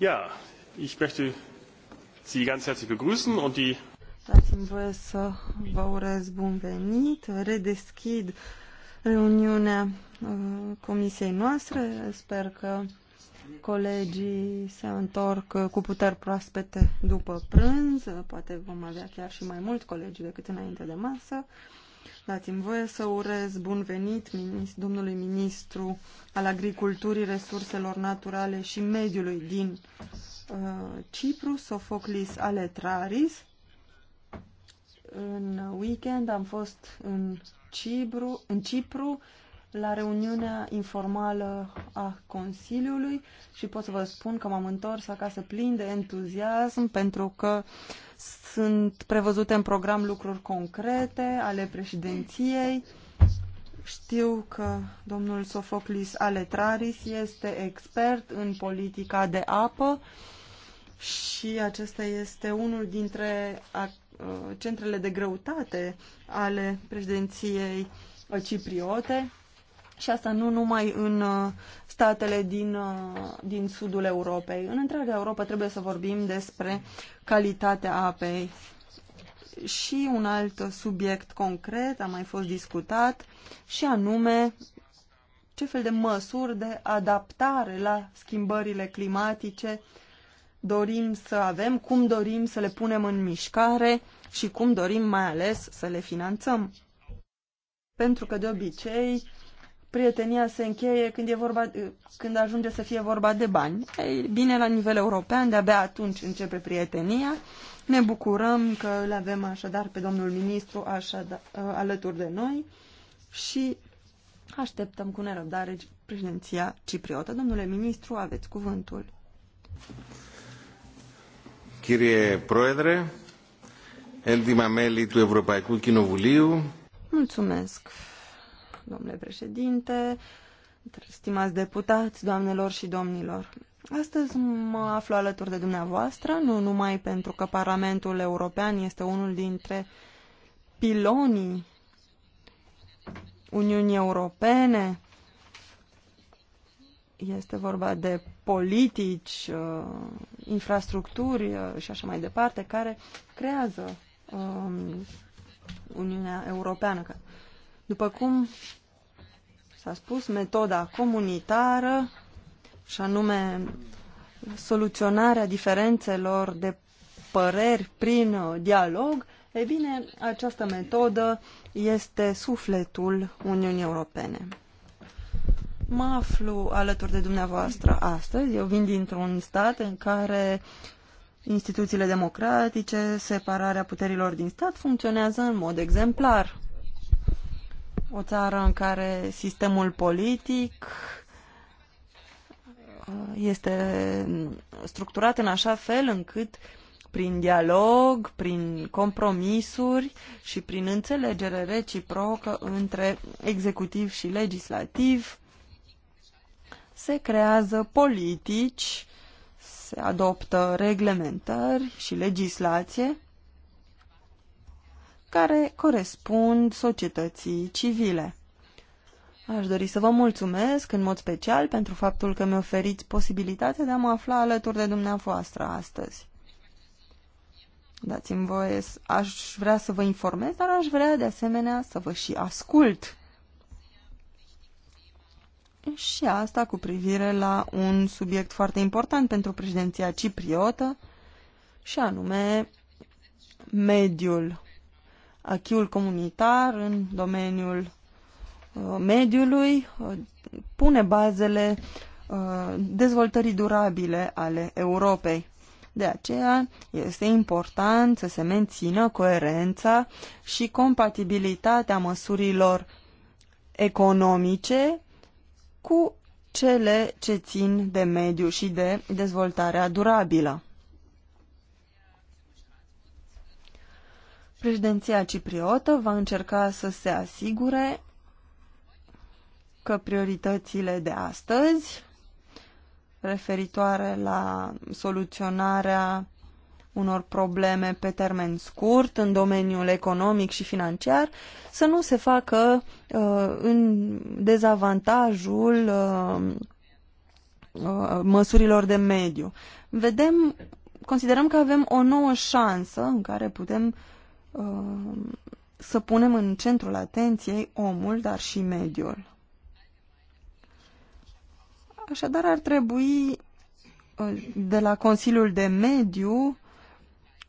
Ja, ich möchte Sie ganz herzlich begrüßen und die Dați-mi voie să vă urez bun venit, redeschid reuniunea uh, comisiei noastre. Sper că colegii se întorc cu puteri proaspete după prânz, poate vom avea chiar și mai mult colegi decât înainte de masă. Dați-mi voie să urez bun venit domnului ministru al agriculturii, resurselor naturale și mediului din uh, Cipru, Sofoclis Aletraris. În weekend am fost în Cipru, în Cipru la reuniunea informală a Consiliului și pot să vă spun că m-am întors acasă plin de entuziasm pentru că sunt prevăzute în program lucruri concrete ale președinției. Știu că domnul Sofoclis Aletraris este expert în politica de apă și acesta este unul dintre centrele de greutate ale președinției cipriote și asta nu numai în uh, statele din, uh, din sudul Europei. În întreaga Europa trebuie să vorbim despre calitatea apei. Și un alt subiect concret a mai fost discutat și anume ce fel de măsuri de adaptare la schimbările climatice dorim să avem, cum dorim să le punem în mișcare și cum dorim mai ales să le finanțăm. Pentru că de obicei prietenia se încheie când, e vorba, când ajunge să fie vorba de bani. Ei, bine, la nivel european, de-abia atunci începe prietenia. Ne bucurăm că îl avem așadar pe domnul ministru așadar, ă, alături de noi și așteptăm cu nerăbdare președinția cipriotă. Domnule ministru, aveți cuvântul. Chirie Proedre, Eltima Meli tu cu Chinovuliu. Mulțumesc, domnule președinte, stimați deputați, doamnelor și domnilor. Astăzi mă aflu alături de dumneavoastră, nu numai pentru că Parlamentul European este unul dintre pilonii Uniunii Europene, este vorba de politici, uh, infrastructuri uh, și așa mai departe, care creează um, Uniunea Europeană, după cum s-a spus, metoda comunitară, și anume soluționarea diferențelor de păreri prin uh, dialog, e bine, această metodă este sufletul Uniunii Europene. Mă aflu alături de dumneavoastră astăzi. Eu vin dintr-un stat în care instituțiile democratice, separarea puterilor din stat funcționează în mod exemplar o țară în care sistemul politic uh, este structurat în așa fel încât prin dialog, prin compromisuri și prin înțelegere reciprocă între executiv și legislativ se creează politici, se adoptă reglementări și legislație care corespund societății civile. Aș dori să vă mulțumesc în mod special pentru faptul că mi oferiți posibilitatea de a mă afla alături de dumneavoastră astăzi. Dați-mi voie, aș vrea să vă informez, dar aș vrea de asemenea să vă și ascult. Și asta cu privire la un subiect foarte important pentru președinția cipriotă, și anume mediul achiul comunitar în domeniul uh, mediului uh, pune bazele uh, dezvoltării durabile ale Europei. De aceea este important să se mențină coerența și compatibilitatea măsurilor economice cu cele ce țin de mediu și de dezvoltarea durabilă. Președinția cipriotă va încerca să se asigure că prioritățile de astăzi referitoare la soluționarea unor probleme pe termen scurt în domeniul economic și financiar să nu se facă uh, în dezavantajul uh, uh, măsurilor de mediu. Vedem, considerăm că avem o nouă șansă în care putem uh, Um, să punem în centrul atenției omul, dar și mediul. Așadar, ar trebui uh, de la Consiliul de Mediu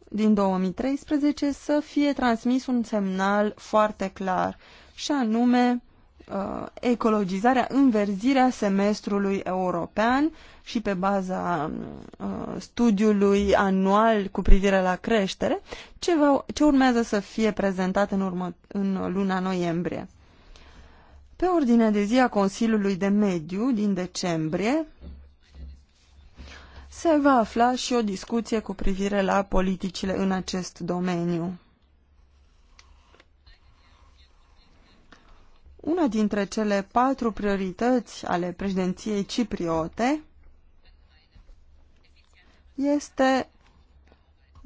din 2013 să fie transmis un semnal foarte clar și anume uh, ecologizarea, înverzirea semestrului european și pe baza uh, studiului anual cu privire la creștere, ce, va, ce urmează să fie prezentat în, urmă, în luna noiembrie. Pe ordinea de zi a Consiliului de Mediu din decembrie se va afla și o discuție cu privire la politicile în acest domeniu. Una dintre cele patru priorități ale președinției cipriote este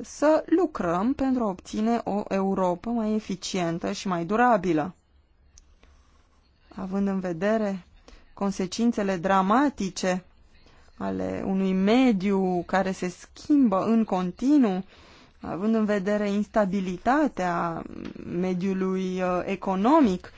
să lucrăm pentru a obține o Europa mai eficientă și mai durabilă. Având în vedere consecințele dramatice ale unui mediu care se schimbă în continuu, având în vedere instabilitatea mediului uh, economic,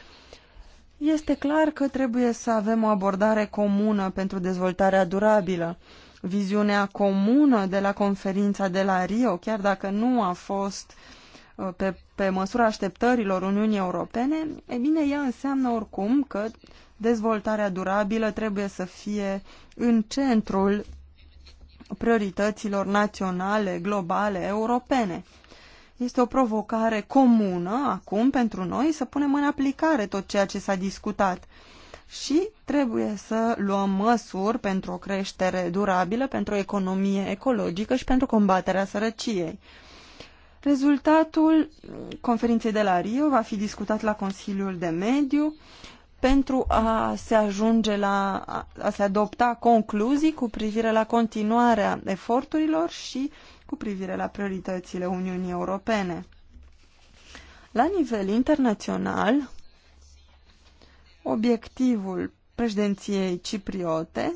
este clar că trebuie să avem o abordare comună pentru dezvoltarea durabilă. Viziunea comună de la conferința de la Rio, chiar dacă nu a fost uh, pe, pe măsura așteptărilor Uniunii Europene, e bine, ea înseamnă oricum că dezvoltarea durabilă trebuie să fie în centrul priorităților naționale, globale, europene. Este o provocare comună acum pentru noi să punem în aplicare tot ceea ce s-a discutat și trebuie să luăm măsuri pentru o creștere durabilă, pentru o economie ecologică și pentru combaterea sărăciei. Rezultatul conferinței de la Rio va fi discutat la Consiliul de Mediu pentru a se ajunge la a se adopta concluzii cu privire la continuarea eforturilor și uh, cu privire la prioritățile Uniunii Europene. La nivel internațional, obiectivul președinției cipriote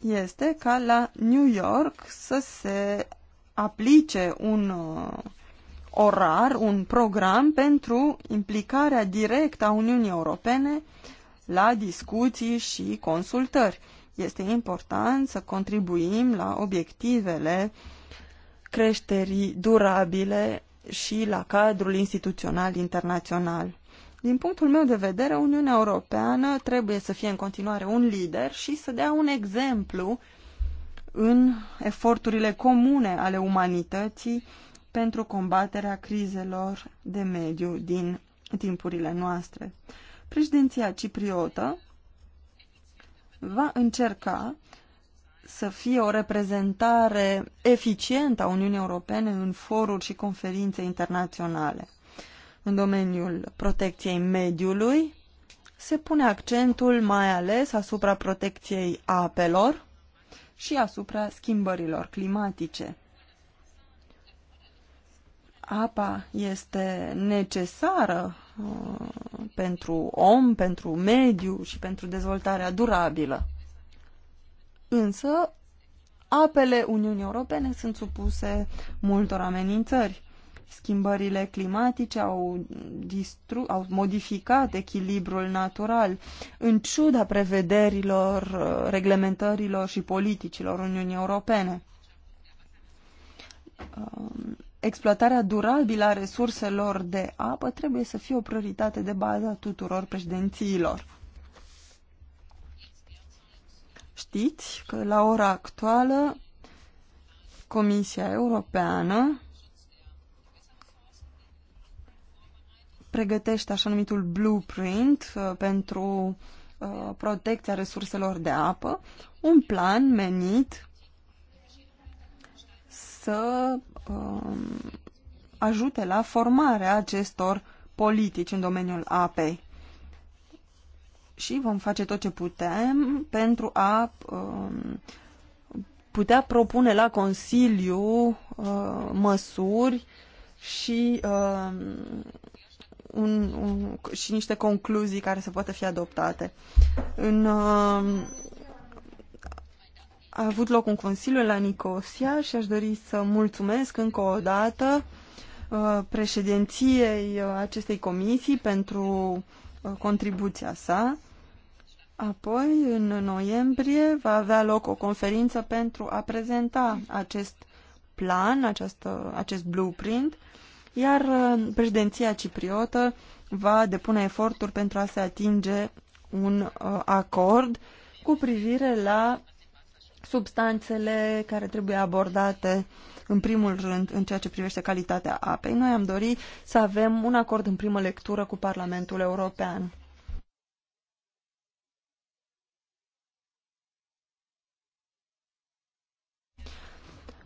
este ca la New York să se aplice un uh, orar, un program pentru implicarea directă a Uniunii Europene la discuții și consultări. Este important să contribuim la obiectivele creșterii durabile și la cadrul instituțional internațional. Din punctul meu de vedere, Uniunea Europeană trebuie să fie în continuare un lider și să dea un exemplu în eforturile comune ale umanității pentru combaterea crizelor de mediu din timpurile noastre. Președinția cipriotă va încerca să fie o reprezentare eficientă a Uniunii Europene în foruri și conferințe internaționale. În domeniul protecției mediului se pune accentul mai ales asupra protecției apelor și asupra schimbărilor climatice apa este necesară uh, pentru om, pentru mediu și pentru dezvoltarea durabilă. Însă, apele Uniunii Europene sunt supuse multor amenințări. Schimbările climatice au, distru- au modificat echilibrul natural, în ciuda prevederilor, uh, reglementărilor și politicilor Uniunii Europene. Um, exploatarea durabilă a resurselor de apă trebuie să fie o prioritate de bază a tuturor președințiilor. Știți că la ora actuală Comisia Europeană pregătește așa numitul blueprint uh, pentru uh, protecția resurselor de apă, un plan menit să Um, ajute la formarea acestor politici în domeniul apei. Și vom face tot ce putem pentru a um, putea propune la Consiliu uh, măsuri și, um, un, un, și niște concluzii care să poată fi adoptate. În a avut loc un consiliu la Nicosia și aș dori să mulțumesc încă o dată uh, președinției uh, acestei comisii pentru uh, contribuția sa. Apoi, în noiembrie, va avea loc o conferință pentru a prezenta acest plan, această, acest blueprint, iar președinția cipriotă va depune eforturi pentru a se atinge un acord cu privire la substanțele care trebuie abordate în primul rând în ceea ce privește calitatea apei. Noi am dorit să avem un acord în primă lectură cu Parlamentul European.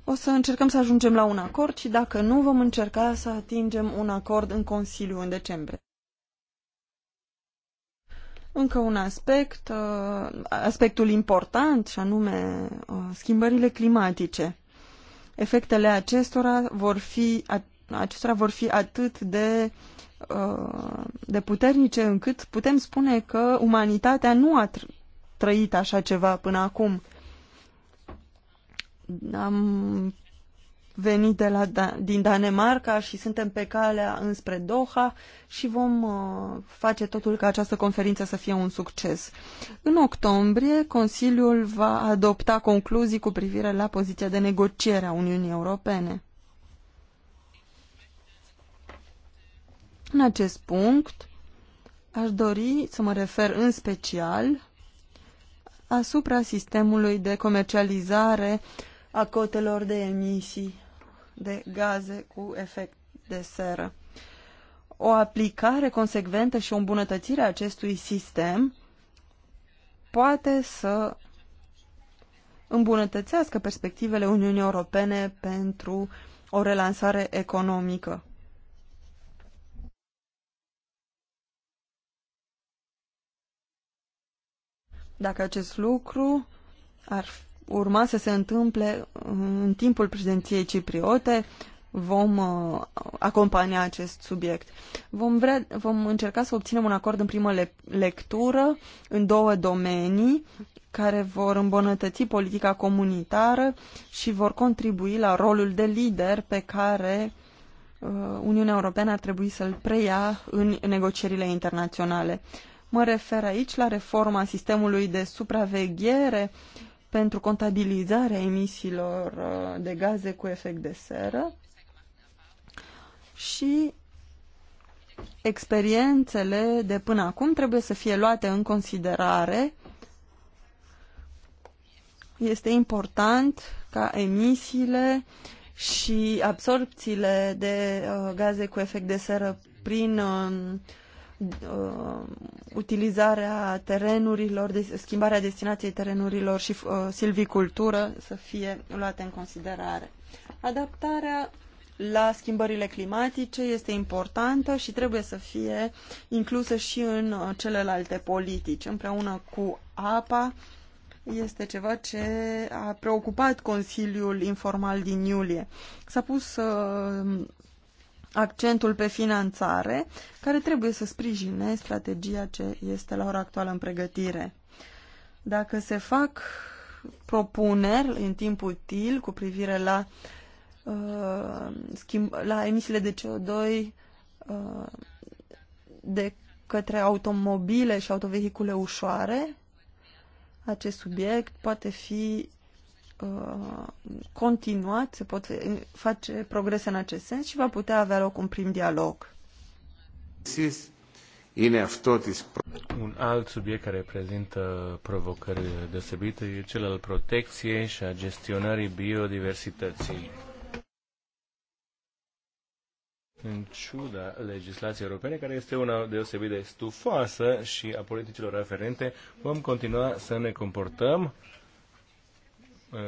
O să încercăm să ajungem la un acord și dacă nu, vom încerca să atingem un acord în Consiliu în decembrie. Încă un aspect, uh, aspectul important, și anume uh, schimbările climatice. Efectele acestora vor fi, acestora vor fi atât de, uh, de puternice încât putem spune că umanitatea nu a trăit așa ceva până acum. Am venit de la, da, din Danemarca și suntem pe calea înspre Doha și vom uh, face totul ca această conferință să fie un succes. În octombrie, Consiliul va adopta concluzii cu privire la poziția de negociere a Uniunii Europene. În acest punct, aș dori să mă refer în special asupra sistemului de comercializare a cotelor de emisii de gaze cu efect de seră. O aplicare consecventă și o îmbunătățire a acestui sistem poate să îmbunătățească perspectivele Uniunii Europene pentru o relansare economică. Dacă acest lucru ar urma să se întâmple uh, în timpul președinției cipriote. Vom uh, acompania acest subiect. Vom, vrea, vom încerca să obținem un acord în primă le- lectură în două domenii care vor îmbunătăți politica comunitară și vor contribui la rolul de lider pe care uh, Uniunea Europeană ar trebui să-l preia în negocierile internaționale. Mă refer aici la reforma sistemului de supraveghere pentru contabilizarea emisiilor uh, de gaze cu efect de seră și experiențele de până acum trebuie să fie luate în considerare. Este important ca emisiile și absorpțiile de uh, gaze cu efect de seră prin uh, uh, utilizarea terenurilor, de, schimbarea destinației terenurilor și uh, silvicultură să fie luate în considerare. Adaptarea la schimbările climatice este importantă și trebuie să fie inclusă și în uh, celelalte politici, împreună cu apa. Este ceva ce a preocupat Consiliul Informal din iulie. S-a pus uh, accentul pe finanțare, care trebuie să sprijine strategia ce este la ora actuală în pregătire. Dacă se fac propuneri în timp util cu privire la, uh, schimb, la emisiile de CO2 uh, de către automobile și autovehicule ușoare, acest subiect poate fi Uh, continuat, se pot face progrese în acest sens și va putea avea loc un prim dialog. Un alt subiect care prezintă provocări deosebite e cel al protecției și a gestionării biodiversității. În ciuda legislației europene, care este una deosebit de stufoasă și a politicilor referente vom continua să ne comportăm Uh,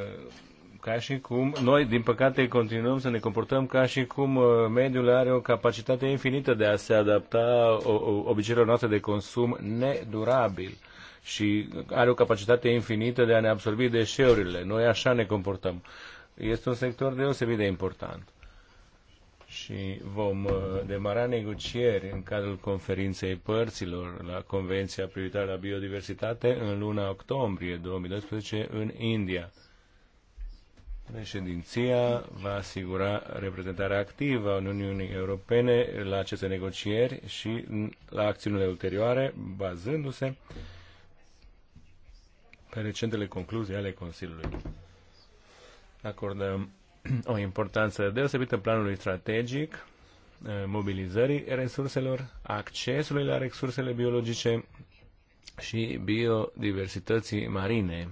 ca și cum noi, din păcate, continuăm să ne comportăm ca și cum uh, mediul are o capacitate infinită de a se adapta obiceiurilor noastre de consum nedurabil și are o capacitate infinită de a ne absorbi deșeurile. Noi așa ne comportăm. Este un sector deosebit de important. Și vom uh, demara negocieri în cadrul conferinței părților la Convenția Prioritară la biodiversitate în luna octombrie 2012 în India. Președinția va asigura reprezentarea activă a Uniunii Europene la aceste negocieri și la acțiunile ulterioare, bazându-se pe recentele concluzii ale Consiliului. Acordăm o importanță deosebită planului strategic, eh, mobilizării resurselor, accesului la resursele biologice și biodiversității marine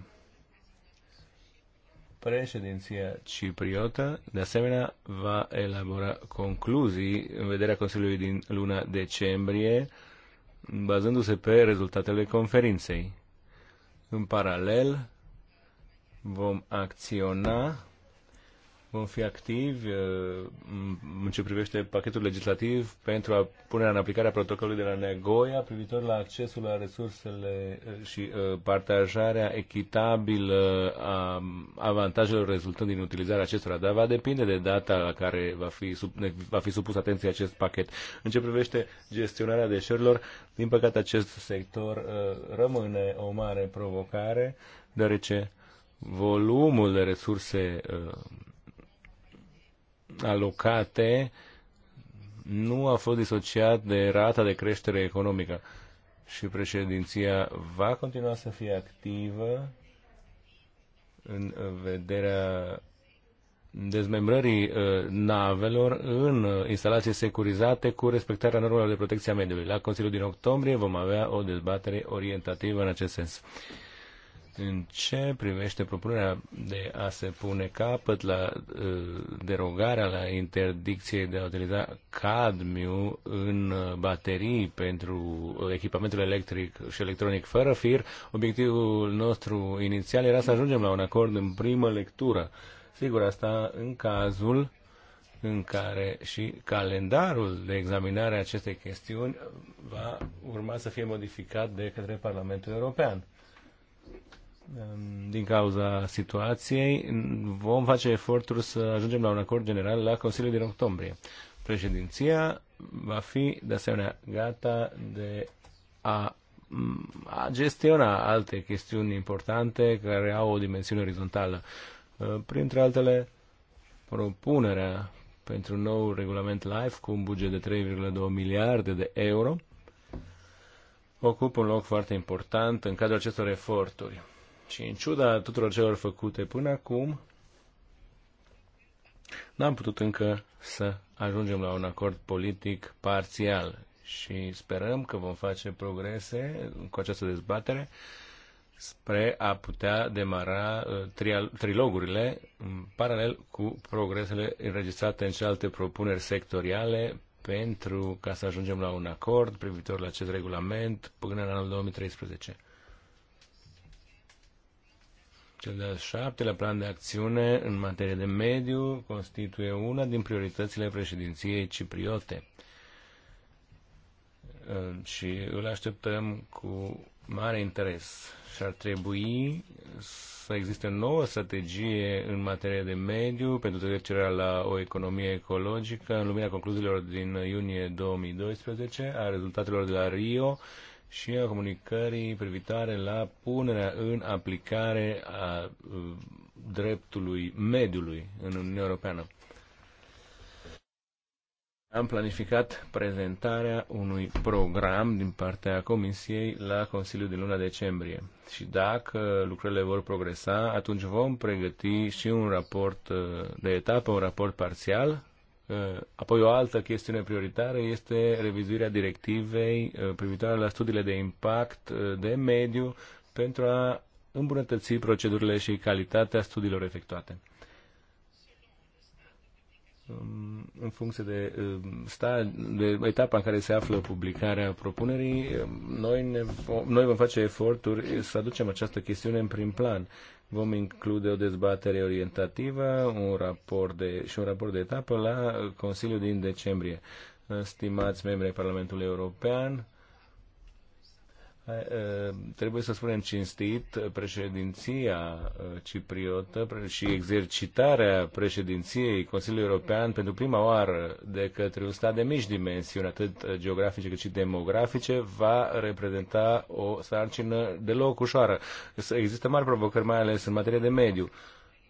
Președinția cipriotă, de asemenea, va elabora concluzii în vederea Consiliului din luna decembrie, bazându-se pe rezultatele conferinței. În paralel, vom acționa vom fi activi uh, în ce privește pachetul legislativ pentru a pune în aplicare protocolului de la Negoia privitor la accesul la resursele uh, și uh, partajarea echitabilă a avantajelor rezultând din utilizarea acestora, dar va depinde de data la care va fi, sub, va fi supus atenție acest pachet. În ce privește gestionarea deșeurilor, din păcate acest sector rămâne o mare provocare, deoarece volumul de resurse alocate nu a fost disociat de rata de creștere economică și președinția va continua să fie activă în vederea dezmembrării uh, navelor în uh, instalații securizate cu respectarea normelor de protecție a mediului. La Consiliul din octombrie vom avea o dezbatere orientativă în acest sens. În ce privește propunerea de a se pune capăt la uh, derogarea la interdicției de a utiliza cadmiu în uh, baterii pentru uh, echipamentul electric și electronic fără fir, obiectivul nostru inițial era să ajungem la un acord în primă lectură. Sigur, asta în cazul în care și calendarul de examinare a acestei chestiuni va urma să fie modificat de către Parlamentul European din cauza situației, vom face eforturi să ajungem la un acord general la Consiliul din octombrie. Președinția va fi, de asemenea, gata de a, a gestiona alte chestiuni importante care au o dimensiune orizontală. Printre altele, propunerea pentru un nou regulament LIFE cu un buget de 3,2 miliarde de euro ocupă un loc foarte important în cadrul acestor eforturi și în ciuda tuturor celor făcute până acum, n-am putut încă să ajungem la un acord politic parțial și sperăm că vom face progrese cu această dezbatere spre a putea demara uh, trilogurile în paralel cu progresele înregistrate în celelalte propuneri sectoriale pentru ca să ajungem la un acord privitor la acest regulament până în anul 2013. Cel de-al șaptelea plan de acțiune în materie de mediu constituie una din prioritățile președinției cipriote uh, și îl așteptăm cu mare interes și ar trebui să existe nouă strategie în materie de mediu pentru trecerea la o economie ecologică în lumina concluziilor din iunie 2012 a rezultatelor de la Rio și a comunicării privitoare la punerea în aplicare a uh, dreptului mediului în Uniunea Europeană. Am planificat prezentarea unui program din partea Comisiei la Consiliul din luna decembrie și dacă lucrurile vor progresa, atunci vom pregăti și un raport uh, de etapă, un raport parțial Uh, apoi o altă chestiune prioritară este revizuirea directivei uh, privitoare la studiile de impact uh, de mediu pentru a îmbunătăți procedurile și calitatea studiilor efectuate um, în funcție de, um, sta, de etapa în care se află publicarea propunerii, um, noi, ne, noi vom face eforturi să aducem această chestiune în prim plan. Vom include o dezbatere orientativă un raport de, și un raport de etapă la Consiliul din decembrie. Stimați membri ai Parlamentului European, Ă, trebuie să spunem cinstit, președinția ă, cipriotă și exercitarea președinției Consiliului European pentru prima oară de către un stat de mici dimensiuni, atât geografice cât și demografice, va reprezenta o sarcină deloc ușoară. Există mari provocări, mai ales în materie de mediu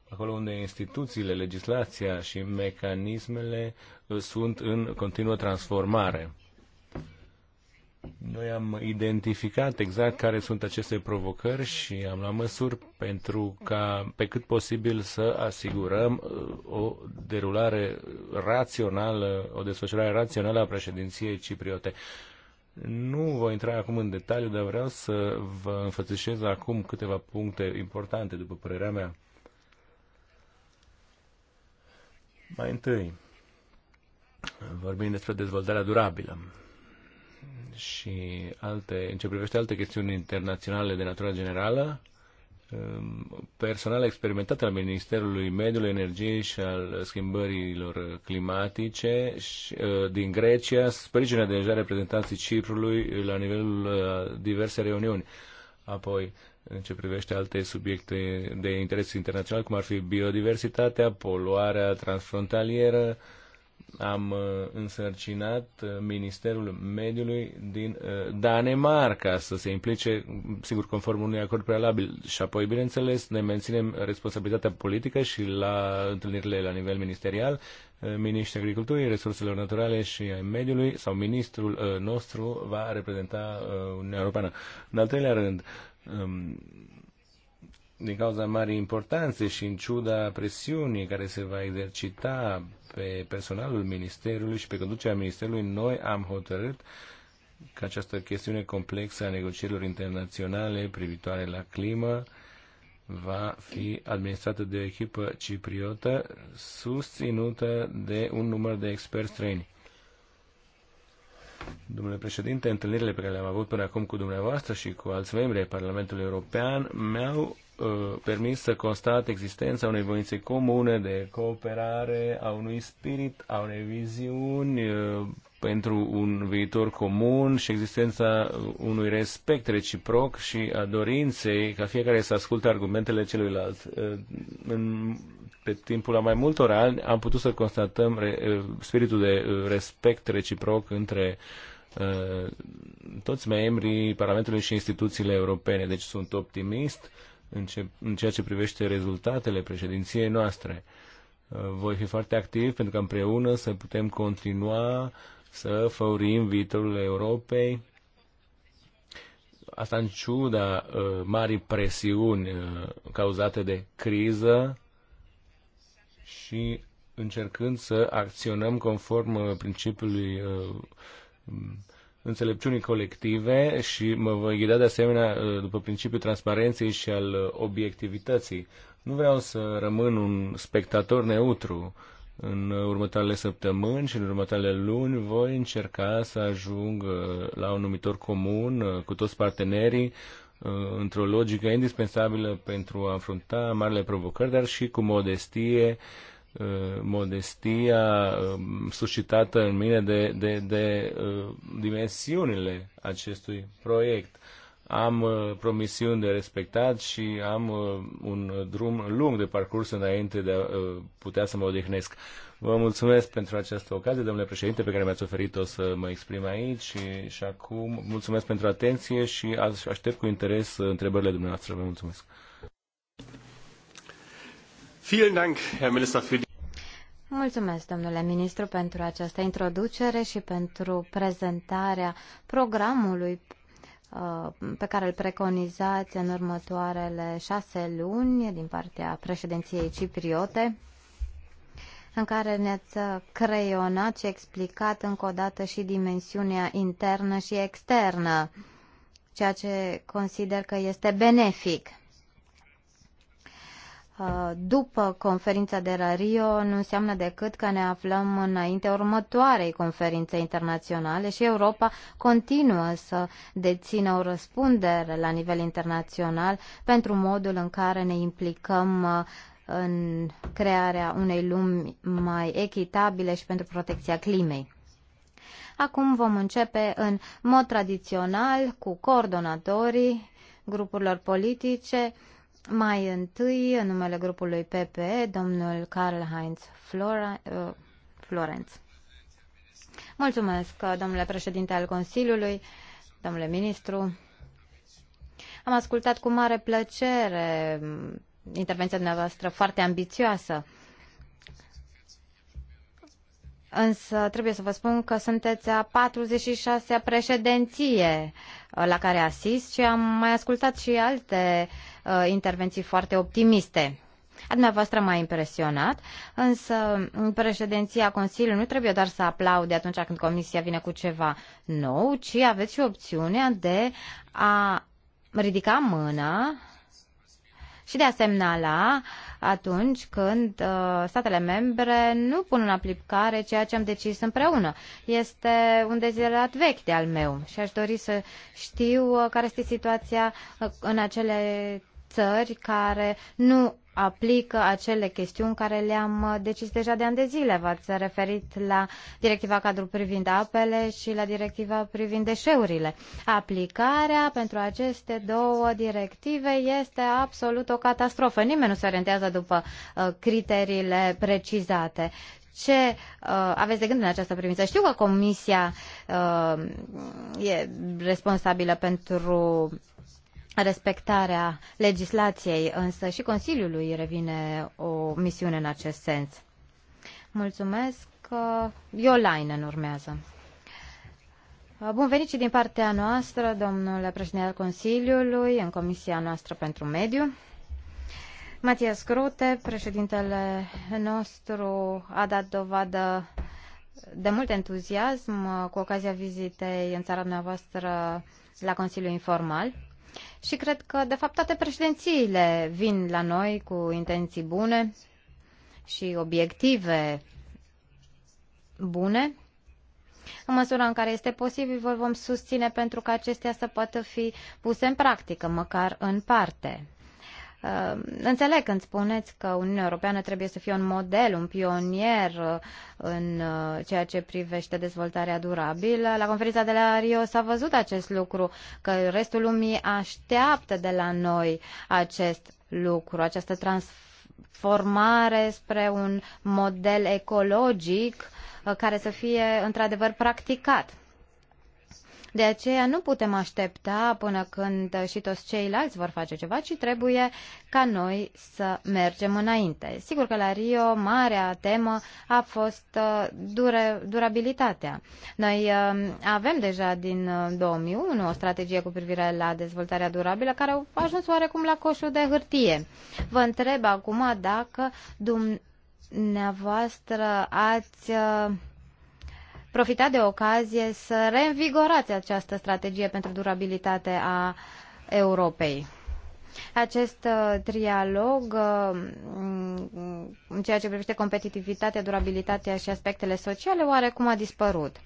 acolo unde instituțiile, legislația și mecanismele sunt în continuă transformare. Noi am identificat exact care sunt aceste provocări și am luat măsuri pentru ca pe cât posibil să asigurăm uh, o derulare rațională, o desfășurare rațională a președinției cipriote. Nu voi intra acum în detaliu, dar vreau să vă înfățișez acum câteva puncte importante, după părerea mea. Mai întâi, vorbim despre dezvoltarea durabilă și alte, în ce privește alte chestiuni internaționale de natură generală, um, personal experimentat al Ministerului Mediului, Energiei și al Schimbărilor Climatice și, uh, din Grecia sprijină deja reprezentanții Ciprului la nivelul uh, diverse reuniuni. Apoi, în ce privește alte subiecte de interes internațional, cum ar fi biodiversitatea, poluarea transfrontalieră, uh, am uh, însărcinat uh, Ministerul Mediului din uh, Danemarca să se implice, sigur, conform unui acord prealabil. Și apoi, bineînțeles, ne menținem responsabilitatea politică și la întâlnirile la nivel ministerial, Ministrul Agriculturii, Resurselor Naturale și ai Mediului sau ministrul nostru va reprezenta Uniunea Europeană. În al treilea rând, um, din cauza marii importanțe și în ciuda presiunii care se va exercita pe personalul Ministerului și pe conducerea Ministerului, noi am hotărât că această chestiune complexă a negocierilor internaționale privitoare la climă va fi administrată de o echipă cipriotă susținută de un număr de experți străini. Domnule președinte, întâlnirile pe care le-am avut până acum cu dumneavoastră și cu alți membri ai Parlamentului European mi-au Uh, permis să constat existența unei voințe comune de cooperare, a unui spirit, a unei viziuni uh, pentru un viitor comun și existența unui respect reciproc și a dorinței ca fiecare să asculte argumentele celuilalt. Uh, în, pe timpul a mai multor ani am putut să constatăm re, spiritul de respect reciproc între toți membrii Parlamentului și instituțiile europene. Deci sunt optimist în, ce, în ceea ce privește rezultatele președinției noastre. Uh, voi fi foarte activ pentru că împreună să putem continua să făurim viitorul Europei. Asta în ciuda uh, marii presiuni uh, cauzate de criză și încercând să acționăm conform uh, principiului uh, înțelepciunii colective și mă voi ghida de asemenea uh, după principiul transparenței și al uh, obiectivității. Nu vreau să rămân un spectator neutru. În următoarele săptămâni și în următoarele luni voi încerca să ajung uh, la un numitor comun cu toți partenerii într-o logică indispensabilă pentru a înfrunta marile provocări, dar și cu modestie uh, modestia um, suscitată în mine de, de, de uh, dimensiunile acestui proiect. Am uh, promisiuni de respectat și am uh, un drum lung de parcurs înainte de a putea să mă odihnesc. Vă mulțumesc pentru această ocazie, domnule președinte, pe care mi-ați oferit-o să mă exprim aici și, și acum mulțumesc pentru atenție și aștept cu interes întrebările dumneavoastră. Vă mulțumesc. Vielen Dank, Herr Minister, für Mulțumesc, domnule ministru, pentru această introducere și pentru prezentarea programului uh, pe care îl preconizați în următoarele șase luni din partea președinției cipriote, în care ne-ați creionat și explicat încă o dată și dimensiunea internă și externă, ceea ce consider că este benefic. Uh, după conferința de la Rio nu înseamnă decât că ne aflăm înainte următoarei conferințe internaționale și Europa continuă să dețină o răspundere la nivel internațional pentru modul în care ne implicăm uh, în crearea unei lumi mai echitabile și pentru protecția climei. Acum vom începe în mod tradițional cu coordonatorii grupurilor politice mai întâi, în numele grupului PPE, domnul Karl-Heinz Flora, uh, Florenz. Mulțumesc, domnule președinte al Consiliului, domnule ministru. Am ascultat cu mare plăcere mm, intervenția dumneavoastră foarte ambițioasă. Însă trebuie să vă spun că sunteți a 46-a președinție uh, la care asist și am mai ascultat și alte uh, uh, intervenții foarte optimiste. A dumneavoastră m-a impresionat, însă președinția Consiliului nu trebuie doar să aplaude atunci când Comisia vine cu ceva nou, ci aveți și opțiunea de a ridica mâna și de a semnala atunci când uh, statele membre nu pun în aplicare ceea ce am decis împreună. Este un dezirat vechi de al meu și aș dori să știu uh, care este situația uh, în acele țări care nu aplică acele chestiuni care le-am uh, decis deja de ani de zile. V-ați referit la directiva cadru privind apele și la directiva privind deșeurile. Aplicarea pentru aceste două directive este absolut o catastrofă. Nimeni nu se orientează după uh, criteriile precizate. Ce uh, aveți de gând în această privință? Știu că Comisia uh, e responsabilă pentru respectarea legislației, însă și Consiliului revine o misiune în acest sens. Mulțumesc. în uh, urmează. Uh, bun venit și din partea noastră, domnule președinte al Consiliului, în Comisia noastră pentru Mediu. Matias Scrute, președintele nostru, a dat dovadă de mult entuziasm uh, cu ocazia vizitei în țara dumneavoastră la Consiliul Informal și cred că, de fapt, toate președințiile vin la noi cu intenții bune și obiective bune. În măsura în care este posibil, vă vom susține pentru că acestea să poată fi puse în practică, măcar în parte. Ehm, înțeleg când spuneți că Uniunea Europeană trebuie să fie un model, un pionier uh, în uh, ceea ce privește dezvoltarea durabilă. La conferința de la Rio s-a văzut acest lucru, că restul lumii așteaptă de la noi acest lucru, această transformare spre un model ecologic uh, care să fie într-adevăr practicat. De aceea nu putem aștepta până când și toți ceilalți vor face ceva, ci trebuie ca noi să mergem înainte. Sigur că la Rio marea temă a fost uh, dure, durabilitatea. Noi uh, avem deja din 2001 uh, o strategie cu privire la dezvoltarea durabilă care a ajuns oarecum la coșul de hârtie. Vă întreb acum dacă dumneavoastră ați profita de ocazie să reînvigorați această strategie pentru durabilitate a Europei. Acest uh, trialog uh, în ceea ce privește competitivitatea, durabilitatea și aspectele sociale oarecum a dispărut.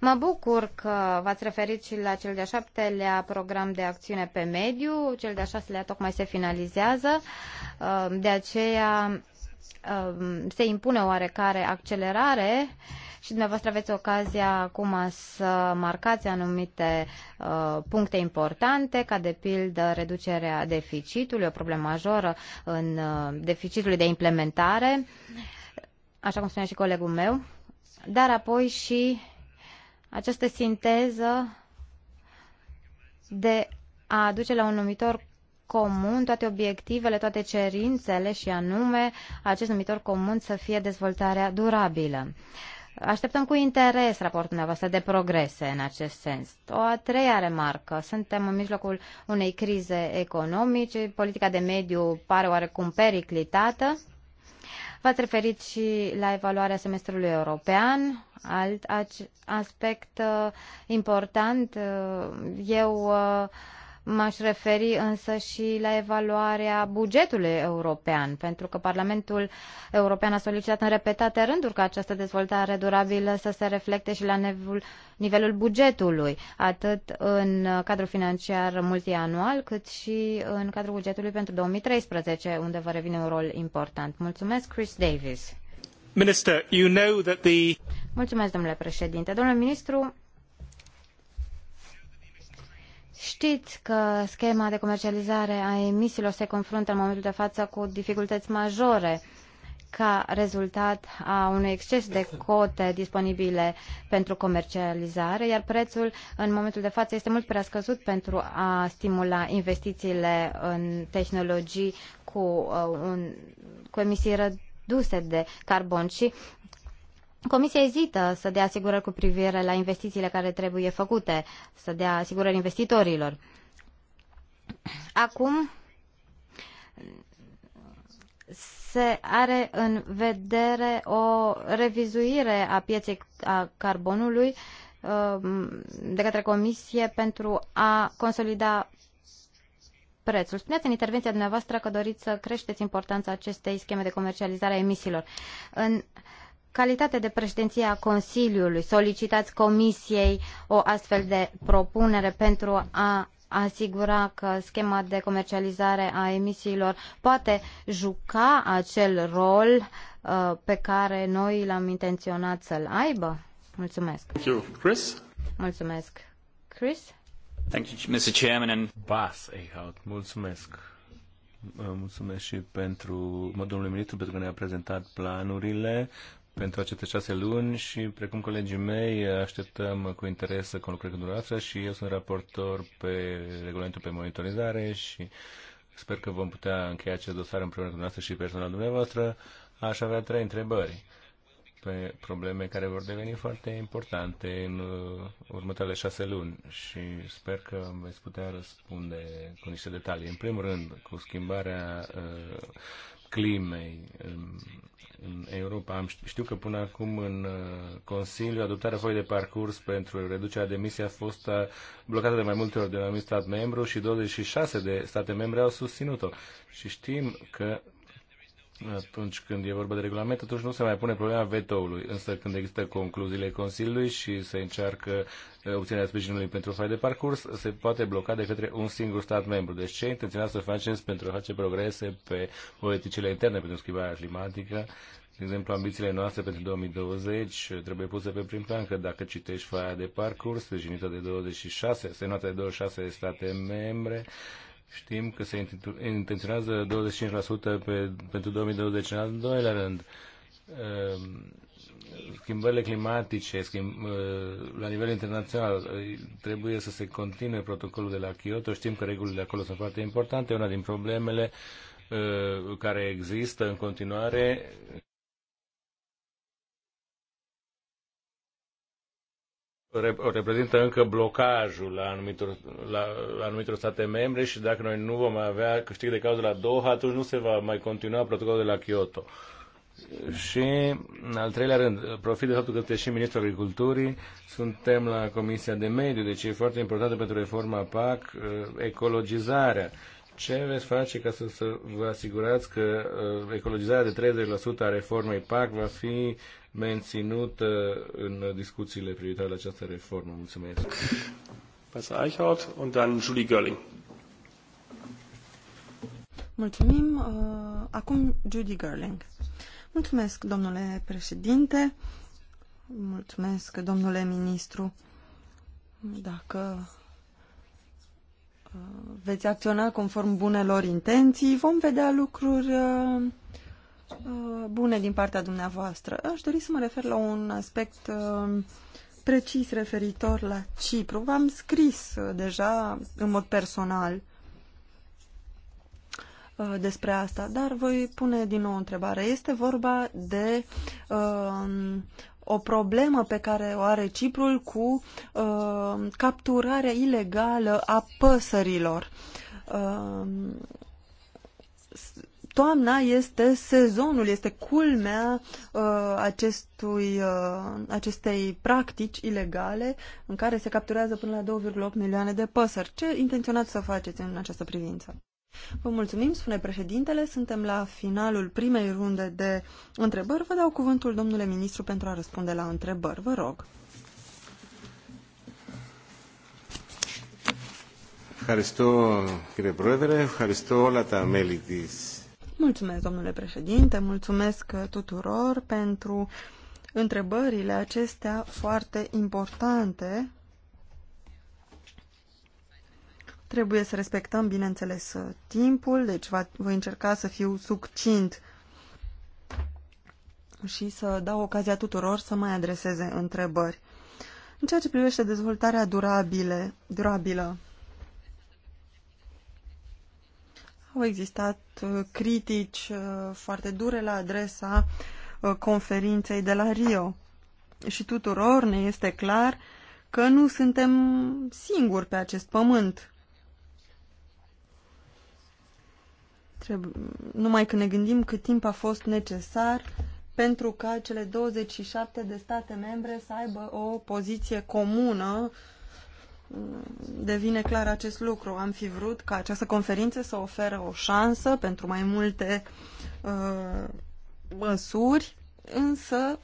Mă bucur că v-ați referit și la cel de-a șaptelea program de acțiune pe mediu, cel de-a șaselea tocmai se finalizează, uh, de aceea se impune oarecare accelerare și dumneavoastră aveți ocazia acum să marcați anumite uh, puncte importante, ca de pildă reducerea deficitului, o problemă majoră în uh, deficitul de implementare, așa cum spunea și colegul meu, dar apoi și această sinteză de a aduce la un numitor comun toate obiectivele, toate cerințele și anume acest numitor comun să fie dezvoltarea durabilă. Așteptăm cu interes raportul dumneavoastră de progrese în acest sens. O a treia remarcă. Suntem în mijlocul unei crize economice, politica de mediu pare oarecum periclitată. V-ați referit și la evaluarea semestrului european, alt aspect uh, important. Uh, eu uh, M-aș referi însă și la evaluarea bugetului european, pentru că Parlamentul European a solicitat în repetate rânduri ca această dezvoltare durabilă să se reflecte și la nivelul, nivelul bugetului, atât în cadrul financiar multianual, cât și în cadrul bugetului pentru 2013, unde va revine un rol important. Mulțumesc, Chris Davis. Minister, you know that the... Mulțumesc, domnule președinte. Domnule ministru, Știți că schema de comercializare a emisiilor se confruntă în momentul de față cu dificultăți majore ca rezultat a unui exces de cote disponibile pentru comercializare, iar prețul în momentul de față este mult prea scăzut pentru a stimula investițiile în tehnologii cu, uh, un, cu emisii reduse de carbon și Comisia ezită să dea asigurări cu privire la investițiile care trebuie făcute, să dea asigurări investitorilor. Acum se are în vedere o revizuire a pieței a carbonului um, de către Comisie pentru a consolida prețul. Spuneați în intervenția dumneavoastră că doriți să creșteți importanța acestei scheme de comercializare a emisiilor. În calitate de președinție a Consiliului solicitați Comisiei o astfel de propunere pentru a asigura că schema de comercializare a emisiilor poate juca acel rol uh, pe care noi l-am intenționat să-l aibă? Mulțumesc. Thank you, Chris. Mulțumesc. Chris? Thank you, Mr. Chairman and Bas Eichhout. Mulțumesc. Mulțumesc și pentru domnului ministru pentru că ne-a prezentat planurile pentru aceste șase luni și, precum colegii mei, așteptăm cu interes să conlucrez cu dumneavoastră și eu sunt raportor pe regulamentul pe monitorizare și sper că vom putea încheia acest dosar împreună cu dumneavoastră și personal dumneavoastră. Aș avea trei întrebări pe probleme care vor deveni foarte importante în uh, următoarele șase luni și sper că veți putea răspunde cu niște detalii. În primul rând, cu schimbarea uh, climei, um, în Europa. Am știu că până acum în uh, Consiliu adoptarea foii de parcurs pentru reducerea de emisii a fost uh, blocată de mai multe ori de un anumit stat membru și 26 de state membre au susținut-o. Și știm că atunci când e vorba de regulament, atunci nu se mai pune problema vetoului. Însă când există concluziile Consiliului și se încearcă uh, obținerea sprijinului pentru o de parcurs, se poate bloca de către un singur stat membru. Deci ce intenționați să faceți pentru a face progrese pe politicile interne pentru schimbarea climatică? De exemplu, ambițiile noastre pentru 2020 trebuie puse pe prim plan că dacă citești faia de parcurs, sprijinită de 26, semnată de 26 de state membre, Știm că se intenționează 25% pe, pentru 2020 în al doilea rând. Ehm, schimbările climatice schimb, ehm, la nivel internațional trebuie să se continue protocolul de la Kyoto. Știm că regulile acolo sunt foarte importante. Una din problemele ehm, care există în continuare reprezintă încă blocajul la anumitor, la, la anumitor state membre și dacă noi nu vom avea câștig de cauză la Doha, atunci nu se va mai continua protocolul de la Kyoto. Și, în al treilea rând, profit de faptul că sunteți și Ministrul Agriculturii, suntem la Comisia de Mediu, deci e foarte importantă pentru reforma PAC eh, ecologizarea. Ce veți face ca să, să vă asigurați că eh, ecologizarea de 30% a reformei PAC va fi menținut uh, în discuțiile privitoare la această reformă. Mulțumesc. Bas Eichhardt und dann Julie Görling. Mulțumim. Uh, acum Judy Gerling. Mulțumesc, domnule președinte. Mulțumesc, domnule ministru. Dacă uh, veți acționa conform bunelor intenții, vom vedea lucruri Uh, bune din partea dumneavoastră. Aș dori să mă refer la un aspect uh, precis referitor la Cipru. V-am scris uh, deja în mod personal despre asta, dar voi pune din nou o întrebare. Este vorba de o problemă pe care o are Ciprul cu capturarea ilegală a păsărilor toamna este sezonul, este culmea uh, acestui, uh, acestei practici ilegale în care se capturează până la 2,8 milioane de păsări. Ce intenționați să faceți în această privință? Vă mulțumim, spune președintele. Suntem la finalul primei runde de întrebări. Vă dau cuvântul, domnule ministru, pentru a răspunde la întrebări. Vă rog. Ευχαριστώ κύριε Πρόεδρε, ευχαριστώ όλα τα μέλη της Mulțumesc, domnule președinte, mulțumesc tuturor pentru întrebările acestea foarte importante. Trebuie să respectăm, bineînțeles, timpul, deci va, voi încerca să fiu succint și să dau ocazia tuturor să mai adreseze întrebări. În ceea ce privește dezvoltarea durabile, durabilă, Au existat uh, critici uh, foarte dure la adresa uh, conferinței de la Rio. Și tuturor ne este clar că nu suntem singuri pe acest pământ. Numai când ne gândim cât timp a fost necesar pentru ca cele 27 de state membre să aibă o poziție comună uh, devine clar acest lucru. Am fi vrut ca această conferință să oferă o șansă pentru mai multe uh, măsuri, însă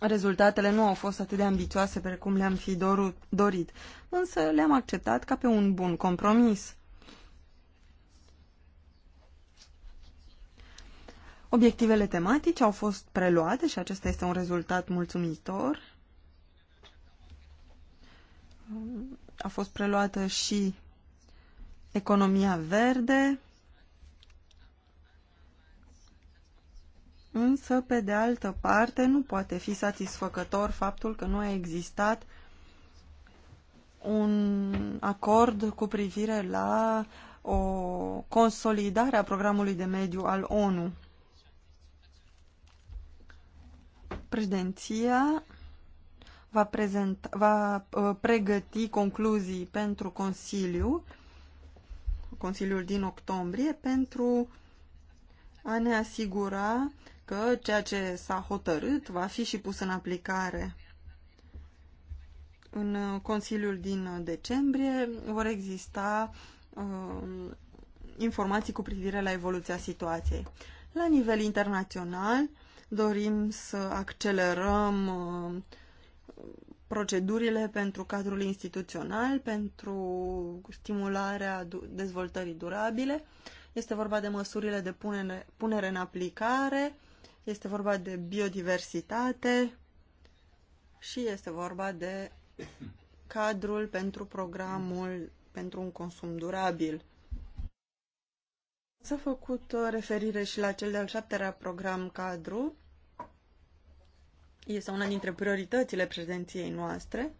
rezultatele nu au fost atât de ambițioase precum le-am fi dorut, dorit, însă le-am acceptat ca pe un bun compromis. Obiectivele tematice au fost preluate și acesta este un rezultat mulțumitor a fost preluată și economia verde, însă, pe de altă parte, nu poate fi satisfăcător faptul că nu a existat un acord cu privire la o consolidare a programului de mediu al ONU. Președinția va, prezenta, va uh, pregăti concluzii pentru Consiliu, Consiliul din octombrie, pentru a ne asigura că ceea ce s-a hotărât va fi și pus în aplicare. În uh, Consiliul din uh, decembrie vor exista uh, informații cu privire la evoluția situației. La nivel internațional dorim să accelerăm uh, procedurile pentru cadrul instituțional, pentru stimularea dezvoltării durabile. Este vorba de măsurile de punere, punere în aplicare, este vorba de biodiversitate și este vorba de cadrul pentru programul pentru un consum durabil. S-a făcut referire și la cel de-al șaptelea program cadru, este una dintre prioritățile prezenției noastre.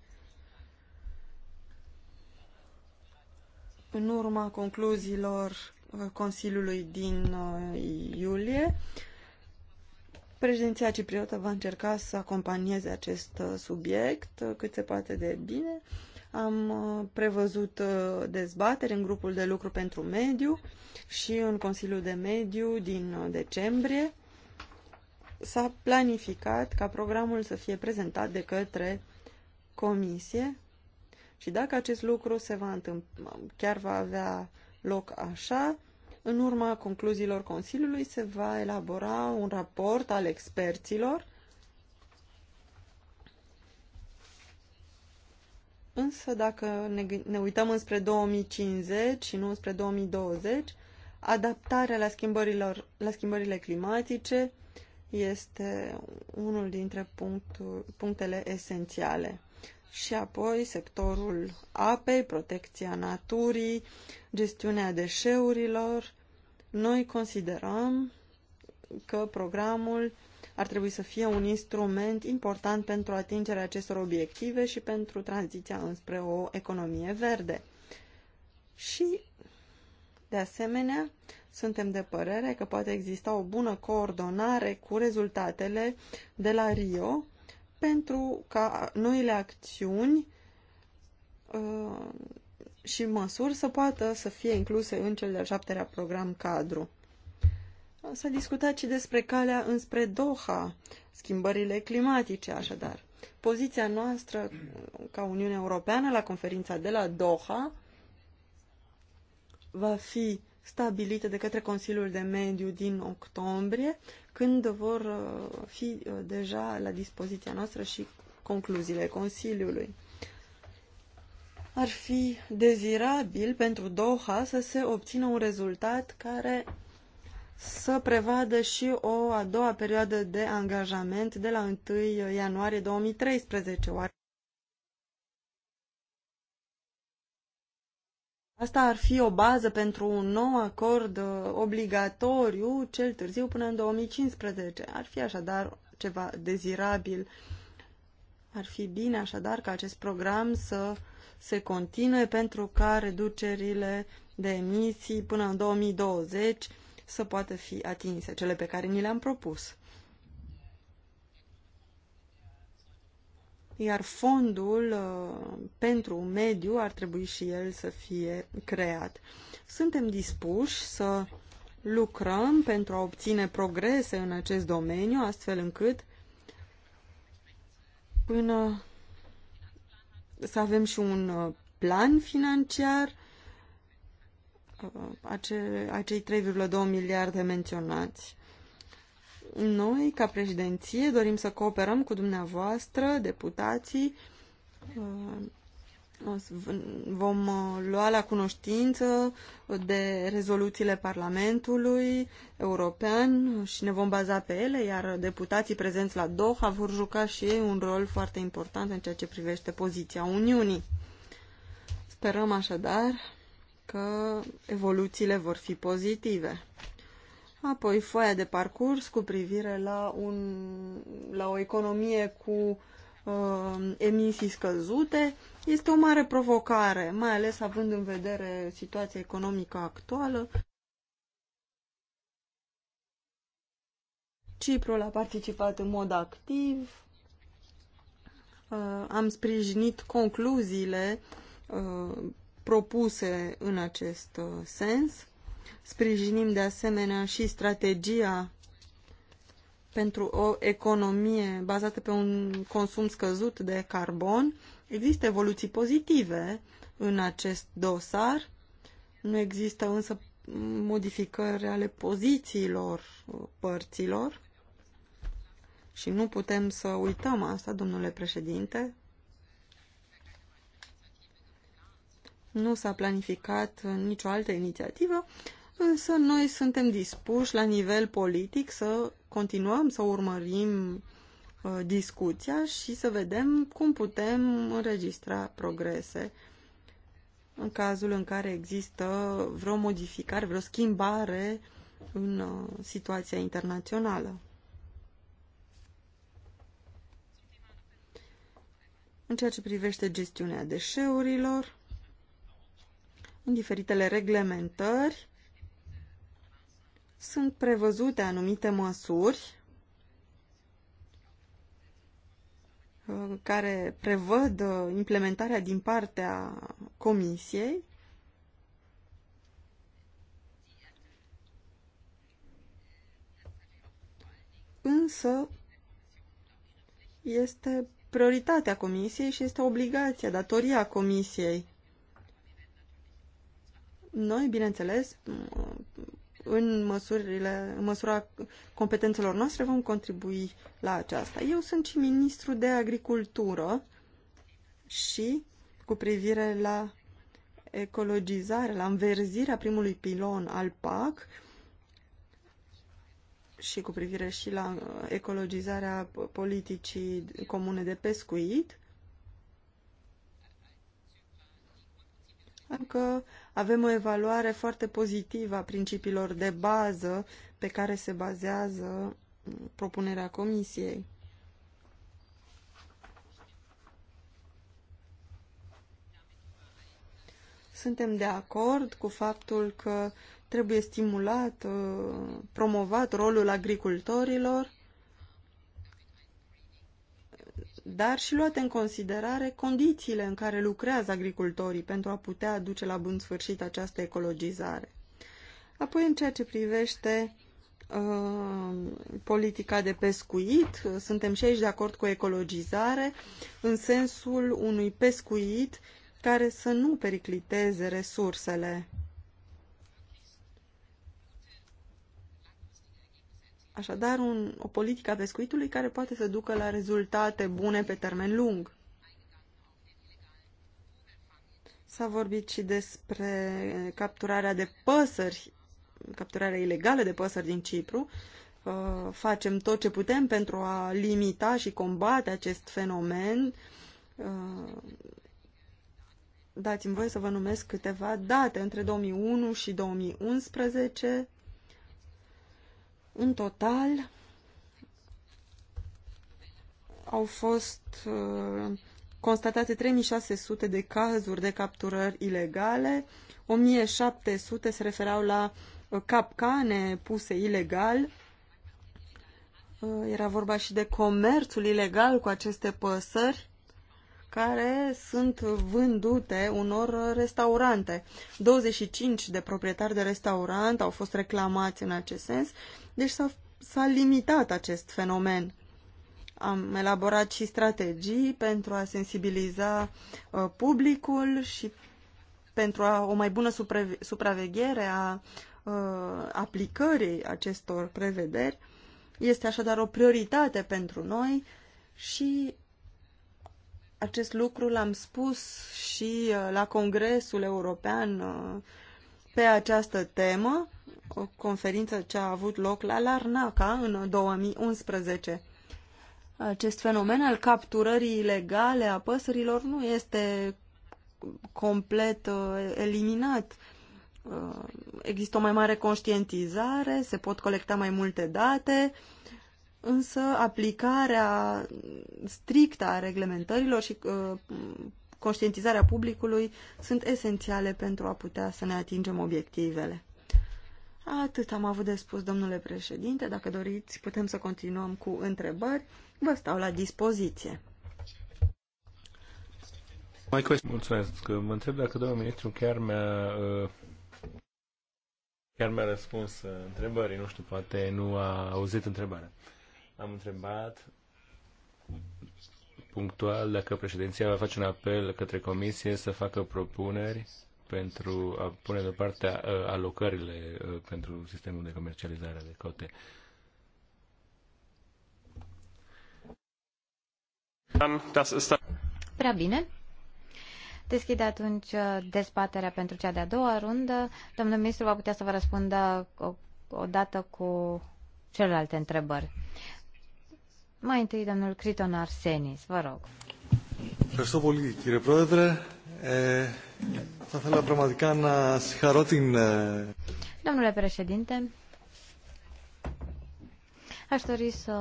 În urma concluziilor uh, Consiliului din uh, iulie, președinția cipriotă va încerca să acompanieze acest uh, subiect cât se poate de bine. Am prevăzut dezbateri în grupul de lucru pentru mediu și în Consiliul de Mediu din decembrie s-a planificat ca programul să fie prezentat de către comisie și dacă acest lucru se va întâmpla, chiar va avea loc așa, în urma concluziilor Consiliului se va elabora un raport al experților Însă dacă ne, ne uităm înspre 2050 și nu înspre 2020, adaptarea la, schimbărilor, la schimbările climatice este unul dintre punctul, punctele esențiale. Și apoi sectorul apei, protecția naturii, gestiunea deșeurilor. Noi considerăm că programul ar trebui să fie un instrument important pentru atingerea acestor obiective și pentru tranziția înspre o economie verde. Și, de asemenea, suntem de părere că poate exista o bună coordonare cu rezultatele de la Rio pentru ca noile acțiuni uh, și măsuri să poată să fie incluse în cel de-al șaptelea program cadru. S-a discutat și despre calea înspre Doha, schimbările climatice, așadar. Poziția noastră ca Uniune Europeană la conferința de la Doha va fi stabilite de către Consiliul de Mediu din octombrie, când vor uh, fi uh, deja la dispoziția noastră și concluziile Consiliului. Ar fi dezirabil pentru Doha să se obțină un rezultat care să prevadă și o a doua perioadă de angajament de la 1 ianuarie 2013. Asta ar fi o bază pentru un nou acord uh, obligatoriu, cel târziu până în 2015. Ar fi așadar ceva dezirabil. Ar fi bine așadar ca acest program să se continue pentru ca reducerile de emisii până în 2020 să poată fi atinse, cele pe care ni le-am propus. iar fondul uh, pentru mediu ar trebui și el să fie creat. Suntem dispuși să lucrăm pentru a obține progrese în acest domeniu, astfel încât până să avem și un uh, plan financiar, uh, acei 3,2 miliarde menționați. Noi, ca președinție, dorim să cooperăm cu dumneavoastră, deputații. Uh, vom uh, lua la cunoștință de rezoluțiile Parlamentului European și ne vom baza pe ele, iar deputații prezenți la Doha vor juca și ei un rol foarte important în ceea ce privește poziția Uniunii. Sperăm așadar că evoluțiile vor fi pozitive apoi foaia de parcurs cu privire la, un, la o economie cu uh, emisii scăzute. Este o mare provocare, mai ales având în vedere situația economică actuală. Ciprul a participat în mod activ. Uh, am sprijinit concluziile uh, propuse în acest uh, sens Sprijinim de asemenea și strategia pentru o economie bazată pe un consum scăzut de carbon. Există evoluții pozitive în acest dosar. Nu există însă modificări ale pozițiilor părților. Și nu putem să uităm asta, domnule președinte. Nu s-a planificat nicio altă inițiativă, Însă noi suntem dispuși la nivel politic să continuăm să urmărim uh, discuția și să vedem cum putem înregistra progrese în cazul în care există vreo modificare, vreo schimbare în uh, situația internațională. În ceea ce privește gestiunea deșeurilor, în diferitele reglementări, sunt prevăzute anumite măsuri uh, care prevăd uh, implementarea din partea Comisiei însă este prioritatea Comisiei și este obligația, datoria Comisiei. Noi, bineînțeles, în, măsurile, în măsura competențelor noastre vom contribui la aceasta. Eu sunt și ministru de agricultură și cu privire la ecologizare, la înverzirea primului pilon al PAC și cu privire și la ecologizarea politicii comune de pescuit, încă avem o evaluare foarte pozitivă a principiilor de bază pe care se bazează mm, propunerea Comisiei. Suntem de acord cu faptul că trebuie stimulat, uh, promovat rolul agricultorilor dar și luate în considerare condițiile în care lucrează agricultorii pentru a putea aduce la bun sfârșit această ecologizare. Apoi, în ceea ce privește uh, politica de pescuit, suntem și aici de acord cu ecologizare, în sensul unui pescuit care să nu pericliteze resursele. Așadar, un, o politică a pescuitului care poate să ducă la rezultate bune pe termen lung. S-a vorbit și despre capturarea de păsări, capturarea ilegală de păsări din Cipru. Uh, facem tot ce putem pentru a limita și combate acest fenomen. Uh, dați-mi voie să vă numesc câteva date. Între 2001 și 2011 în total au fost uh, constatate 3600 de cazuri de capturări ilegale, 1700 se referau la uh, capcane puse ilegal. Uh, era vorba și de comerțul ilegal cu aceste păsări care sunt vândute unor restaurante. 25 de proprietari de restaurant au fost reclamați în acest sens, deci s-a, limitat acest fenomen. Am elaborat și strategii pentru a sensibiliza uh, publicul și pentru a, o mai bună supraveghere a uh, aplicării acestor prevederi. Este așadar o prioritate pentru noi și acest lucru l-am spus și uh, la Congresul European uh, pe această temă, o conferință ce a avut loc la Larnaca în 2011. Acest fenomen al capturării ilegale a păsărilor nu este complet uh, eliminat. Există o mai mare conștientizare, se pot colecta mai multe date, însă aplicarea strictă a reglementărilor și uh, conștientizarea publicului sunt esențiale pentru a putea să ne atingem obiectivele. Atât am avut de spus, domnule președinte. Dacă doriți, putem să continuăm cu întrebări. Vă stau la dispoziție. Mai Mulțumesc. Mă întreb dacă domnul ministru chiar mi-a uh, chiar mi-a răspuns uh, întrebării. Nu știu, poate nu a auzit întrebarea. Am întrebat punctual dacă președinția va face un apel către comisie să facă propuneri pentru a pune deoparte uh, alocările uh, pentru sistemul de comercializare de cote. Prea bine. Deschid atunci uh, dezbaterea pentru cea de-a doua rundă. Domnul ministru va putea să vă răspundă odată cu celelalte întrebări. Mai întâi, domnul Criton Arsenis, vă rog. Ευχαριστώ πολύ, κύριε Πρόεδρε. Ε, θα ήθελα πραγματικά να συγχαρώ την... Domnule președinte, aș dori să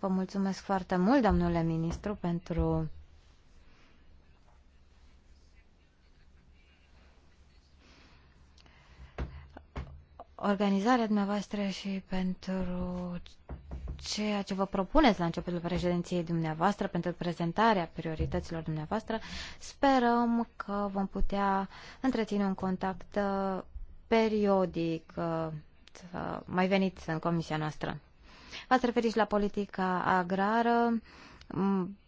vă mulțumesc foarte mult, domnule ministru, pentru organizarea dumneavoastră și pentru ceea ce vă propuneți la începutul președinției dumneavoastră pentru prezentarea priorităților dumneavoastră. Sperăm că vom putea întreține un contact uh, periodic. Uh, mai veniți în comisia noastră. V-ați referit la politica agrară. Mm,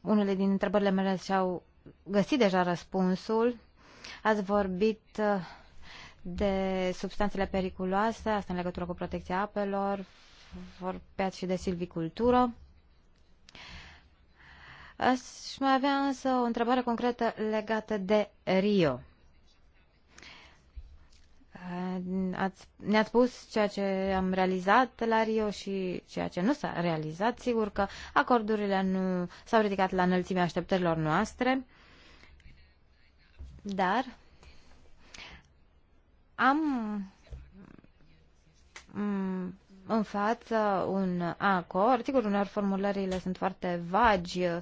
unele din întrebările mele și-au găsit deja răspunsul. Ați vorbit uh, de substanțele periculoase, asta în legătură cu protecția apelor, vorbeați și de silvicultură. Aș mai avea însă o întrebare concretă legată de Rio. Ați, ne-ați spus ceea ce am realizat la Rio și ceea ce nu s-a realizat. Sigur că acordurile nu s-au ridicat la înălțimea așteptărilor noastre, dar am în față un acord. Sigur, uneori formulările sunt foarte vagi, uh,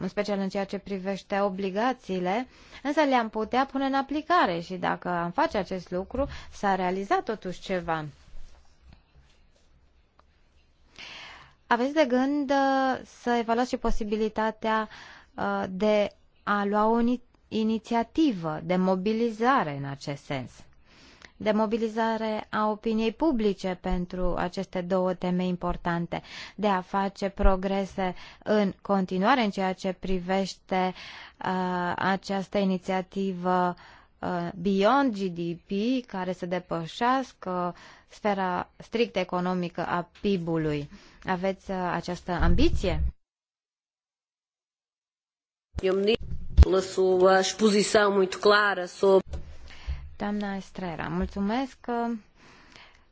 în special în ceea ce privește obligațiile, însă le-am putea pune în aplicare și dacă am face acest lucru, s-a realizat totuși ceva. Aveți de gând uh, să evaluați și posibilitatea uh, de a lua o inițiativă de mobilizare în acest sens de mobilizare a opiniei publice pentru aceste două teme importante, de a face progrese în continuare în ceea ce privește uh, această inițiativă uh, Beyond GDP, care să depășească sfera strict economică a PIB-ului. Aveți uh, această ambiție? Eu la sua exposição muito clara sobre Doamna Estrera, mulțumesc.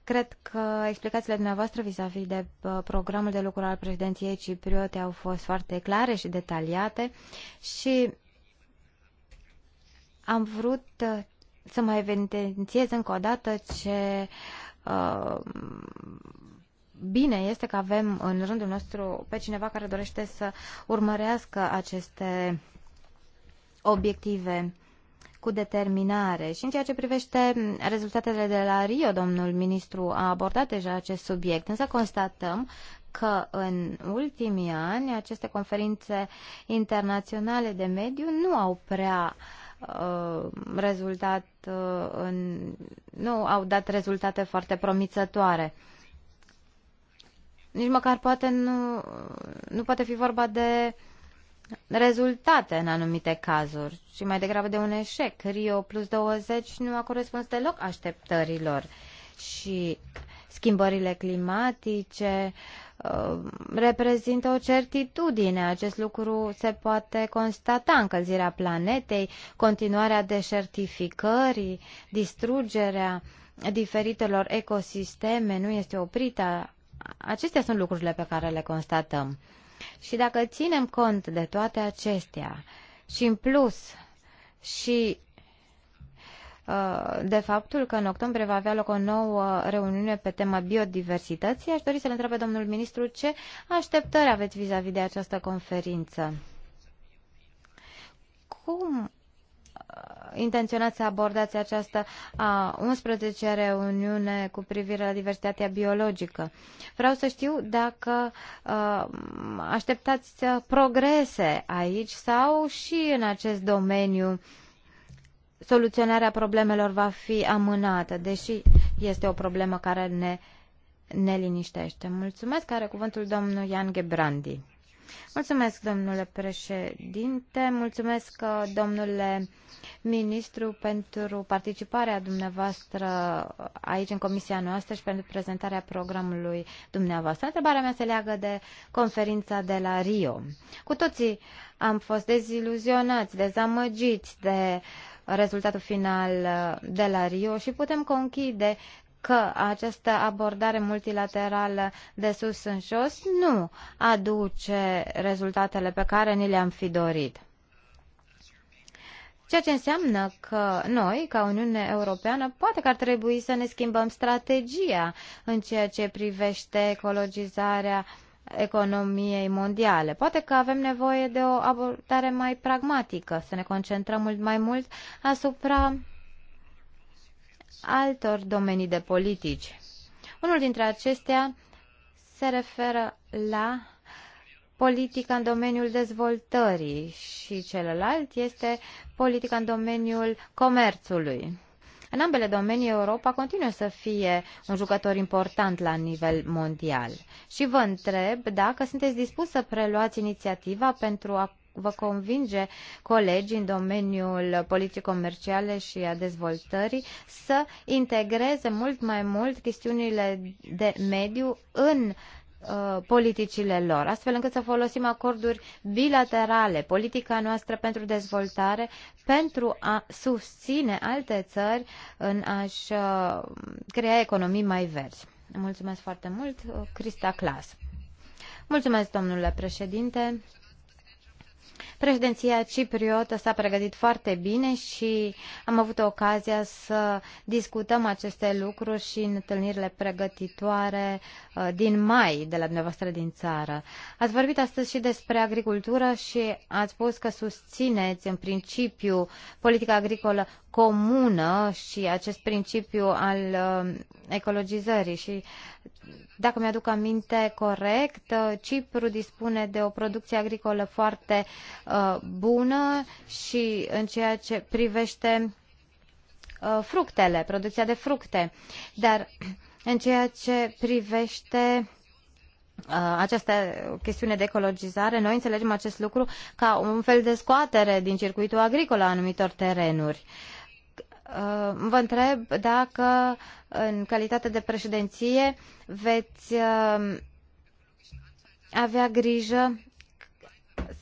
cred că explicațiile dumneavoastră vis-a-vis -vis de uh, programul de lucru al președinției cipriote au fost foarte clare și detaliate și am vrut uh, să mai evidențiez încă o dată ce uh, bine este că avem în rândul nostru pe cineva care dorește să urmărească aceste obiective cu determinare. Și în ceea ce privește rezultatele de la Rio, domnul ministru a abordat deja acest subiect, însă constatăm că în ultimii ani aceste conferințe internaționale de mediu nu au prea uh, rezultat uh, în, nu au dat rezultate foarte promițătoare. Nici măcar poate nu, nu poate fi vorba de uh, rezultate în anumite cazuri și mai degrabă de un eșec. Rio plus 20 nu a corespuns deloc așteptărilor și schimbările climatice uh, reprezintă o certitudine. Acest lucru se poate constata. Încălzirea planetei, continuarea deșertificării, distrugerea diferitelor ecosisteme nu este oprită. Acestea sunt lucrurile pe care le constatăm. Și dacă ținem cont de toate acestea și în plus și uh, de faptul că în octombrie va avea loc o nouă reuniune pe tema biodiversității. Aș dori să-l întreb pe domnul ministru ce așteptări aveți vis-a-vis -vis de această conferință. Cum intenționați să abordați această a 11-a reuniune cu privire la diversitatea biologică. Vreau să știu dacă a, așteptați progrese aici sau și în acest domeniu soluționarea problemelor va fi amânată, deși este o problemă care ne, ne liniștește. Mulțumesc, are cuvântul domnul Ian Gebrandi. Mulțumesc, domnule președinte, mulțumesc, uh, domnule ministru, pentru participarea dumneavoastră aici în comisia noastră și pentru prezentarea programului dumneavoastră. Întrebarea mea se leagă de conferința de la Rio. Cu toții am fost deziluzionați, dezamăgiți de rezultatul final uh, de la Rio și putem conchide că această abordare multilaterală de sus în jos nu aduce rezultatele pe care ni le-am fi dorit. Ceea ce înseamnă că noi, ca Uniune Europeană, poate că ar trebui să ne schimbăm strategia în ceea ce privește ecologizarea economiei mondiale. Poate că avem nevoie de o abordare mai pragmatică, să ne concentrăm mult mai mult asupra altor domenii de politici. Unul dintre acestea se referă la politica în domeniul dezvoltării și celălalt este politica în domeniul comerțului. În ambele domenii, Europa continuă să fie un jucător important la nivel mondial. Și vă întreb dacă sunteți dispus să preluați inițiativa pentru a vă convinge colegii în domeniul politic comerciale și a dezvoltării să integreze mult mai mult chestiunile de mediu în uh, politicile lor, astfel încât să folosim acorduri bilaterale, politica noastră pentru dezvoltare, pentru a susține alte țări în a-și uh, crea economii mai verzi. Mulțumesc foarte mult, uh, Crista Clas. Mulțumesc, domnule președinte. Președinția cipriotă s-a pregătit foarte bine și am avut ocazia să discutăm aceste lucruri și în întâlnirile pregătitoare uh, din mai de la dumneavoastră din țară. Ați vorbit astăzi și despre agricultură și ați spus că susțineți în principiu politica agricolă comună și acest principiu al uh, ecologizării și dacă mi-aduc aminte corect, uh, Cipru dispune de o producție agricolă foarte uh, bună și în ceea ce privește uh, fructele, producția de fructe. Dar în ceea ce privește această chestiune de ecologizare, noi înțelegem acest lucru ca un fel de scoatere din circuitul agricol a anumitor terenuri. Uh, Uh, vă întreb dacă în calitate de președinție veți uh, avea grijă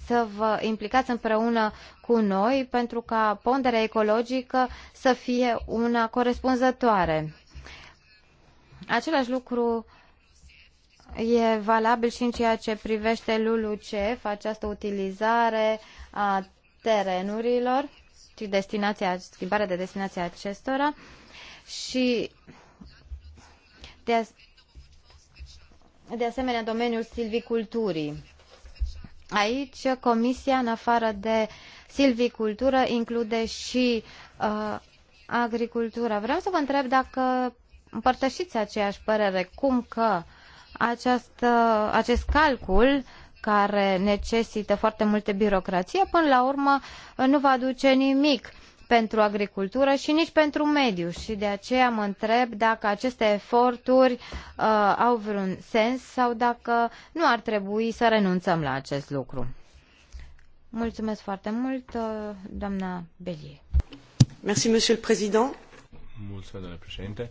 să vă implicați împreună cu noi pentru ca ponderea ecologică să fie una corespunzătoare. Același lucru e valabil și în ceea ce privește LULUCEF, această utilizare a terenurilor și destinația, schimbarea de destinație acestora și de, as- de asemenea domeniul silviculturii. Aici Comisia, în afară de silvicultură, include și uh, agricultura. Vreau să vă întreb dacă împărtășiți aceeași părere, cum că această, acest calcul care necesită foarte multe birocrație, până la urmă uh, nu va aduce nimic pentru agricultură și nici pentru mediu. Și de aceea mă întreb dacă aceste eforturi uh, au vreun sens sau dacă nu ar trebui să renunțăm la acest lucru. Mulțumesc foarte mult, uh, doamna Belie. Mulțumesc, domnule președinte.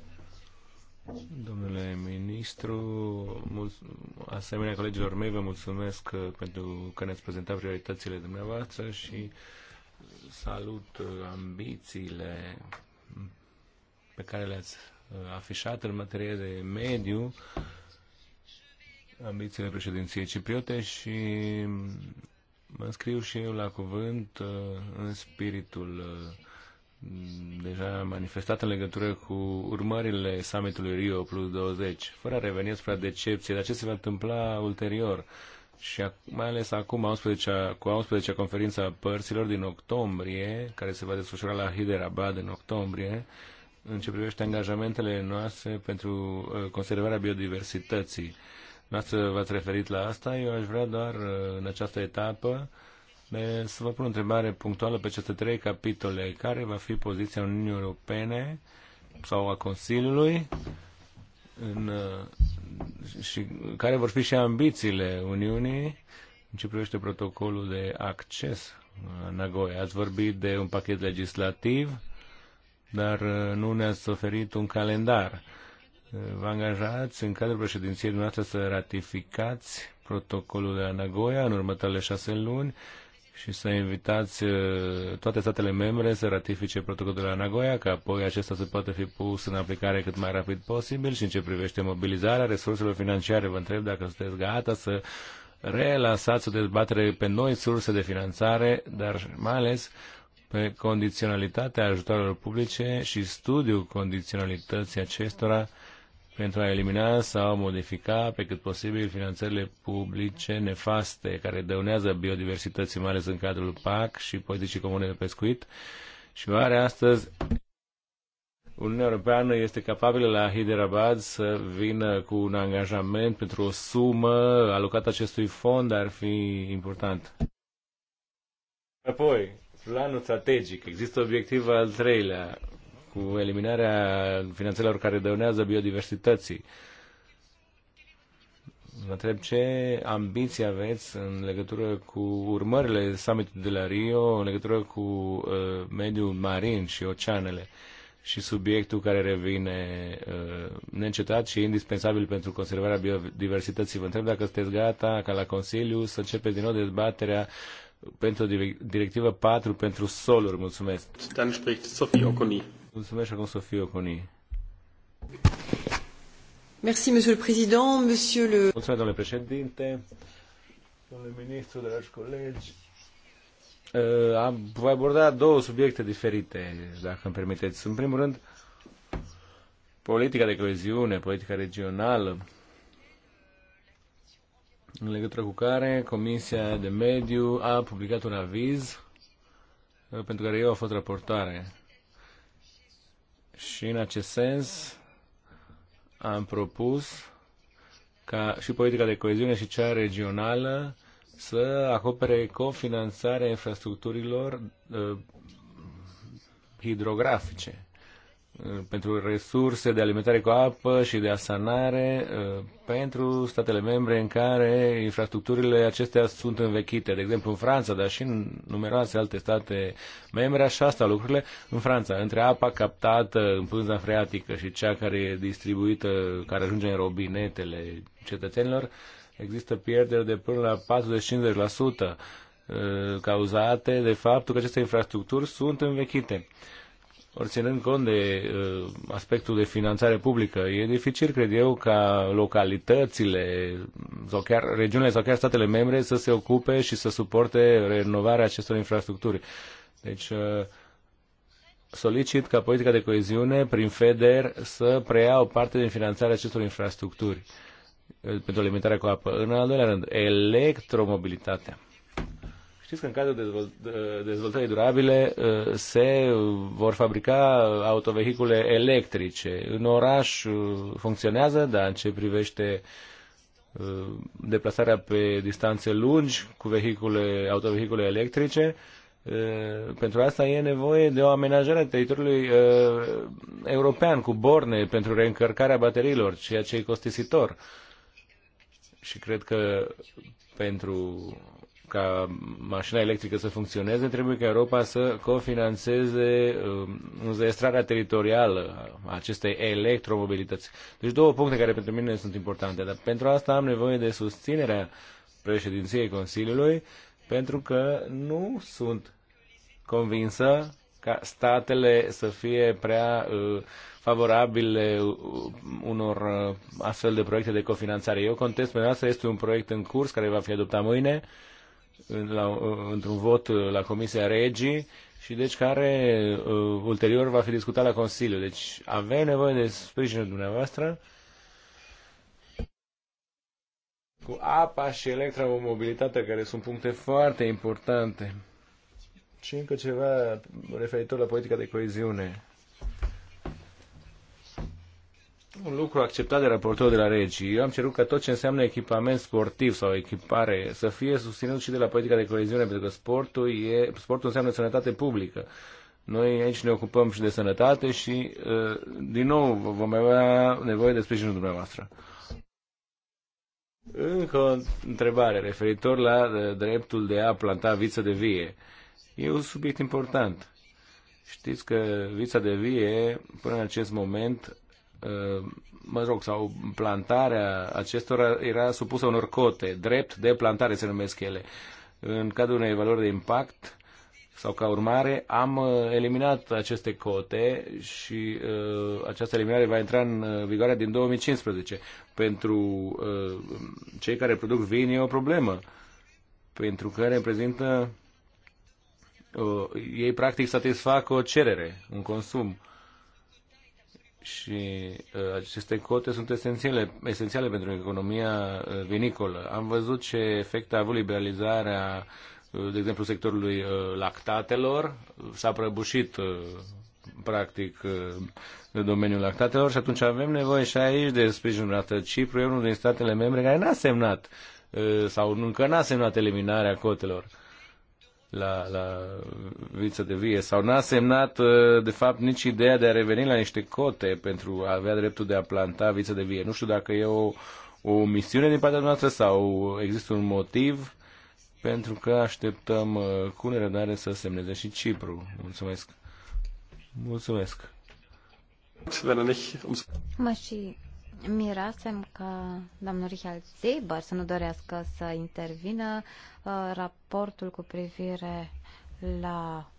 Domnule ministru, asemenea colegilor mei, vă mulțumesc uh, pentru că ne-ați prezentat prioritățile dumneavoastră și salut uh, ambițiile pe care le-ați uh, afișat în materie de mediu, ambițiile președinției cipriote și mă înscriu și eu la cuvânt în spiritul Mm, deja manifestat în legătură cu urmările summitului Rio plus 20, fără a reveni asupra decepție, dar ce se va întâmpla ulterior și mai ales acum 11 cu 11 conferința părților din octombrie, care se va desfășura la Hyderabad în octombrie, în ce privește angajamentele noastre pentru uh, conservarea biodiversității. Noastră v-ați referit la asta, eu aș vrea doar uh, în această etapă să vă pun o întrebare punctuală pe aceste trei capitole. Care va fi poziția Uniunii Europene sau a Consiliului în, uh, și care vor fi și ambițiile Uniunii în ce privește protocolul de acces la Nagoya? Ați vorbit de un pachet legislativ, dar uh, nu ne-ați oferit un calendar. Uh, vă angajați în cadrul președinției dumneavoastră să ratificați protocolul de la Nagoya în următoarele șase luni și să invitați uh, toate statele membre să ratifice protocolul de la Nagoya, ca apoi acesta să poată fi pus în aplicare cât mai rapid posibil și în ce privește mobilizarea resurselor financiare. Vă întreb dacă sunteți gata să relansați o dezbatere pe noi surse de finanțare, dar mai ales pe condiționalitatea ajutoarelor publice și studiul condiționalității acestora pentru a elimina sau modifica pe cât posibil finanțările publice nefaste care dăunează biodiversității, mai ales în cadrul PAC și politicii comune de pescuit. Și oare astăzi Uniunea Europeană este capabilă la Hyderabad să vină cu un angajament pentru o sumă alocată acestui fond, ar fi important. Apoi, planul strategic. Există obiectivul al treilea, cu eliminarea finanțelor care dăunează biodiversității. Vă întreb ce ambiții aveți în legătură cu urmările summitului de la Rio, în legătură cu uh, mediul marin și oceanele și subiectul care revine uh, neîncetat și indispensabil pentru conservarea biodiversității. Vă întreb dacă sunteți gata ca la Consiliu să începeți din nou dezbaterea pentru directivă 4 pentru soluri. Mulțumesc. Dan spricht Sofie Oconi. Mulțumesc acum Sofie Oconi. Merci, monsieur le président, monsieur le... Mulțumesc, domnule președinte, domnule ministru, dragi colegi. Ă, am, voi aborda două subiecte diferite, dacă îmi permiteți. În primul rând, politica de coeziune, politica regională, în legătură cu care Comisia de Mediu a publicat un aviz pentru care eu a fost raportare. Și în acest sens am propus ca și politica de coeziune și cea regională să acopere cofinanțarea infrastructurilor uh, hidrografice. Uh, pentru resurse de alimentare cu apă și de asanare uh, pentru statele membre în care infrastructurile acestea sunt învechite. De exemplu, în Franța, dar și în numeroase alte state membre, așa stau lucrurile. În Franța, între apa captată în pânza freatică și cea care e distribuită, care ajunge în robinetele cetățenilor, există pierderi de până la 40-50% uh, cauzate de faptul că aceste infrastructuri sunt învechite ori ținând cont de uh, aspectul de finanțare publică, e dificil, cred eu, ca localitățile sau chiar regiunile sau chiar statele membre să se ocupe și să suporte renovarea acestor infrastructuri. Deci, uh, solicit ca politica de coeziune, prin FEDER, să preia o parte din finanțarea acestor infrastructuri uh, pentru alimentarea cu apă. În al doilea rând, electromobilitatea. Știți că în cadrul dezvoltării durabile uh, se vor fabrica autovehicule electrice. În oraș uh, funcționează, dar în ce privește uh, deplasarea pe distanțe lungi cu vehicule, autovehicule electrice, pentru asta e nevoie de o amenajare a teritoriului european cu borne pentru reîncărcarea bateriilor, ceea ce e costisitor. Și cred că pentru ca mașina electrică să funcționeze, trebuie ca Europa să cofinanțeze um, înzestrarea teritorială a acestei electromobilități. Deci două puncte care pentru mine sunt importante, dar pentru asta am nevoie de susținerea președinției Consiliului, pentru că nu sunt convinsă ca statele să fie prea uh, favorabile uh, unor uh, astfel de proiecte de cofinanțare. Eu contest pe asta. este un proiect în curs care va fi adoptat mâine în, într-un vot la Comisia Regii și deci care uh, ulterior va fi discutat la Consiliu. Deci avem nevoie de sprijinul dumneavoastră cu apa și electromobilitatea, care sunt puncte foarte importante. Și încă ceva referitor la politica de coeziune un lucru acceptat de raportorul de la Regii. Eu am cerut ca tot ce înseamnă echipament sportiv sau echipare să fie susținut și de la politica de coeziune, pentru că sportul, e, sportul înseamnă sănătate publică. Noi aici ne ocupăm și de sănătate și, uh, din nou, vom avea nevoie de sprijinul dumneavoastră. Încă o întrebare referitor la uh, dreptul de a planta viță de vie. E un subiect important. Știți că vița de vie, până în acest moment, Ehm, mă rog, sau plantarea acestora era supusă unor cote, drept de plantare se numesc ele. În cadrul unei valori de impact sau ca urmare, am uh, eliminat aceste cote și uh, această eliminare va intra în uh, vigoare din 2015. Pentru uh, cei care produc vin e o problemă, pentru că reprezintă, uh, ei practic satisfac o cerere, un consum. Uh, și uh, aceste cote sunt esențiale, esențiale pentru economia uh, vinicolă. Am văzut ce efect a avut liberalizarea, uh, de exemplu, sectorului lactatelor. S-a prăbușit practic de domeniul lactatelor și atunci avem nevoie și aici de sprijinul dată. Cipru e unul din statele membre care n-a semnat sau încă n-a semnat eliminarea cotelor la, la viță de vie sau n-a semnat uh, de fapt nici ideea de a reveni la niște cote pentru a avea dreptul de a planta viță de vie. Nu știu dacă e o, o misiune din partea noastră sau există un motiv pentru că așteptăm uh, cu nerăbdare să semneze și Cipru. Mulțumesc! Mulțumesc! Er mă și mirasem că domnul Richard Zeber să nu dorească să intervină uh, raportul cu privire la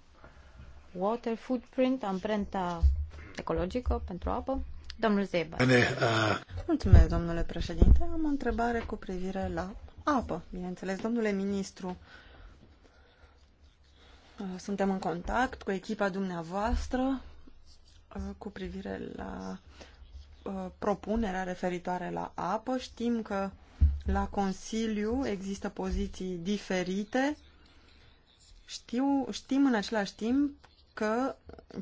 water footprint, amprenta ecologică pentru apă. Domnul Zeber. Uh, Mulțumesc, domnule președinte. Am o întrebare cu privire la apă, bineînțeles. Domnule ministru, uh, suntem în contact cu echipa dumneavoastră cu privire la Uh, propunerea referitoare la apă. Știm că la Consiliu există poziții diferite. Știu, știm în același timp că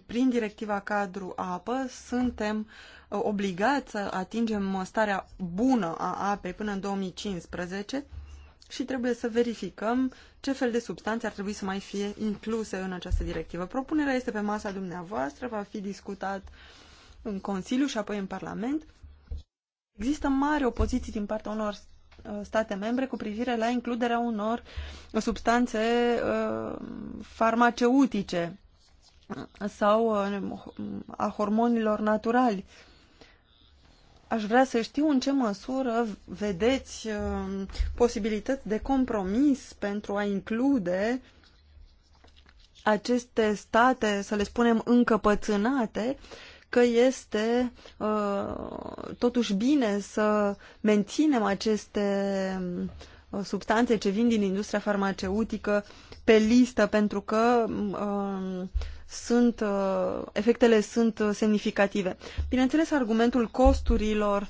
prin directiva cadru apă suntem uh, obligați să atingem starea bună a apei până în 2015 și trebuie să verificăm ce fel de substanțe ar trebui să mai fie incluse în această directivă. Propunerea este pe masa dumneavoastră, va fi discutat uh, în Consiliu și apoi în Parlament, există mare opoziție din partea unor uh, state membre cu privire la includerea unor substanțe uh, farmaceutice sau uh, a hormonilor naturali. Aș vrea să știu în ce măsură vedeți posibilități de compromis pentru a include aceste state, să le spunem, încăpățânate că este uh, totuși bine să menținem aceste uh, substanțe ce vin din industria farmaceutică pe listă pentru că uh, sunt, uh, efectele sunt semnificative. Bineînțeles, argumentul costurilor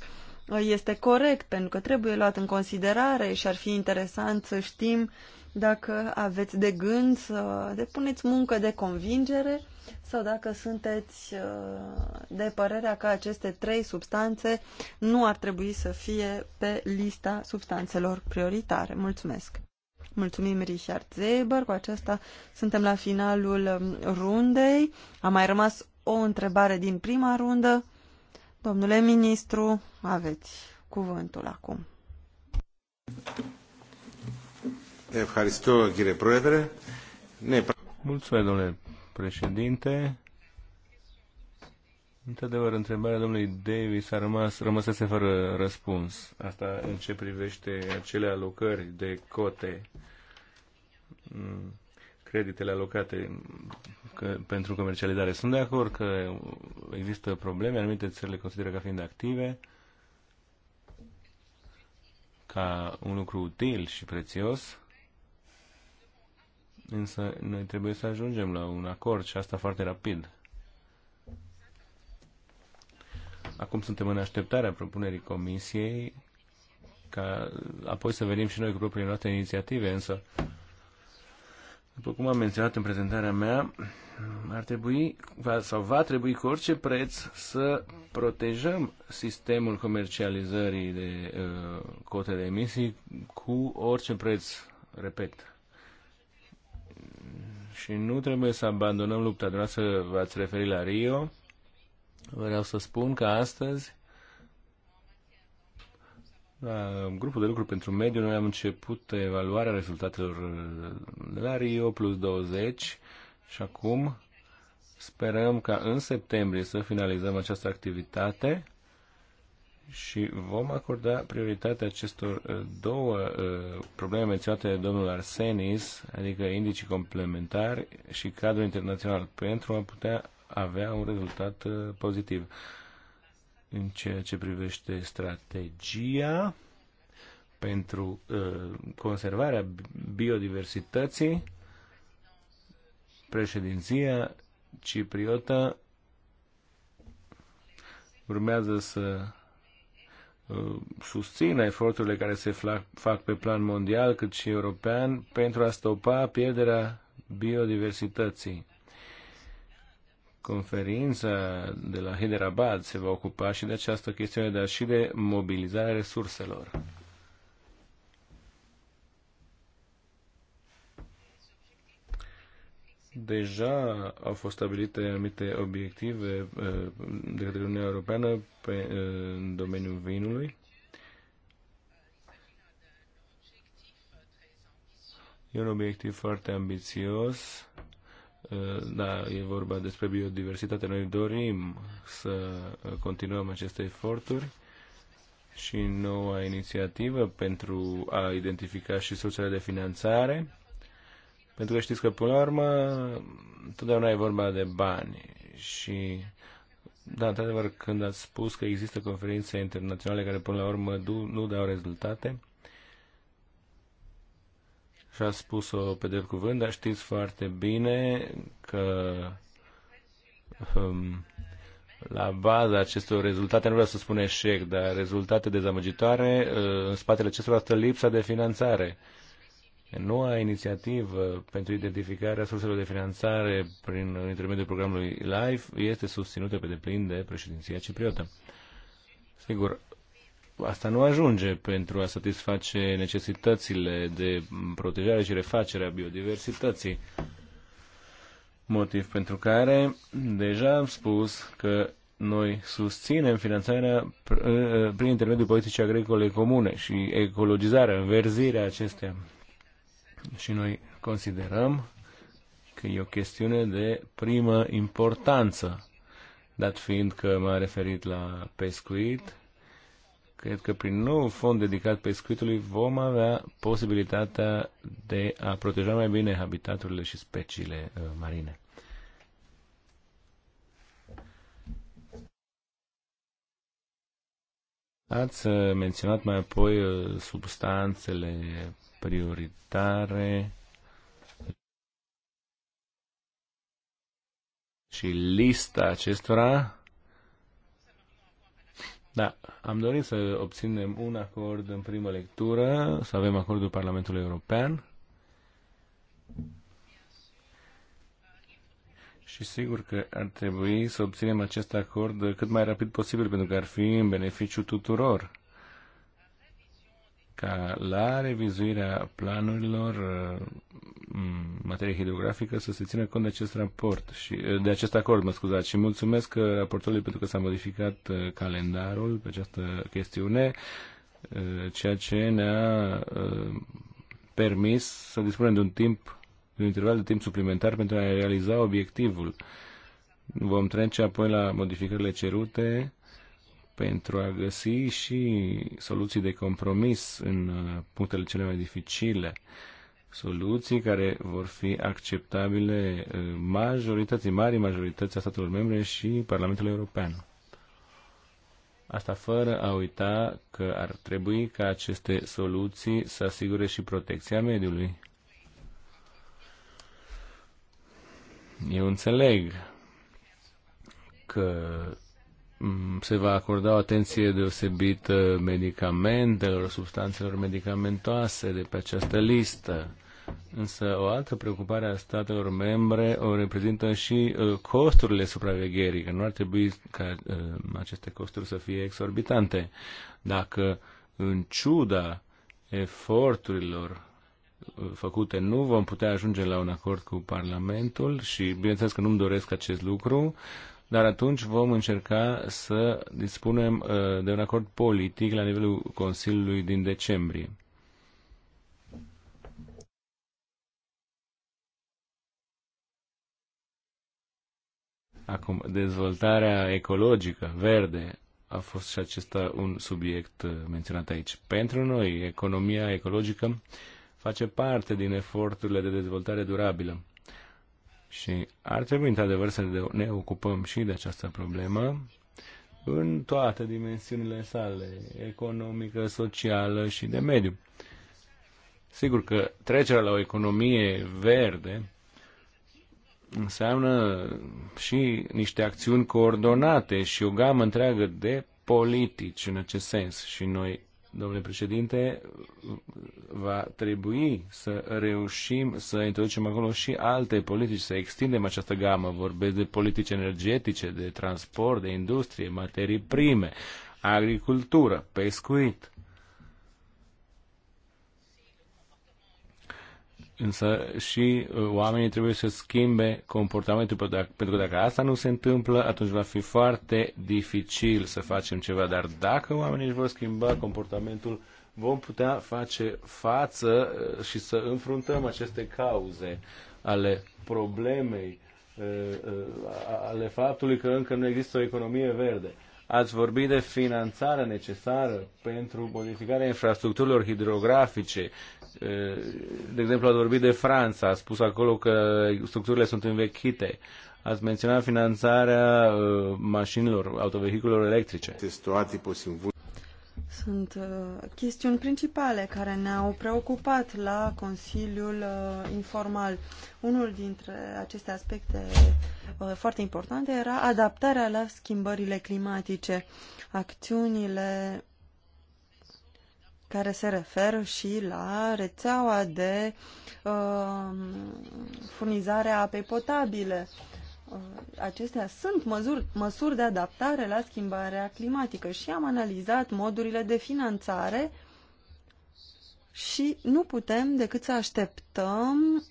uh, este corect pentru că trebuie luat în considerare și ar fi interesant să știm uh, dacă aveți de gând să depuneți muncă de convingere sau dacă sunteți uh, de părerea că aceste trei substanțe nu ar trebui să fie pe lista substanțelor prioritare. Mulțumesc! Mulțumim, Richard Zeber. Cu aceasta suntem la finalul um, rundei. A mai rămas o întrebare din prima rundă. Domnule ministru, aveți cuvântul acum. Ευχαριστώ κύριε Πρόεδρε. Ναι, Mulțumesc, domnule președinte. Într-adevăr, întrebarea domnului Davis a rămas, rămăsese fără răspuns. Asta în ce privește acele alocări de cote, mm, creditele alocate că, pentru comercializare. Sunt de acord că există probleme, anumite țări le consideră ca fiind active, ca un lucru util și prețios, Însă noi trebuie să ajungem la un acord și asta foarte rapid. Acum suntem în așteptarea propunerii Comisiei ca apoi să venim și noi cu propriile noastre inițiative, însă după cum am menționat în prezentarea mea, ar trebui sau va trebui cu orice preț să protejăm sistemul comercializării de uh, cote de emisii cu orice preț, repet, și nu trebuie să abandonăm lupta. Dumneavoastră v-ați referit la Rio. Vreau să spun că astăzi la grupul de lucru pentru mediu noi am început evaluarea rezultatelor la Rio plus 20 și acum sperăm ca în septembrie să finalizăm această activitate și vom acorda prioritatea acestor uh, două uh, probleme menționate de domnul Arsenis, adică indicii complementari și cadrul internațional, pentru a putea avea un rezultat uh, pozitiv. În ceea ce privește strategia pentru conservarea biodiversității, președinția cipriotă urmează să Uh, susțină eforturile care se fac pe plan mondial cât și european pentru a stopa pierderea biodiversității. Conferința de la Hyderabad se va ocupa și de această chestiune, dar și de mobilizarea resurselor. Deja au fost stabilite anumite obiective uh, de către Uniunea Europeană pe, uh, în domeniul vinului. E un obiectiv foarte ambițios. Uh, da, e vorba despre biodiversitate. Noi dorim să continuăm aceste eforturi și noua inițiativă pentru a identifica și sursele de finanțare pentru că știți că, până la urmă, totdeauna e vorba de bani. Și, da, într-adevăr, când ați spus că există conferințe internaționale care, până la urmă, nu dau rezultate, și a spus-o pe drept cuvânt, dar știți foarte bine că um, la baza acestor rezultate, nu vreau să spun eșec, dar rezultate dezamăgitoare, uh, în spatele acestora stă lipsa de finanțare noua inițiativă pentru identificarea surselor de finanțare prin intermediul programului LIFE este susținută pe deplin de președinția cipriotă. Sigur, asta nu ajunge pentru a satisface necesitățile de protejare și refacere a biodiversității. Motiv pentru care deja am spus că noi susținem finanțarea prin intermediul politicii agricole comune și ecologizarea, înverzirea acestea și noi considerăm că e o chestiune de primă importanță, dat fiind că m-a referit la pescuit, cred că prin nou fond dedicat pescuitului vom avea posibilitatea de a proteja mai bine habitaturile și speciile uh, marine. Ați uh, menționat mai apoi uh, substanțele prioritare și lista acestora. Da, am dorit să obținem un acord în primă lectură, să avem acordul Parlamentului European. Și sigur că ar trebui să obținem acest acord cât mai rapid posibil, pentru că ar fi în beneficiu tuturor ca la revizuirea planurilor în uh, materie hidrografică să se țină cont de acest raport și uh, de acest acord, mă scuzați, și mulțumesc uh, raportului pentru că s-a modificat calendarul pe această chestiune, ceea ce ne-a permis să dispunem de un timp, de un interval de timp suplimentar pentru a realiza obiectivul. Vom trece apoi la modificările cerute pentru a găsi și soluții de compromis în uh, punctele cele mai dificile, soluții care vor fi acceptabile uh, majorității, mari majorități a statelor membre și Parlamentul European. Asta fără a uita că ar trebui ca aceste soluții să asigure și protecția mediului. Eu înțeleg că Mm, se va acorda o atenție deosebită medicamentelor, substanțelor medicamentoase de pe această listă. Însă o altă preocupare a statelor membre o reprezintă și uh, costurile supravegherii, că nu ar trebui ca uh, aceste costuri să fie exorbitante. Dacă în ciuda eforturilor uh, făcute nu vom putea ajunge la un acord cu Parlamentul și bineînțeles că nu-mi doresc acest lucru, dar atunci vom încerca să dispunem uh, de un acord politic la nivelul Consiliului din decembrie. Acum, dezvoltarea ecologică, verde, a fost și acesta un subiect uh, menționat aici. Pentru noi, economia ecologică face parte din eforturile de dezvoltare durabilă. Și ar trebui, într-adevăr, să ne ocupăm și de această problemă în toate dimensiunile sale, economică, socială și de mediu. Sigur că trecerea la o economie verde înseamnă și niște acțiuni coordonate și o gamă întreagă de politici în acest sens și noi domnule președinte, va trebui să reușim să introducem acolo și alte politici, să extindem această gamă. Vorbesc de politici energetice, de transport, de industrie, materii prime, agricultură, pescuit. Însă și uh, oamenii trebuie să schimbe comportamentul, pentru că dacă asta nu se întâmplă, atunci va fi foarte dificil să facem ceva. Dar dacă oamenii își vor schimba comportamentul, vom putea face față uh, și să înfruntăm aceste cauze ale problemei, uh, ale faptului că încă nu există o economie verde. Ați vorbit de finanțarea necesară pentru modificarea infrastructurilor hidrografice de exemplu, a vorbit de Franța, a spus acolo că structurile sunt învechite. Ați menționat finanțarea mașinilor, autovehiculelor electrice. Sunt chestiuni principale care ne-au preocupat la Consiliul Informal. Unul dintre aceste aspecte foarte importante era adaptarea la schimbările climatice. Acțiunile care se referă și la rețeaua de uh, furnizare a apei potabile. Uh, acestea sunt măsuri, măsuri de adaptare la schimbarea climatică și am analizat modurile de finanțare și nu putem decât să așteptăm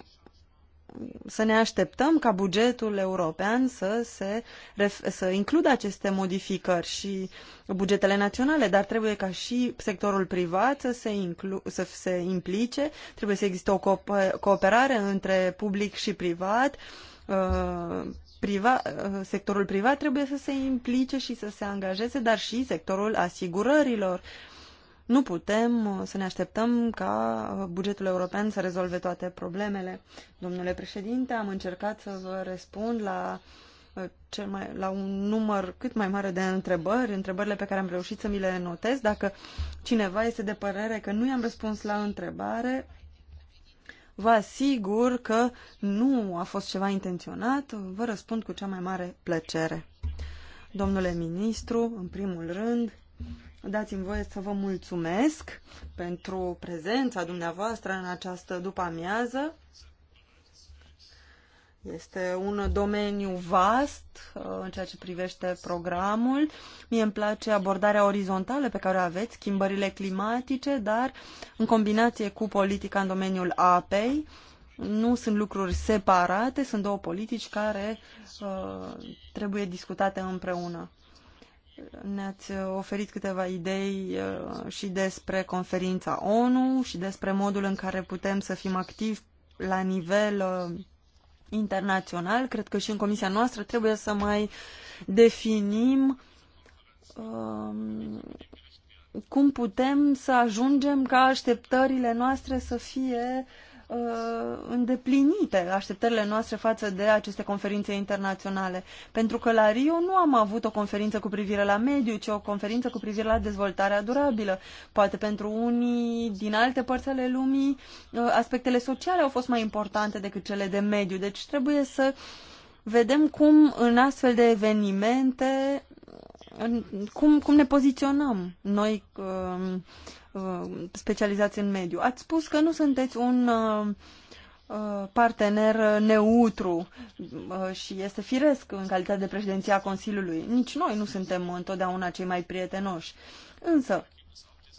să ne așteptăm ca bugetul european să, se, să includă aceste modificări și bugetele naționale, dar trebuie ca și sectorul privat să se, inclu, să se implice, trebuie să existe o cooperare între public și privat. Uh, priva, uh, sectorul privat trebuie să se implice și să se angajeze, dar și sectorul asigurărilor. Uh, nu putem uh, să ne așteptăm ca uh, bugetul european să rezolve toate problemele. Domnule președinte, am încercat să vă răspund la, uh, cel mai, la un număr cât mai mare de întrebări, întrebările pe care am reușit să mi le notez. Dacă cineva este de părere că nu i-am răspuns la întrebare, vă asigur că nu a fost ceva intenționat. Vă răspund cu cea mai mare plăcere. Domnule ministru, în primul rând, Dați-mi voie să vă mulțumesc pentru prezența dumneavoastră în această după-amiază. Este un domeniu vast uh, în ceea ce privește programul. Mie îmi place abordarea orizontală pe care o aveți, schimbările climatice, dar în combinație cu politica în domeniul apei, nu sunt lucruri separate, sunt două politici care uh, trebuie discutate împreună. Ne-ați oferit câteva idei uh, și despre conferința ONU și despre modul în care putem să fim activi la nivel uh, internațional. Cred că și în comisia noastră trebuie să mai definim um, cum putem să ajungem ca așteptările noastre să fie uh, Uh, îndeplinite așteptările noastre față de aceste conferințe internaționale. Pentru că la Rio nu am avut o conferință cu privire la mediu, ci o conferință cu privire la dezvoltarea durabilă. Poate pentru unii din alte părți ale lumii, uh, aspectele sociale au fost mai importante decât cele de mediu. Deci trebuie să vedem cum în astfel de evenimente cum, cum ne poziționăm noi uh, Uh, specializați în mediu. Ați spus că nu sunteți un uh, uh, partener neutru și este firesc în calitate de președinția Consiliului. Nici noi nu suntem întotdeauna cei mai prietenoși. Însă,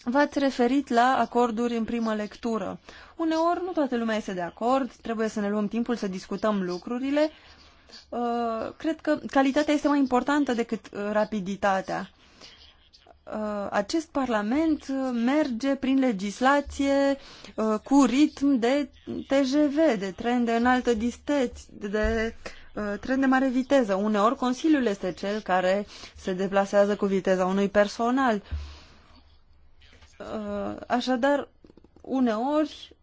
V-ați referit la acorduri în primă lectură. Uneori nu toată lumea este de acord, trebuie să ne luăm timpul să discutăm lucrurile. Cred că calitatea este mai importantă decât rapiditatea. Uh, acest Parlament merge prin legislație uh, cu ritm de TGV, de tren de înaltă disteț, de uh, tren de mare viteză. Uneori Consiliul este cel care se deplasează cu viteza unui personal. Așadar, uneori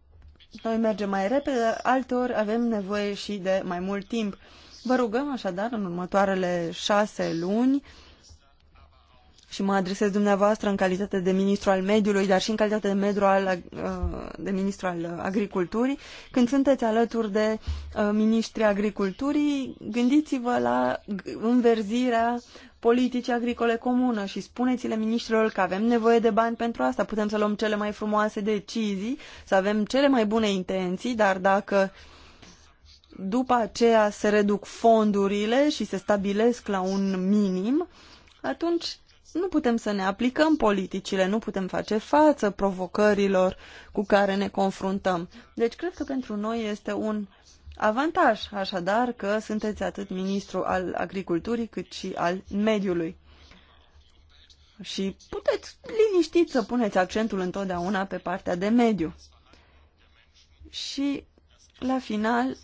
noi mergem mai repede, alteori avem nevoie și de mai mult timp. Vă rugăm așadar în următoarele șase luni și mă adresez dumneavoastră în calitate de ministru al mediului, dar și în calitate de, al, uh, de ministru al uh, agriculturii. Când sunteți alături de uh, ministrii agriculturii, gândiți-vă la înverzirea politicii agricole comună și spuneți-le ministrilor că avem nevoie de bani pentru asta, putem să luăm cele mai frumoase decizii, să avem cele mai bune intenții, dar dacă după aceea se reduc fondurile și se stabilesc la un minim, atunci nu putem să ne aplicăm politicile, nu putem face față provocărilor cu care ne confruntăm. Deci cred că pentru noi este un avantaj, așadar, că sunteți atât ministru al agriculturii cât și al mediului. Și puteți liniștit să puneți accentul întotdeauna pe partea de mediu. Și, la final,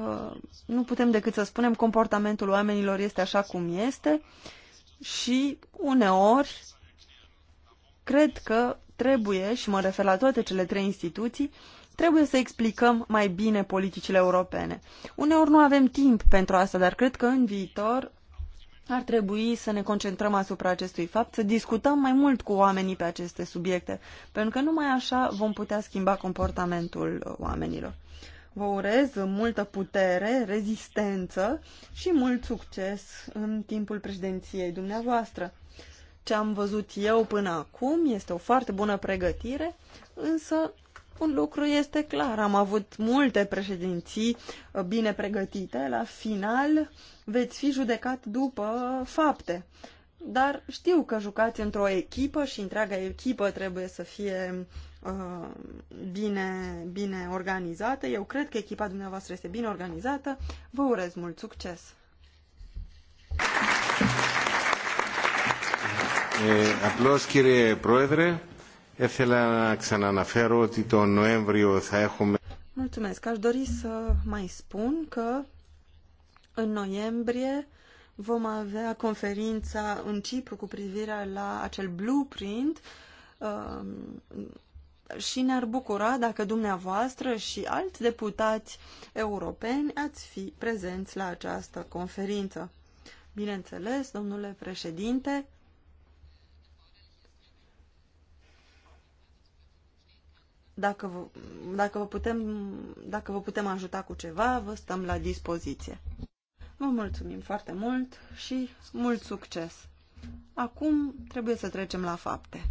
uh, nu putem decât să spunem comportamentul oamenilor este așa cum este și uneori cred că trebuie, și mă refer la toate cele trei instituții, trebuie să explicăm mai bine politicile europene. Uneori nu avem timp pentru asta, dar cred că în viitor ar trebui să ne concentrăm asupra acestui fapt, să discutăm mai mult cu oamenii pe aceste subiecte, pentru că numai așa vom putea schimba comportamentul oamenilor. Vă urez multă putere, rezistență și mult succes în timpul președinției dumneavoastră. Ce am văzut eu până acum este o foarte bună pregătire, însă un lucru este clar, am avut multe președinții uh, bine pregătite, la final veți fi judecat după fapte. Dar știu că jucați într-o echipă și întreaga echipă trebuie să fie Uh, bine, bine organizată. Eu cred că echipa dumneavoastră este bine organizată. Vă urez mult succes! Ε, απλώς κύριε Πρόεδρε, ήθελα να ξαναναφέρω ότι τον Νοέμβριο θα έχουμε... Mulțumesc. Aș dori să mai spun că în noiembrie vom avea conferința în Cipru cu privire la acel blueprint uh, și ne-ar bucura dacă dumneavoastră și alți deputați europeni ați fi prezenți la această conferință. Bineînțeles, domnule președinte, dacă vă, dacă, vă putem, dacă vă putem ajuta cu ceva, vă stăm la dispoziție. Vă mulțumim foarte mult și mult succes! Acum trebuie să trecem la fapte.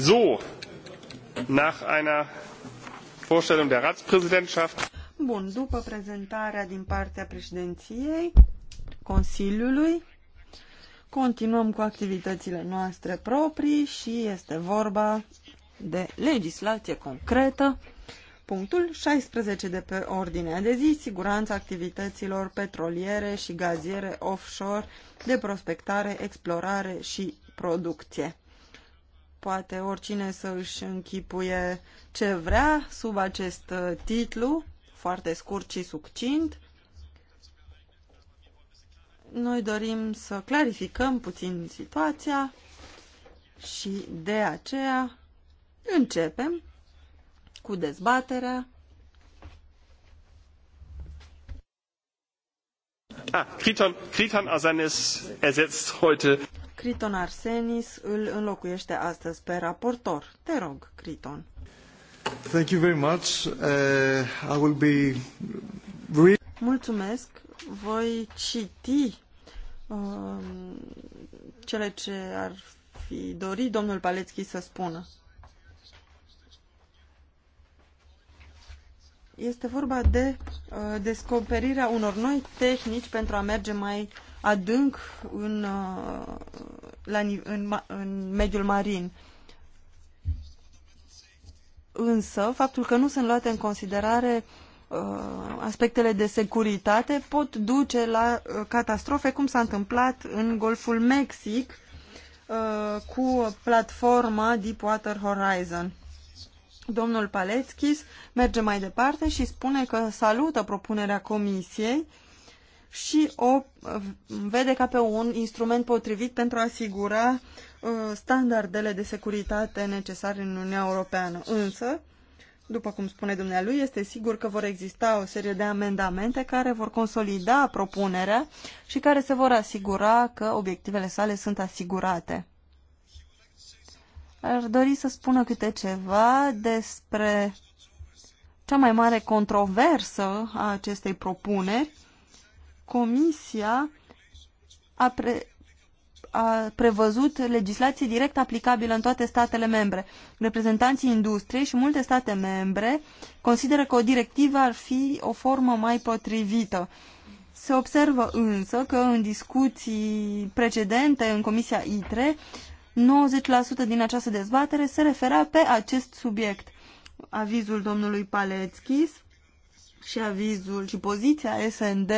So, nach einer Vorstellung der Ratspräsidentschaft. Bun, după prezentarea din partea președinției Consiliului, continuăm cu activitățile noastre proprii și este vorba de legislație concretă. Punctul 16 de pe ordinea de zi, siguranța activităților petroliere și gaziere offshore de prospectare, explorare și producție poate oricine să își închipuie ce vrea sub acest uh, titlu, foarte scurt și succint. Noi dorim să clarificăm puțin situația și de aceea începem cu dezbaterea. Ah, Kriton, Kriton Asanis ersetzt heute Criton Arsenis îl înlocuiește astăzi pe raportor. Te rog, Criton. Thank you very much. Uh, I will be... Mulțumesc. Voi citi uh, cele ce ar fi dorit domnul Palețchi să spună. Este vorba de uh, descoperirea unor noi tehnici pentru a merge mai uh, adânc în, uh, la, în, în mediul marin. Însă, faptul că nu sunt luate în considerare uh, aspectele de securitate pot duce la uh, catastrofe, cum s-a întâmplat în Golful Mexic cu platforma Deepwater Horizon. Domnul Paleckis merge mai departe și spune că salută propunerea Comisiei uh, și o mm, vede ca pe un instrument potrivit pentru a asigura uh, standardele de securitate necesare în Uniunea Europeană. Însă, după cum spune dumnealui, este sigur că vor exista o serie de amendamente care vor consolida propunerea și care se vor asigura că obiectivele sale sunt asigurate. Ar dori să spună câte ceva despre cea mai mare controversă a acestei propuneri, Comisia a, pre, a prevăzut legislație direct aplicabilă în toate statele membre. Reprezentanții industriei și multe state membre consideră că o directivă ar fi o formă mai potrivită. Se observă însă că în discuții precedente în Comisia ITRE, 90% din această dezbatere se referea pe acest subiect. Avizul domnului Paleckis și avizul și poziția SND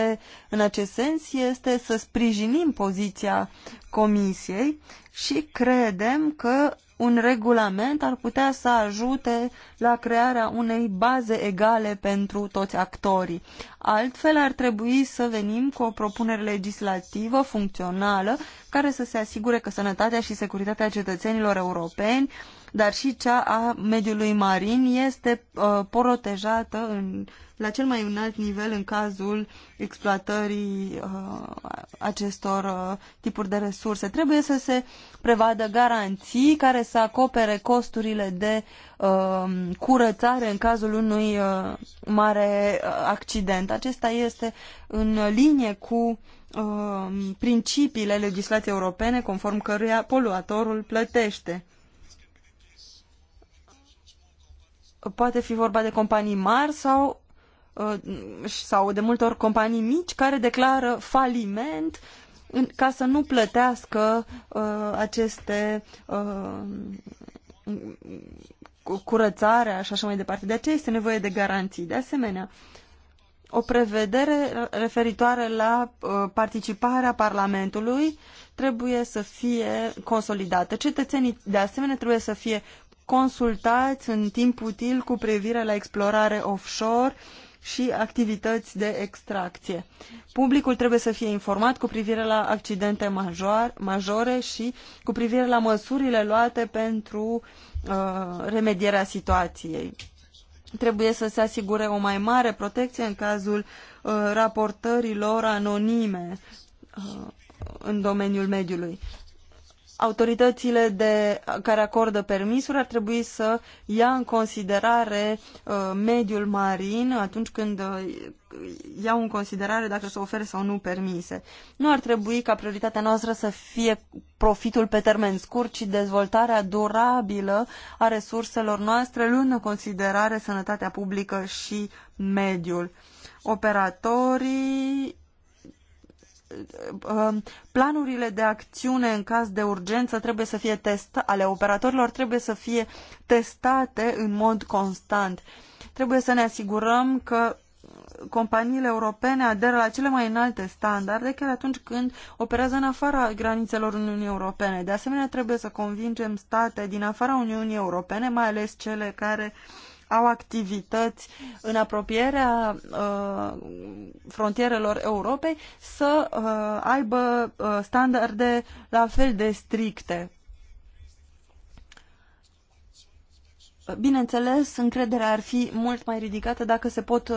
în acest sens este să sprijinim poziția Comisiei și credem că un regulament ar putea să ajute la crearea unei baze egale pentru toți actorii. Altfel ar trebui să venim cu o propunere legislativă funcțională care să se asigure că sănătatea și securitatea cetățenilor europeni dar și cea a mediului marin este uh, protejată în, la cel mai înalt nivel în cazul exploatării uh, acestor uh, tipuri de resurse. Trebuie să se prevadă garanții care să acopere costurile de uh, curățare în cazul unui uh, mare uh, accident. Acesta este în linie cu uh, principiile legislației europene conform căruia poluatorul plătește. Poate fi vorba de companii mari sau, uh, sau de multe ori companii mici care declară faliment ca să nu plătească uh, aceste uh, curățarea și așa mai departe. De aceea este nevoie de garanții. De asemenea, o prevedere referitoare la participarea Parlamentului trebuie să fie consolidată. Cetățenii, de asemenea, trebuie să fie consultați în timp util cu privire la explorare offshore și activități de extracție. Publicul trebuie să fie informat cu privire la accidente major, majore și cu privire la măsurile luate pentru uh, remedierea situației. Trebuie să se asigure o mai mare protecție în cazul uh, raportărilor anonime uh, în domeniul mediului autoritățile de, care acordă permisuri ar trebui să ia în considerare uh, mediul marin atunci când uh, iau în considerare dacă să ofere sau nu permise. Nu ar trebui ca prioritatea noastră să fie profitul pe termen scurt, ci dezvoltarea durabilă a resurselor noastre, luând în considerare sănătatea publică și mediul. Operatorii Uh, planurile de acțiune în caz de urgență trebuie să fie test ale operatorilor trebuie să fie testate în mod constant. Trebuie să ne asigurăm că companiile europene aderă la cele mai înalte standarde chiar atunci când operează în afara granițelor Uniunii Europene. De asemenea, trebuie să convingem state din afara Uniunii Europene, mai ales cele care uh, au activități în apropierea uh, frontierelor Europei să uh, aibă uh, standarde la fel de stricte. Bineînțeles, încrederea ar fi mult mai ridicată dacă se pot uh,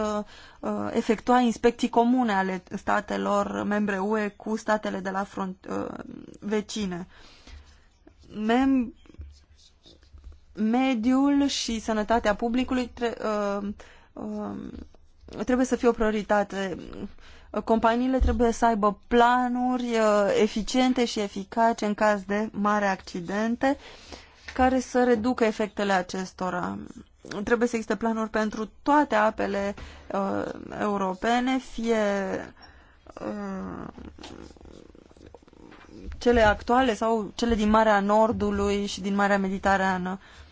uh efectua inspecții comune ale statelor membre UE cu statele de la front uh, vecine. Mem mediul și sănătatea publicului tre uh, uh, trebuie să fie o prioritate. Companiile trebuie să aibă planuri uh, eficiente și eficace în caz de mare accidente care să reducă efectele acestora. Trebuie să existe planuri pentru toate apele uh, europene, fie uh, cele actuale sau cele din Marea Nordului și din Marea Mediterană. Uh,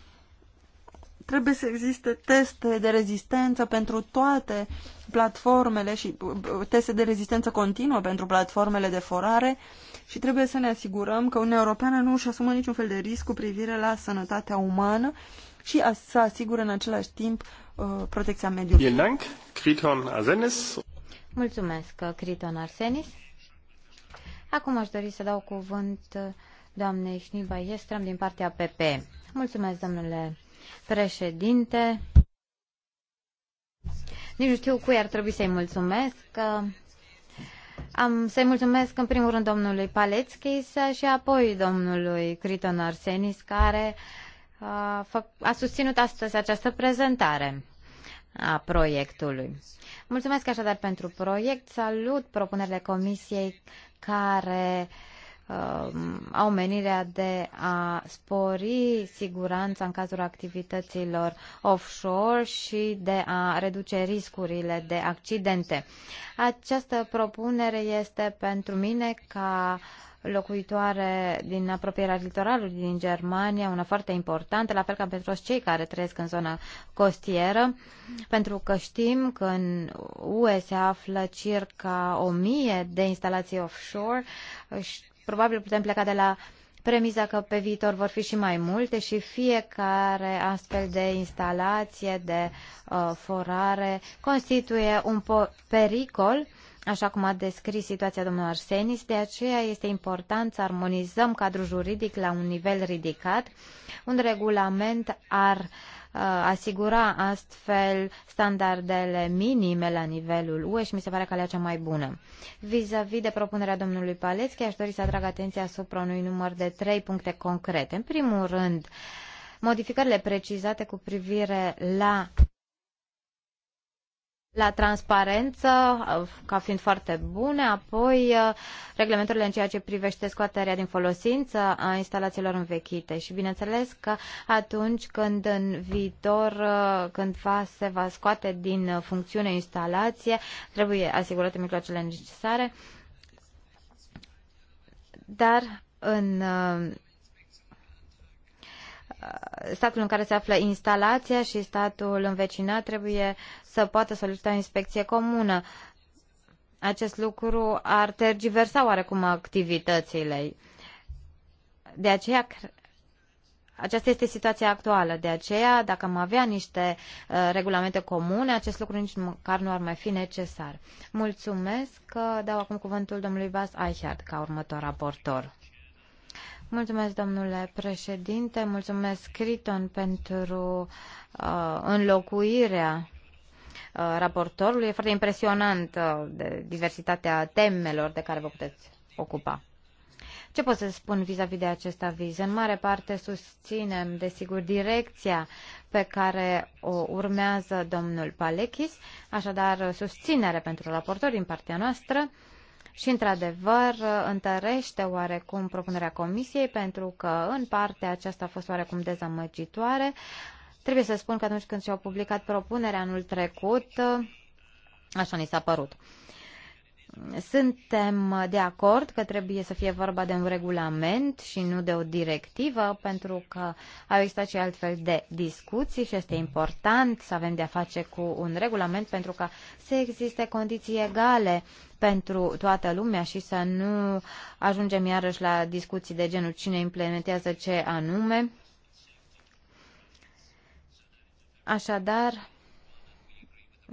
trebuie să existe teste de rezistență pentru toate platformele și uh, uh, teste de rezistență continuă pentru platformele de forare și trebuie să ne asigurăm că Uniunea Europeană nu își asumă niciun fel de risc cu privire la sănătatea umană și a, să asigure în același timp uh, protecția mediului. Mulțumesc, Criton uh, Arsenis. Acum aș dori să dau cuvânt doamnei Șniba Iestram din partea PP. Mulțumesc, domnule președinte. Nici nu știu cui ar trebui să-i mulțumesc. Am să-i mulțumesc în primul rând domnului Palețchis și apoi domnului Criton Arsenis, care a, fă, a susținut astăzi această prezentare a proiectului. Mulțumesc așadar pentru proiect. Salut propunerile comisiei care uh, au um, menirea de a spori siguranța în cazul activităților offshore și de a reduce riscurile de accidente. Această propunere este pentru mine ca locuitoare din apropierea litoralului din Germania, una foarte importantă, la fel ca pentru toți cei care trăiesc în zona costieră, pentru că știm că în UE se află circa o mie de instalații offshore probabil putem pleca de la premiza că pe viitor vor fi și mai multe și fiecare astfel de instalație de uh, forare constituie un pericol, așa cum a descris situația domnului Arsenis, de aceea este important să armonizăm cadrul juridic la un nivel ridicat. Un regulament ar uh, Uh, asigura astfel standardele minime la nivelul UE și mi se pare calea cea mai bună. Vis-a-vis -vis de propunerea domnului Paleschi, aș dori să atrag atenția asupra unui număr de trei puncte concrete. În primul rând, modificările precizate cu privire la la transparență uh, ca fiind foarte bune, apoi uh, reglementările în ceea ce privește scoaterea din folosință a instalațiilor învechite și bineînțeles că atunci când în viitor uh, când va, se va scoate din funcțiune instalație, trebuie asigurate mijloacele necesare, dar în statul în care se află instalația și statul învecinat trebuie să poată solicita o inspecție comună. Acest lucru ar tergiversa oarecum activitățile. De aceea, aceasta este situația actuală. De aceea, dacă am avea niște uh, regulamente comune, acest lucru nici măcar nu ar mai fi necesar. Mulțumesc că dau acum cuvântul domnului Vas Eichert ca următor raportor. Mulțumesc, domnule președinte, mulțumesc, Criton, pentru uh, înlocuirea uh, raportorului. E foarte impresionant uh, de diversitatea temelor de care vă puteți ocupa. Ce pot să spun vis-a-vis de acest aviz? În mare parte susținem, desigur, direcția pe care o urmează domnul Palechis, așadar susținere pentru raportor din partea noastră și, într-adevăr, întărește oarecum propunerea Comisiei, pentru că, în parte, aceasta a fost oarecum dezamăgitoare. Trebuie să spun că atunci când și-au publicat propunerea anul trecut, așa ni s-a părut. Suntem de acord că trebuie să fie vorba de un regulament și nu de o directivă, pentru că au existat și altfel de discuții și este important să avem de-a face cu un regulament pentru că să existe condiții egale pentru toată lumea și să nu ajungem iarăși la discuții de genul cine implementează ce anume. Așadar,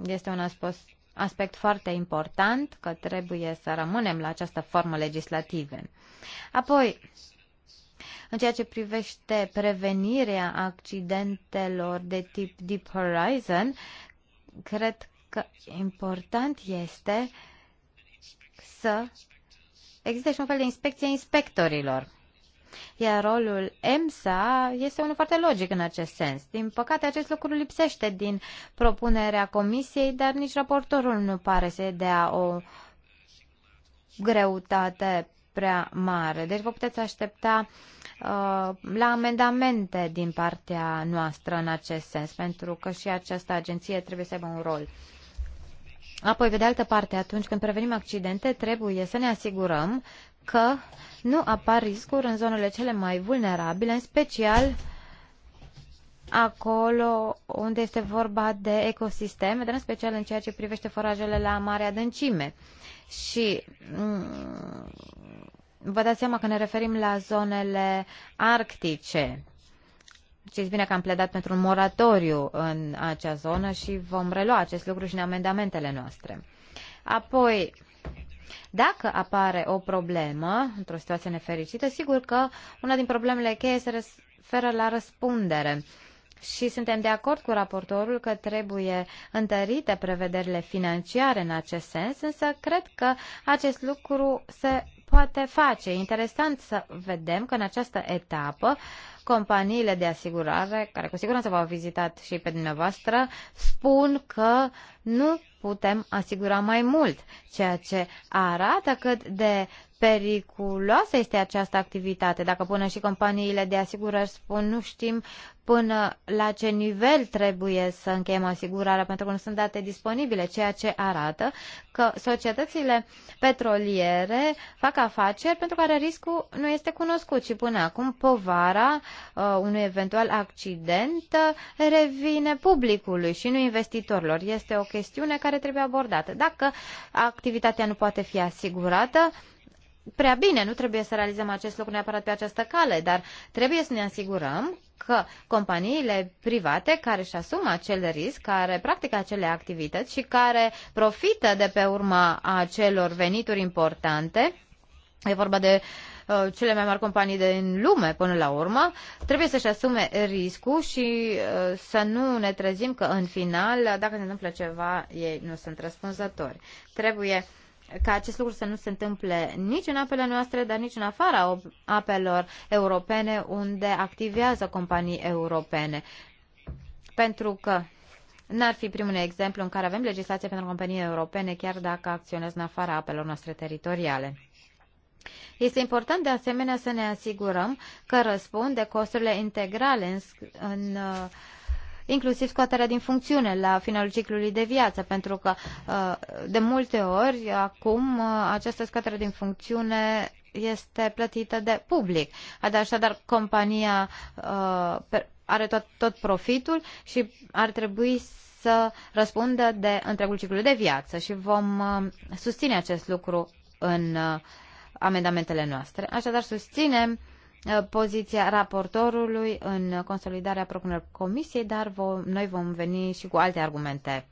este un aspect aspect foarte important, că trebuie să rămânem la această formă legislativă. Apoi, în ceea ce privește prevenirea accidentelor de tip Deep Horizon, cred că important este să existe și un fel de inspecție inspectorilor. Iar rolul EMSA este unul foarte logic în acest sens. Din păcate, acest lucru lipsește din propunerea comisiei, dar nici raportorul nu pare să dea o greutate prea mare. Deci vă puteți aștepta uh, la amendamente din partea noastră în acest sens, pentru că și această agenție trebuie să aibă un rol. Apoi, pe de altă parte, atunci când prevenim accidente, trebuie să ne asigurăm că nu apar riscuri în zonele cele mai vulnerabile, în special acolo unde este vorba de ecosisteme, dar în special în ceea ce privește forajele la mare adâncime. Și mm, vă dați seama că ne referim la zonele arctice. Știți bine că am pledat pentru un moratoriu în acea zonă și vom relua acest lucru și în amendamentele noastre. Apoi, dacă apare o problemă într-o situație nefericită, sigur că una din problemele cheie se referă la răspundere. Și suntem de acord cu raportorul că trebuie întărite prevederile financiare în acest sens, însă cred că acest lucru se poate face. E interesant să vedem că în această etapă companiile de asigurare, care cu siguranță v-au vizitat și pe dumneavoastră, spun că nu putem asigura mai mult, ceea ce arată cât de periculoasă este această activitate. Dacă până și companiile de asigurări spun nu știm până la ce nivel trebuie să încheiem asigurarea pentru că nu sunt date disponibile, ceea ce arată că societățile petroliere fac afaceri pentru care riscul nu este cunoscut și până acum povara uh, unui eventual accident uh, revine publicului și nu investitorilor. Este o chestiune care care trebuie abordată. Dacă activitatea nu poate fi asigurată, prea bine, nu trebuie să realizăm acest lucru neapărat pe această cale, dar trebuie să ne asigurăm că companiile private care își asumă acel risc, care practică acele activități și care profită de pe urma acelor venituri importante, e vorba de uh, Uh, cele mai mari companii din lume până la urmă, trebuie să-și asume riscul și uh, să nu ne trezim că în final, dacă se întâmplă ceva, ei nu sunt răspunzători. Trebuie ca acest lucru să nu se întâmple nici în apele noastre, dar nici în afara apelor europene unde activează companii europene. Pentru că n-ar fi primul exemplu în care avem legislație pentru companii europene, chiar dacă acționează în afara apelor noastre teritoriale. Este important de asemenea să ne asigurăm că răspunde costurile integrale în, în uh, inclusiv scoaterea din funcțiune la finalul ciclului de viață, pentru că uh, de multe ori acum uh, această scoatere din funcțiune este plătită de public. Așadar, compania are tot, tot profitul și ar trebui să răspundă de întregul ciclu de viață și vom susține acest lucru în amendamentele noastre. Așadar, susținem uh, poziția raportorului în consolidarea propunerilor comisiei, dar vom, noi vom veni și cu alte argumente.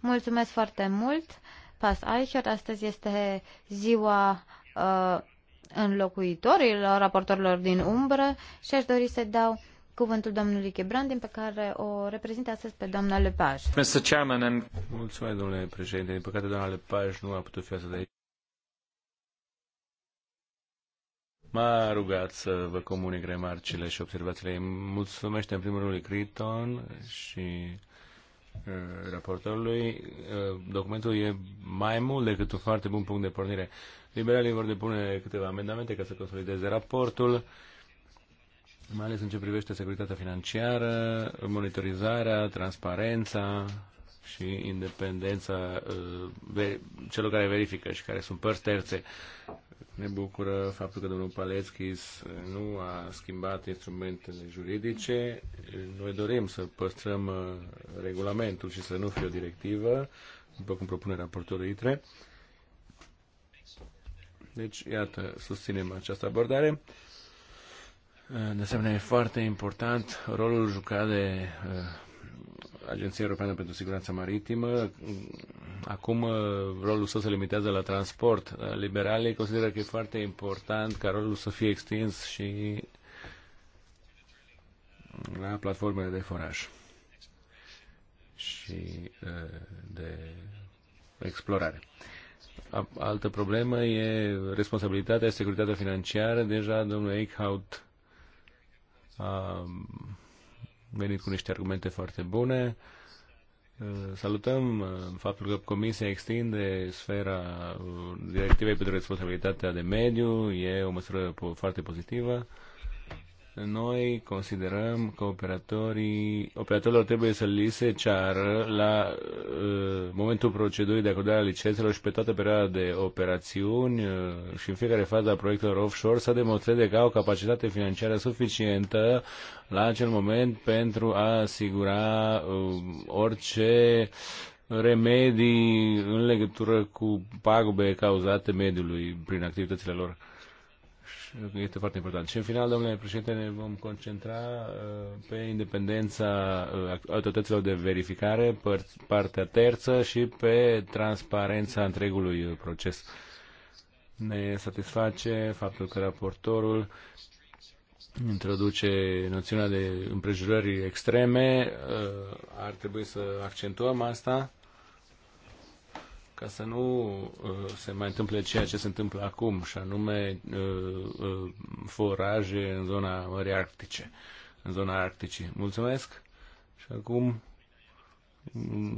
Mulțumesc foarte mult! Pas Eichert, astăzi este ziua uh, înlocuitorilor, raportorilor din umbră și aș dori să dau cuvântul domnului Chebrandin, pe care o reprezintă astăzi pe doamna Lepaj. Mr. Chairman Mulțumesc, domnule președinte. Din păcate, doamna Lepaj nu a putut fi astăzi aici. M-a rugat să vă comunic remarcile și observațiile. Mulțumesc în primul rând lui Criton și uh, raportorului. Uh, documentul e mai mult decât un foarte bun punct de pornire. Liberalii vor depune câteva amendamente ca să consolideze raportul, mai ales în ce privește securitatea financiară, monitorizarea, transparența și independența uh, celor care verifică și care sunt părți terțe. Ne bucură faptul că domnul Paleschis nu a schimbat instrumentele juridice. Noi dorim să păstrăm uh, regulamentul și să nu fie o directivă, după cum propune raportorul ITRE. Deci, iată, susținem această abordare. Uh, de asemenea, e foarte important rolul jucat de uh, Agenția Europeană pentru Siguranța Maritimă. Acum uh, rolul său se limitează la transport. Uh, liberalii consideră că e foarte important ca rolul să fie extins și la platformele de foraj și uh, de explorare. Altă problemă e responsabilitatea, securitatea financiară. Deja domnul Eichhout a venit cu niște argumente foarte bune. Uh, salutăm uh, faptul că Comisia extinde sfera uh, directivei pentru responsabilitatea de mediu, e o măsură foarte pozitivă noi considerăm că operatorii, operatorilor trebuie să li se ceară la uh, momentul procedurii de acordare a licențelor și pe toată perioada de operațiuni uh, și în fiecare fază a proiectelor offshore să demonstreze că au capacitate financiară suficientă la acel moment pentru a asigura uh, orice remedii în legătură cu pagube cauzate mediului prin activitățile lor este foarte important. Și în final, domnule președinte, ne vom concentra uh, pe independența uh, autorităților de verificare, partea terță și pe transparența întregului uh, proces. Ne satisface faptul că raportorul introduce noțiunea de împrejurări extreme. Ar trebui să accentuăm asta ca să nu uh, se mai întâmple ceea ce se întâmplă acum, și anume uh, uh, foraje în zona Mării Arctice, în zona Arcticii. Mulțumesc! Și acum,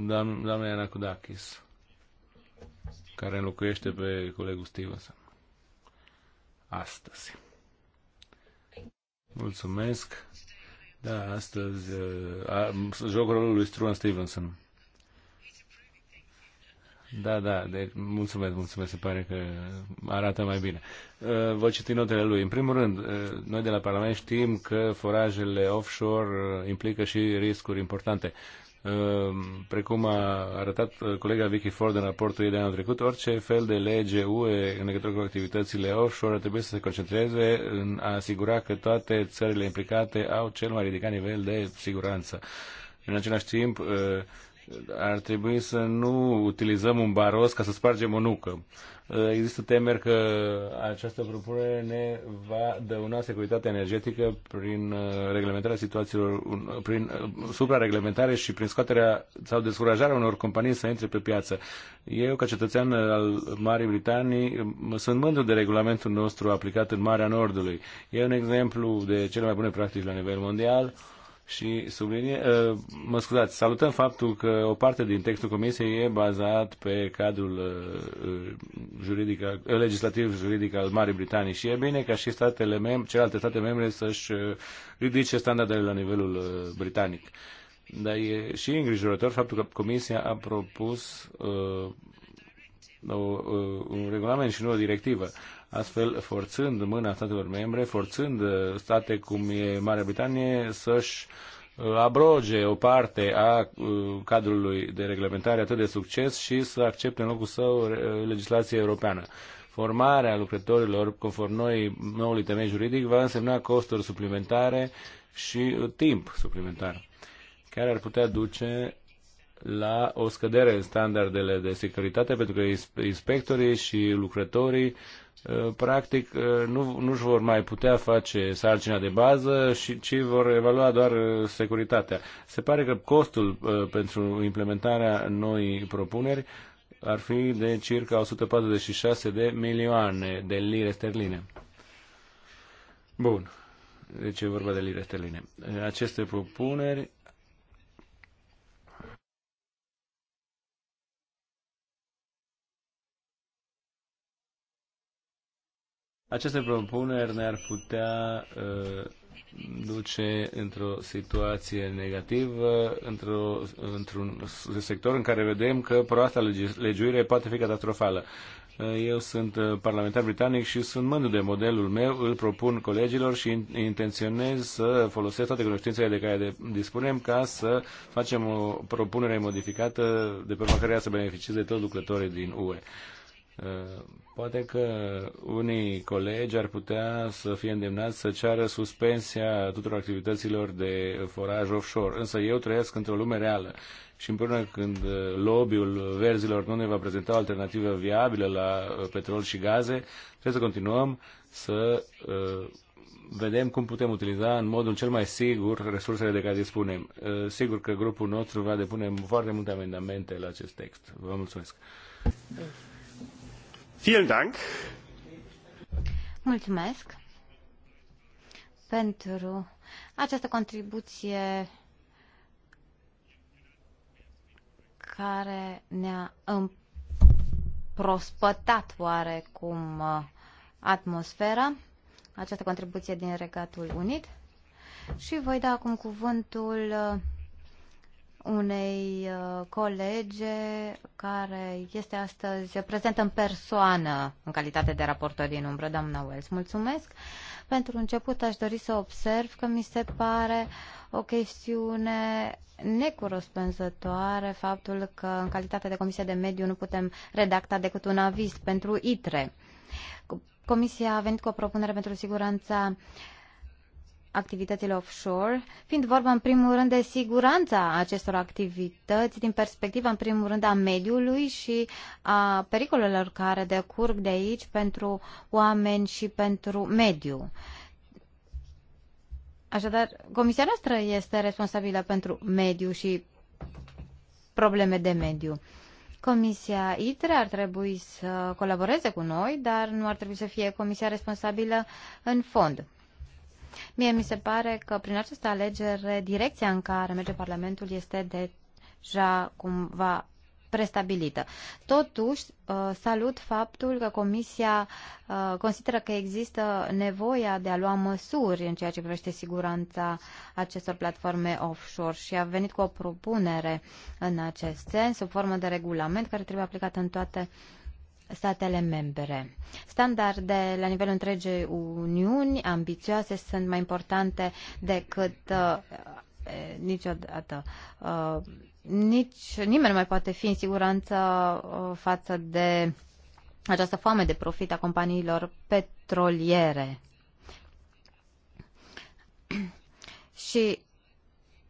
doamna Iana Kudakis, care înlocuiește pe colegul Stevenson astăzi. Mulțumesc! Da, astăzi uh, joc rolul lui Struan Stevenson. Da, da, deci mulțumesc, mulțumesc, se pare că arată mai bine. Uh, voi citi notele lui. În primul rând, uh, noi de la Parlament știm că forajele offshore uh, implică și riscuri importante. Precum a arătat colega Vicky Ford în raportul ei de anul trecut, orice fel de lege UE în legătură cu activitățile offshore trebuie să se concentreze în a asigura că toate țările implicate au cel mai ridicat nivel de siguranță. În același timp, ar trebui să nu utilizăm un baros ca să spargem o nucă. Uh, există temeri că această propunere ne va dăuna securitatea energetică prin uh, reglementarea situațiilor, uh, prin suprareglementare și prin scoaterea sau descurajarea unor companii să intre pe piață. Eu, ca cetățean al Marii Britanii, sunt mândru de regulamentul nostru aplicat în Marea Nordului. E un exemplu de cele mai bune practici la nivel mondial și sublinie, ă, mă scuzați, salutăm faptul că o parte din textul comisiei e bazat pe cadrul ă, ă, juridic, legislativ juridic al Marii Britanii și e bine ca și statele mem- celelalte state membre să-și ridice standardele la nivelul britanic. Dar e și îngrijorător faptul că comisia a propus uh, o, un regulament și nu o directivă astfel forțând mâna statelor membre, forțând uh, state cum e Marea Britanie să-și uh, abroge o parte a uh, cadrului de reglementare atât de succes și să accepte în locul său legislația europeană. Formarea lucrătorilor, conform noi, noului temei juridic, va însemna costuri suplimentare și timp suplimentar, care ar putea duce la o scădere în standardele de securitate, pentru că inspectorii și lucrătorii Uh, practic uh, nu, nu-și vor mai putea face sarcina de bază, și, ci vor evalua doar uh, securitatea. Se pare că costul pentru implementarea noi propuneri ar fi de circa 146 de milioane de lire sterline. Bun. Deci e vorba de lire sterline. Aceste propuneri Aceste propuneri ne-ar putea uh, duce într-o situație negativă, într-o, într-un sector în care vedem că proasta legiuire poate fi catastrofală. Uh, eu sunt uh, parlamentar britanic și sunt mândru de modelul meu, îl propun colegilor și intenționez să folosesc toate cunoștințele de care dispunem ca să facem o propunere modificată de pe care să beneficieze toți lucrătorii din UE uh, Poate că unii colegi ar putea să fie îndemnați să ceară suspensia tuturor activităților de foraj offshore, însă eu trăiesc într-o lume reală și până când uh, lobby-ul verzilor nu ne va prezenta o alternativă viabilă la uh, petrol și gaze, trebuie să continuăm să uh, vedem cum putem utiliza în modul cel mai sigur resursele de care dispunem. Uh, sigur că grupul nostru va depune foarte multe amendamente la acest text. Vă mulțumesc! Mulțumesc pentru această contribuție care ne-a împrospătat oarecum uh, atmosfera, această contribuție din Regatul Unit. Și voi da acum cuvântul uh, unei uh, colege care este astăzi prezentă în persoană în calitate de raportor din umbră, doamna Wells. Mulțumesc. Pentru început aș dori să observ că mi se pare o chestiune necorespunzătoare faptul că în calitate de Comisie de Mediu nu putem redacta decât un aviz pentru ITRE. Comisia a venit cu o propunere pentru siguranța uh, activitățile offshore, fiind vorba în primul rând de siguranța acestor activități din perspectiva în primul rând a mediului și a pericolelor care decurg de aici pentru oameni și pentru mediu. Așadar, comisia noastră este responsabilă pentru mediu și probleme de mediu. Comisia ITRE ar trebui să colaboreze cu noi, dar nu ar trebui să fie comisia responsabilă în fond. Mie mi se pare că prin această alegere direcția în care merge Parlamentul este deja cumva prestabilită. Totuși, uh, salut faptul că Comisia uh, consideră că există nevoia de a lua măsuri în ceea ce privește siguranța acestor platforme offshore și a venit cu o propunere în acest sens, sub formă de regulament care trebuie aplicat în toate statele membre. Standarde la nivelul întregii Uniuni ambițioase sunt mai importante decât uh, eh, niciodată. Uh, nici, nimeni nu mai poate fi în siguranță uh, față de această foame de profit a companiilor petroliere. Și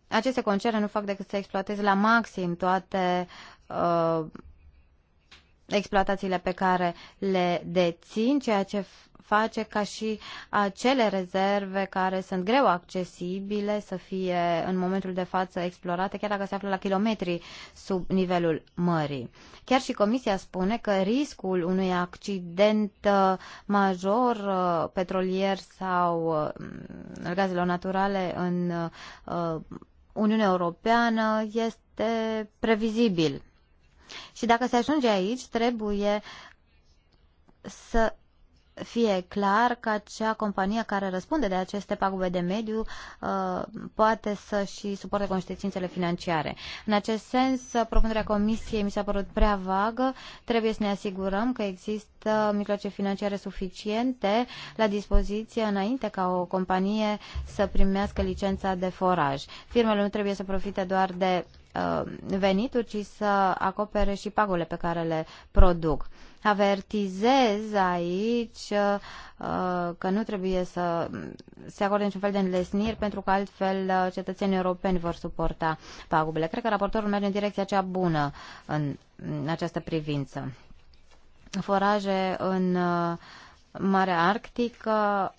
aceste concerne nu fac decât să exploateze la maxim toate uh, exploatațiile pe care le dețin, ceea ce face ca și acele rezerve care sunt greu accesibile să fie în momentul de față explorate, chiar dacă se află la kilometri sub nivelul mării. Chiar și Comisia spune că riscul unui accident uh, major uh, petrolier sau uh, gazelor naturale în Uniunea Europeană este previzibil. Și dacă se ajunge aici, trebuie să fie clar că acea companie care răspunde de aceste pagube de mediu uh, poate să și suporte conștiințele financiare. În acest sens, propunerea Comisiei mi s-a părut prea vagă. Trebuie să ne asigurăm că există mijloace financiare suficiente la dispoziție înainte ca o companie să primească licența de foraj. Firmele nu trebuie să profite doar de Uh, venituri, ci să acopere și pagurile pe care le produc. Avertizez aici uh, că nu trebuie să se acorde niciun fel de înlesniri, pentru că altfel uh, cetățenii europeni vor suporta pagubele. Cred că raportorul merge în direcția cea bună în această privință. Foraje în Marea Arctică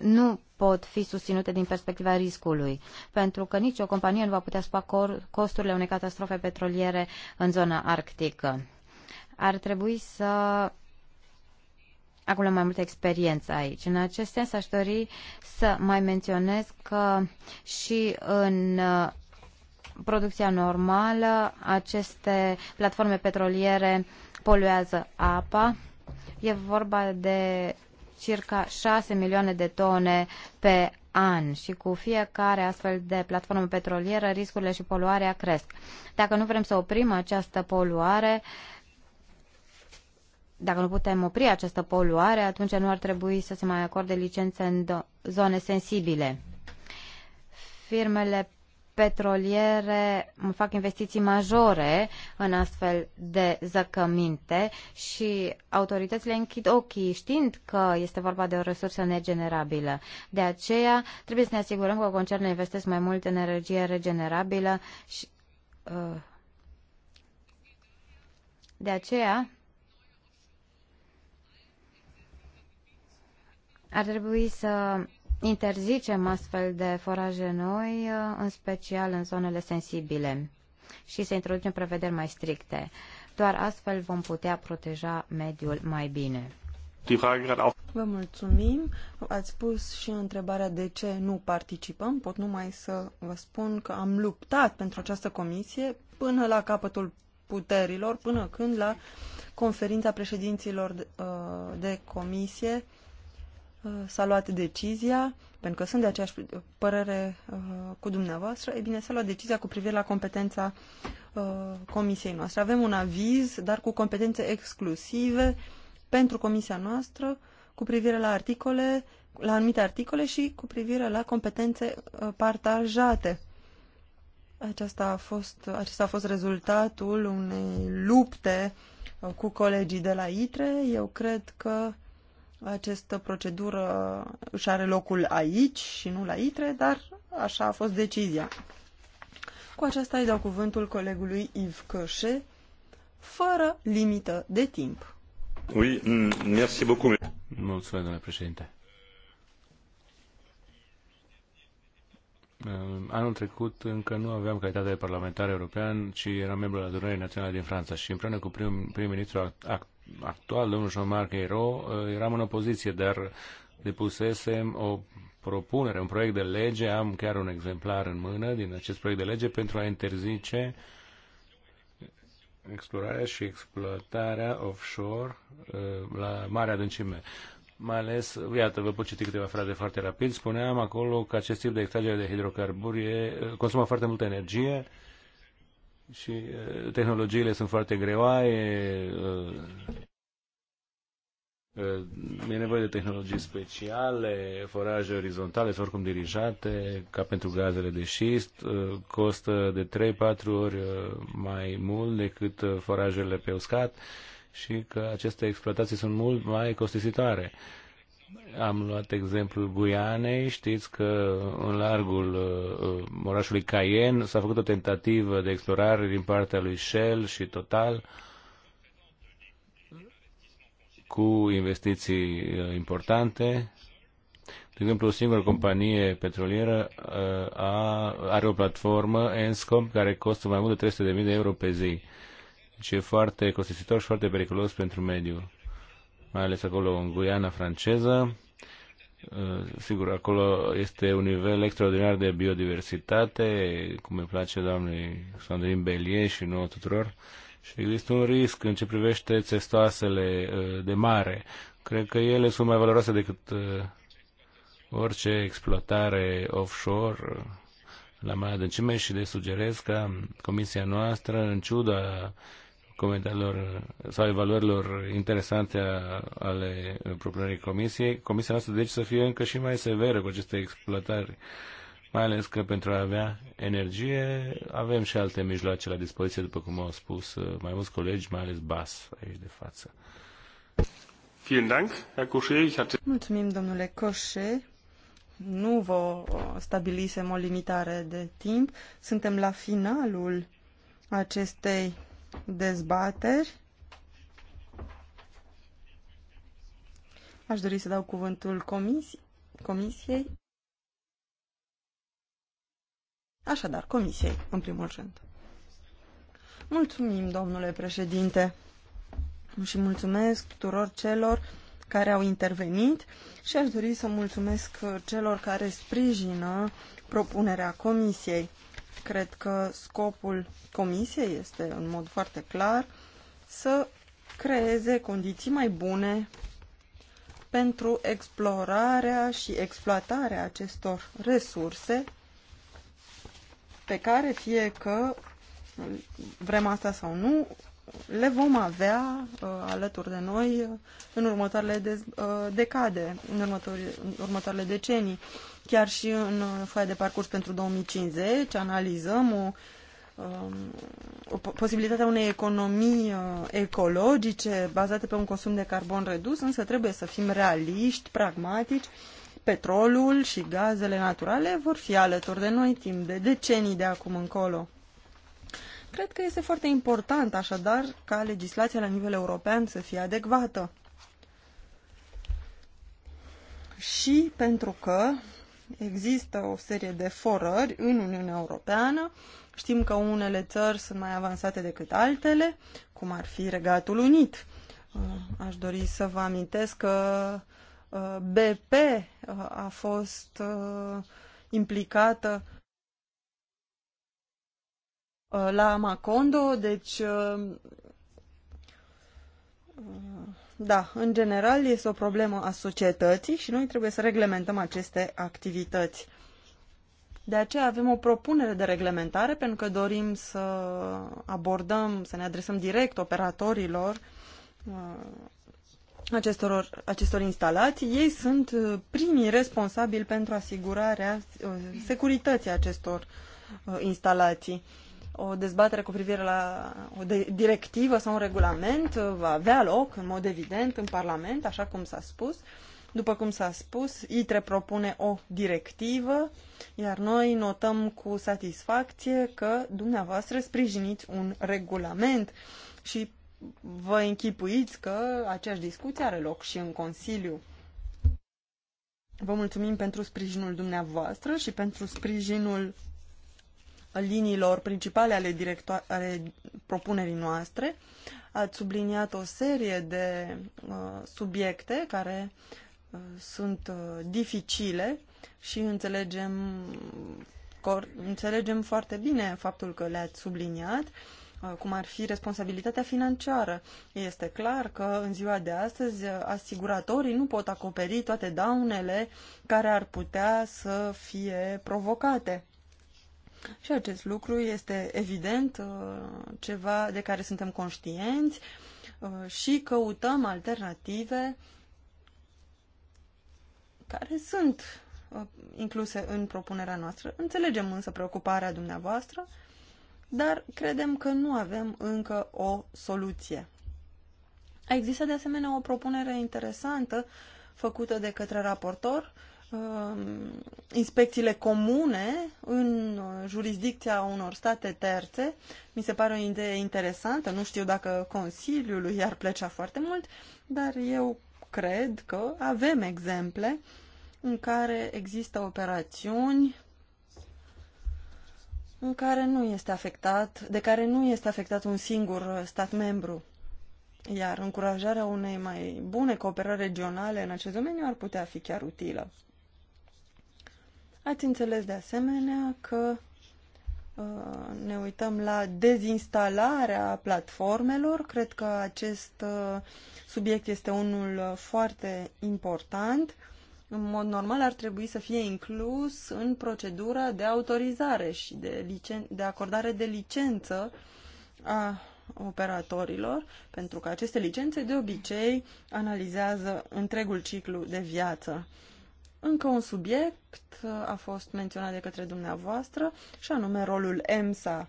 nu pot fi susținute din perspectiva riscului, pentru că nicio companie nu va putea spa costurile unei catastrofe petroliere în zona arctică. Ar trebui să acumulăm mai multă experiență aici. În acest sens aș dori să mai menționez că și în uh, producția normală aceste platforme petroliere poluează apa. E vorba de circa 6 milioane de tone pe an și cu fiecare astfel de platformă petrolieră riscurile și poluarea cresc. Dacă nu vrem să oprim această poluare, dacă nu putem opri această poluare, atunci nu ar trebui să se mai acorde licențe în zone sensibile. Firmele petroliere fac investiții majore în astfel de zăcăminte și autoritățile închid ochii știind că este vorba de o resursă negenerabilă. De aceea trebuie să ne asigurăm că concernele investesc mai mult în energie regenerabilă și uh, de aceea ar trebui să interzicem astfel de foraje noi, uh, în special în zonele sensibile și să introducem prevederi mai stricte. Doar astfel vom putea proteja mediul mai bine. Vă mulțumim. Ați pus și întrebarea de ce nu participăm. Pot numai să vă spun că am luptat pentru această comisie până la capătul puterilor, până când la conferința președinților uh, de comisie Uh, s-a luat decizia, pentru că sunt de aceeași părere uh, cu dumneavoastră, e bine, s-a luat decizia cu privire la competența uh, comisiei noastre. Avem un aviz, dar cu competențe exclusive pentru comisia noastră cu privire la articole, la anumite articole și cu privire la competențe partajate. Aceasta a fost, acesta a fost rezultatul unei lupte cu colegii de la ITRE. Eu cred că această procedură își are locul aici și nu la ITRE, dar așa a fost decizia. Cu aceasta îi dau cuvântul colegului Yves Cășe, fără limită de timp. Oui, merci beaucoup. Mulțumesc, domnule președinte. Anul trecut încă nu aveam calitate de parlamentar european, ci eram membru al adunării naționale din Franța și împreună cu prim-ministrul prim actual, domnul Jean-Marc Eiro, eh, eram în opoziție, dar depusesem o propunere, un proiect de lege, am chiar un exemplar în mână din acest proiect de lege pentru a interzice explorarea și exploatarea offshore eh, la mare adâncime mai ales, iată, vă pot citi câteva fraze foarte rapid, spuneam acolo că acest tip de extragere de hidrocarburi consumă foarte multă energie și tehnologiile sunt foarte greoaie, e nevoie de tehnologii speciale, foraje orizontale sau oricum dirijate, ca pentru gazele de șist, costă de 3-4 ori mai mult decât forajele pe uscat și că aceste exploatații sunt mult mai costisitoare. Am luat exemplul Guianei, știți că în largul uh, orașului Cayenne s-a făcut o tentativă de explorare din partea lui Shell și Total cu investiții uh, importante. De exemplu, o singură companie petrolieră uh, a, are o platformă, Enscom, care costă mai mult de 300.000 de euro pe zi deci e foarte costisitor și foarte periculos pentru mediu, mai ales acolo în Guiana franceză. Uh, sigur, acolo este un nivel extraordinar de biodiversitate, cum îmi place doamnei Sandrine Bellier și nouă tuturor, și există un risc în ce privește țestoasele uh, de mare. Cred că ele sunt mai valoroase decât uh, orice exploatare offshore la mai adâncime și de sugerez ca comisia noastră, în ciuda comentariilor sau evaluărilor interesante ale propunerii comisiei. Comisia noastră deci să fie încă și mai severă cu aceste exploatări, mai ales că pentru a avea energie avem și alte mijloace la dispoziție, după cum au spus uh, mai mulți colegi, mai ales BAS aici de față. Mulțumim, domnule Coșe. Nu vă uh, stabilisem o limitare de timp. Suntem la finalul acestei dezbateri. Aș dori să dau cuvântul comisi comisiei. Așadar, comisiei, în primul rând. Mulțumim, domnule președinte, și mulțumesc tuturor celor care au intervenit și aș dori să mulțumesc celor care sprijină propunerea comisiei. Cred că scopul comisiei este în mod foarte clar să creeze condiții mai bune pentru explorarea și exploatarea acestor resurse pe care fie că vrem asta sau nu, le vom avea uh, alături de noi uh, în următoarele de, uh, decade, în următoarele decenii. Chiar și în uh, foaia de parcurs pentru 2050 analizăm o, uh, o posibilitatea unei economii uh, ecologice bazate pe un consum de carbon redus, însă trebuie să fim realiști, pragmatici. Petrolul și gazele naturale vor fi alături de noi timp de decenii de acum încolo Cred că este foarte important, așadar, ca legislația la nivel european să fie adecvată. Și pentru că există o serie de forări în Uniunea Europeană, știm că unele țări sunt mai avansate decât altele, cum ar fi Regatul Unit. Uh, aș dori să vă amintesc că uh, BP uh, a fost implicată Uh, la Macondo, deci uh, uh, da, în general este o problemă a societății și noi trebuie să reglementăm aceste activități. De aceea avem o propunere de reglementare pentru că dorim să abordăm, să ne adresăm direct operatorilor acestor, acestor instalații. Ei sunt primii responsabili pentru asigurarea securității acestor instalații o dezbatere cu privire la o de- directivă sau un regulament uh, va avea loc, în mod evident, în Parlament, așa cum s-a spus. După cum s-a spus, ITRE propune o directivă, iar noi notăm cu satisfacție că dumneavoastră sprijiniți un regulament și vă închipuiți că aceeași discuție are loc și în Consiliu. Vă mulțumim pentru sprijinul dumneavoastră și pentru sprijinul liniilor principale ale, directo- ale propunerii noastre. Ați subliniat o serie de uh, subiecte care uh, sunt uh, dificile și înțelegem, înțelegem foarte bine faptul că le-ați subliniat uh, cum ar fi responsabilitatea financiară. Este clar că în ziua de astăzi uh, asiguratorii nu pot acoperi toate daunele care ar putea să fie provocate. Și acest lucru este evident uh, ceva de care suntem conștienți uh, și căutăm alternative care sunt uh, incluse în propunerea noastră. Înțelegem însă preocuparea dumneavoastră, dar credem că nu avem încă o soluție. A existat de asemenea o propunere interesantă făcută de către raportor uh, Um, inspecțiile comune în jurisdicția unor state terțe. Mi se pare o idee interesantă, nu știu dacă Consiliul i-ar plăcea foarte mult, dar eu cred că avem exemple în care există operațiuni în care nu este afectat, de care nu este afectat un singur stat membru. Iar încurajarea unei mai bune cooperări regionale în acest domeniu ar putea fi chiar utilă. Ați înțeles de asemenea că uh, ne uităm la dezinstalarea platformelor. Cred că acest uh, subiect este unul uh, foarte important. În mod normal ar trebui să fie inclus în procedura de autorizare și de, licen- de acordare de licență a operatorilor, pentru că aceste licențe de obicei analizează întregul ciclu de viață. Încă un subiect uh, a fost menționat de către dumneavoastră și anume rolul EMSA.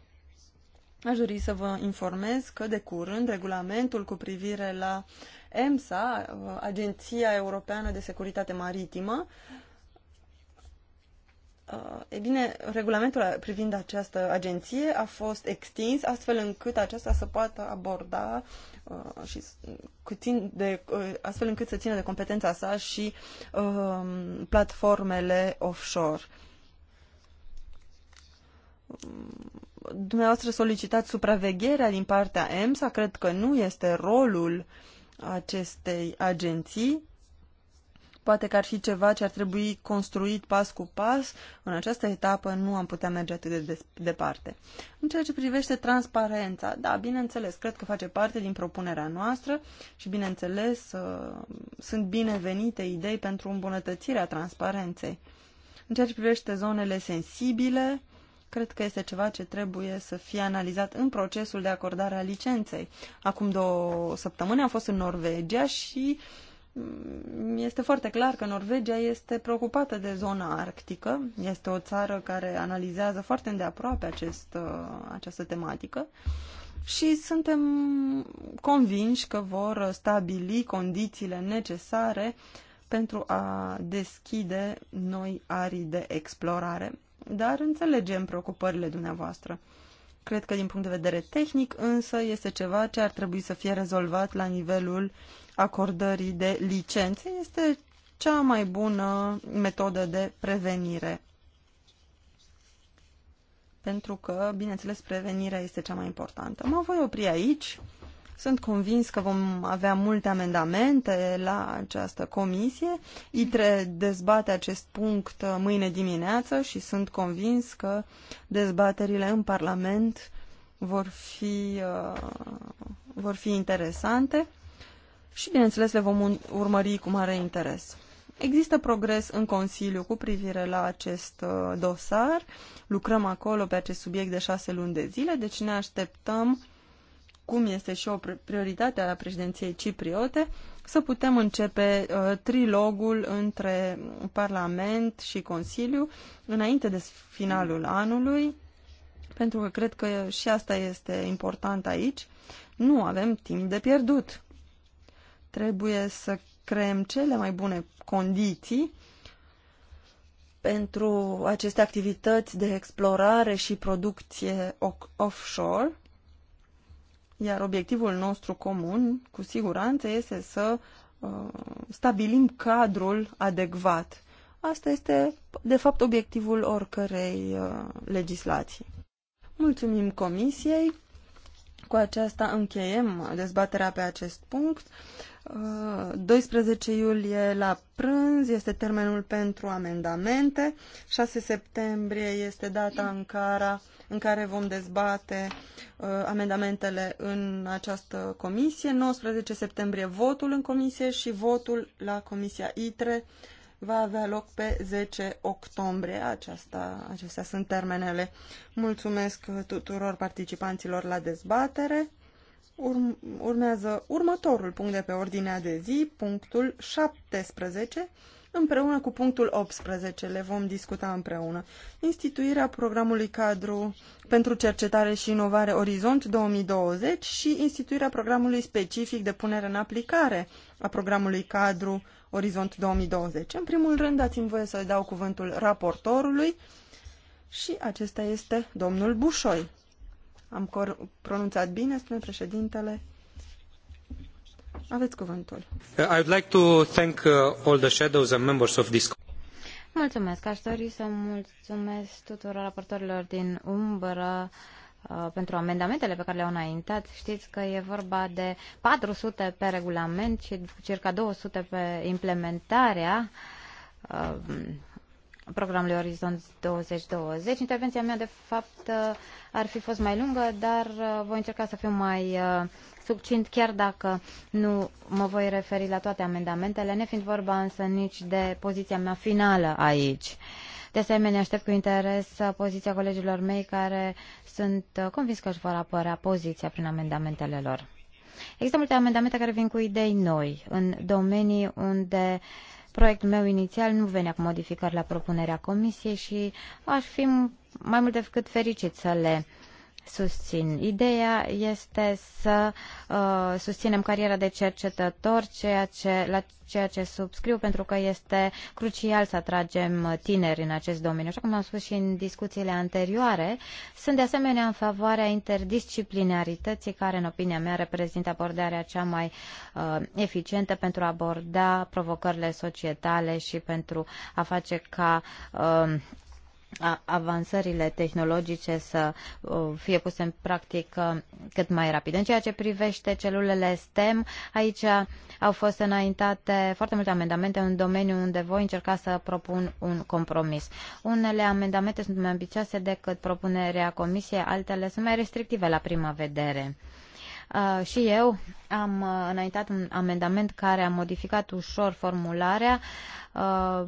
Aș dori să vă informez că de curând regulamentul cu privire la EMSA, uh, Agenția Europeană de Securitate Maritimă, uh, E bine, regulamentul privind această agenție a fost extins astfel încât aceasta să poată aborda uh, și țin de, uh, astfel încât să țină de competența sa și uh, platformele offshore. Um, dumneavoastră solicitați supravegherea din partea EMSA, cred că nu este rolul acestei agenții Poate că ar fi ceva ce ar trebui construit pas cu pas. În această etapă nu am putea merge atât de departe. În ceea ce privește transparența, da, bineînțeles, cred că face parte din propunerea noastră și, bineînțeles, uh, sunt binevenite idei pentru îmbunătățirea transparenței. În ceea ce privește zonele sensibile, cred că este ceva ce trebuie să fie analizat în procesul de acordare a licenței. Acum două săptămâni am fost în Norvegia și este foarte clar că Norvegia este preocupată de zona arctică, este o țară care analizează foarte îndeaproape acest, uh, această tematică și suntem convinși că vor stabili condițiile necesare pentru a deschide noi arii de explorare. Dar înțelegem preocupările dumneavoastră. Cred că din punct de vedere tehnic însă este ceva ce ar trebui să fie rezolvat la nivelul uh, acordării de licențe este cea mai bună metodă de prevenire. Pentru că, bineînțeles, prevenirea este cea mai importantă. Mă voi opri aici. Sunt convins că vom avea multe amendamente la această comisie. ITRE dezbate acest punct mâine dimineață și sunt convins că dezbaterile în Parlament vor fi, uh, vor fi interesante și, bineînțeles, le vom urmări cu mare interes. Există progres în Consiliu cu privire la acest uh, dosar. Lucrăm acolo pe acest subiect de șase luni de zile, deci ne așteptăm, cum este și o prioritate a președinției cipriote, să putem începe uh, trilogul între Parlament și Consiliu înainte de finalul anului, pentru că cred că și asta este important aici. Nu avem timp de pierdut. Trebuie să creăm cele mai bune condiții pentru aceste activități de explorare și producție offshore, iar obiectivul nostru comun, cu siguranță, este să uh, stabilim cadrul adecvat. Asta este, de fapt, obiectivul oricărei uh, legislații. Mulțumim Comisiei cu aceasta încheiem dezbaterea pe acest punct. 12 uh, iulie la prânz este termenul pentru amendamente. 6 septembrie este data în care, în care vom dezbate uh, amendamentele în această comisie. 19 septembrie votul în comisie și votul la Comisia ITRE va avea loc pe 10 octombrie. Aceasta, acestea sunt termenele. Mulțumesc tuturor participanților la dezbatere. urmează următorul punct de pe ordinea de zi, punctul 17, împreună cu punctul 18. Le vom discuta împreună. Instituirea programului cadru pentru cercetare și inovare Orizont 2020 și instituirea programului specific de punere în aplicare a programului cadru Orizont 2020. În primul rând, dați-mi voie să i dau cuvântul raportorului și acesta este domnul Bușoi. Am pronunțat bine, spune președintele. Aveți cuvântul. Uh, I would like to thank uh, all the shadows and members of this Mulțumesc. Aș dori să mulțumesc tuturor raportorilor din umbră uh, Uh, pentru amendamentele pe care le-au înaintat. Știți că e vorba de 400 pe regulament și circa 200 pe implementarea uh, programului Orizont 2020. Intervenția mea, de fapt, uh, ar fi fost mai lungă, dar voi încerca să fiu mai succint, chiar dacă nu mă voi referi la toate amendamentele, nefiind vorba însă nici de poziția mea finală aici. Uh, de asemenea, aștept cu interes poziția colegilor mei care sunt convins că își vor apărea poziția prin amendamentele lor. Există multe amendamente care vin cu idei noi în domenii unde proiectul meu inițial nu venea cu modificări la propunerea comisiei și aș fi mai mult decât fericit să le uh, susțin. Ideea este să uh, susținem cariera de cercetător, ceea ce, la ceea ce subscriu, pentru că este crucial să atragem tineri în acest domeniu. Așa cum am spus și în discuțiile anterioare, sunt de asemenea în favoarea interdisciplinarității, care, în opinia mea, reprezintă abordarea cea mai uh, eficientă pentru a aborda provocările societale și pentru a face ca uh, avansările tehnologice să uh, fie puse în practică cât mai rapid. În ceea ce privește celulele STEM, aici au fost înaintate foarte multe amendamente în domeniu unde voi încerca să propun un compromis. Unele amendamente sunt mai ambicioase decât propunerea comisiei, altele sunt mai restrictive la prima vedere. Uh, și eu am uh, înaintat un amendament care a modificat ușor formularea uh,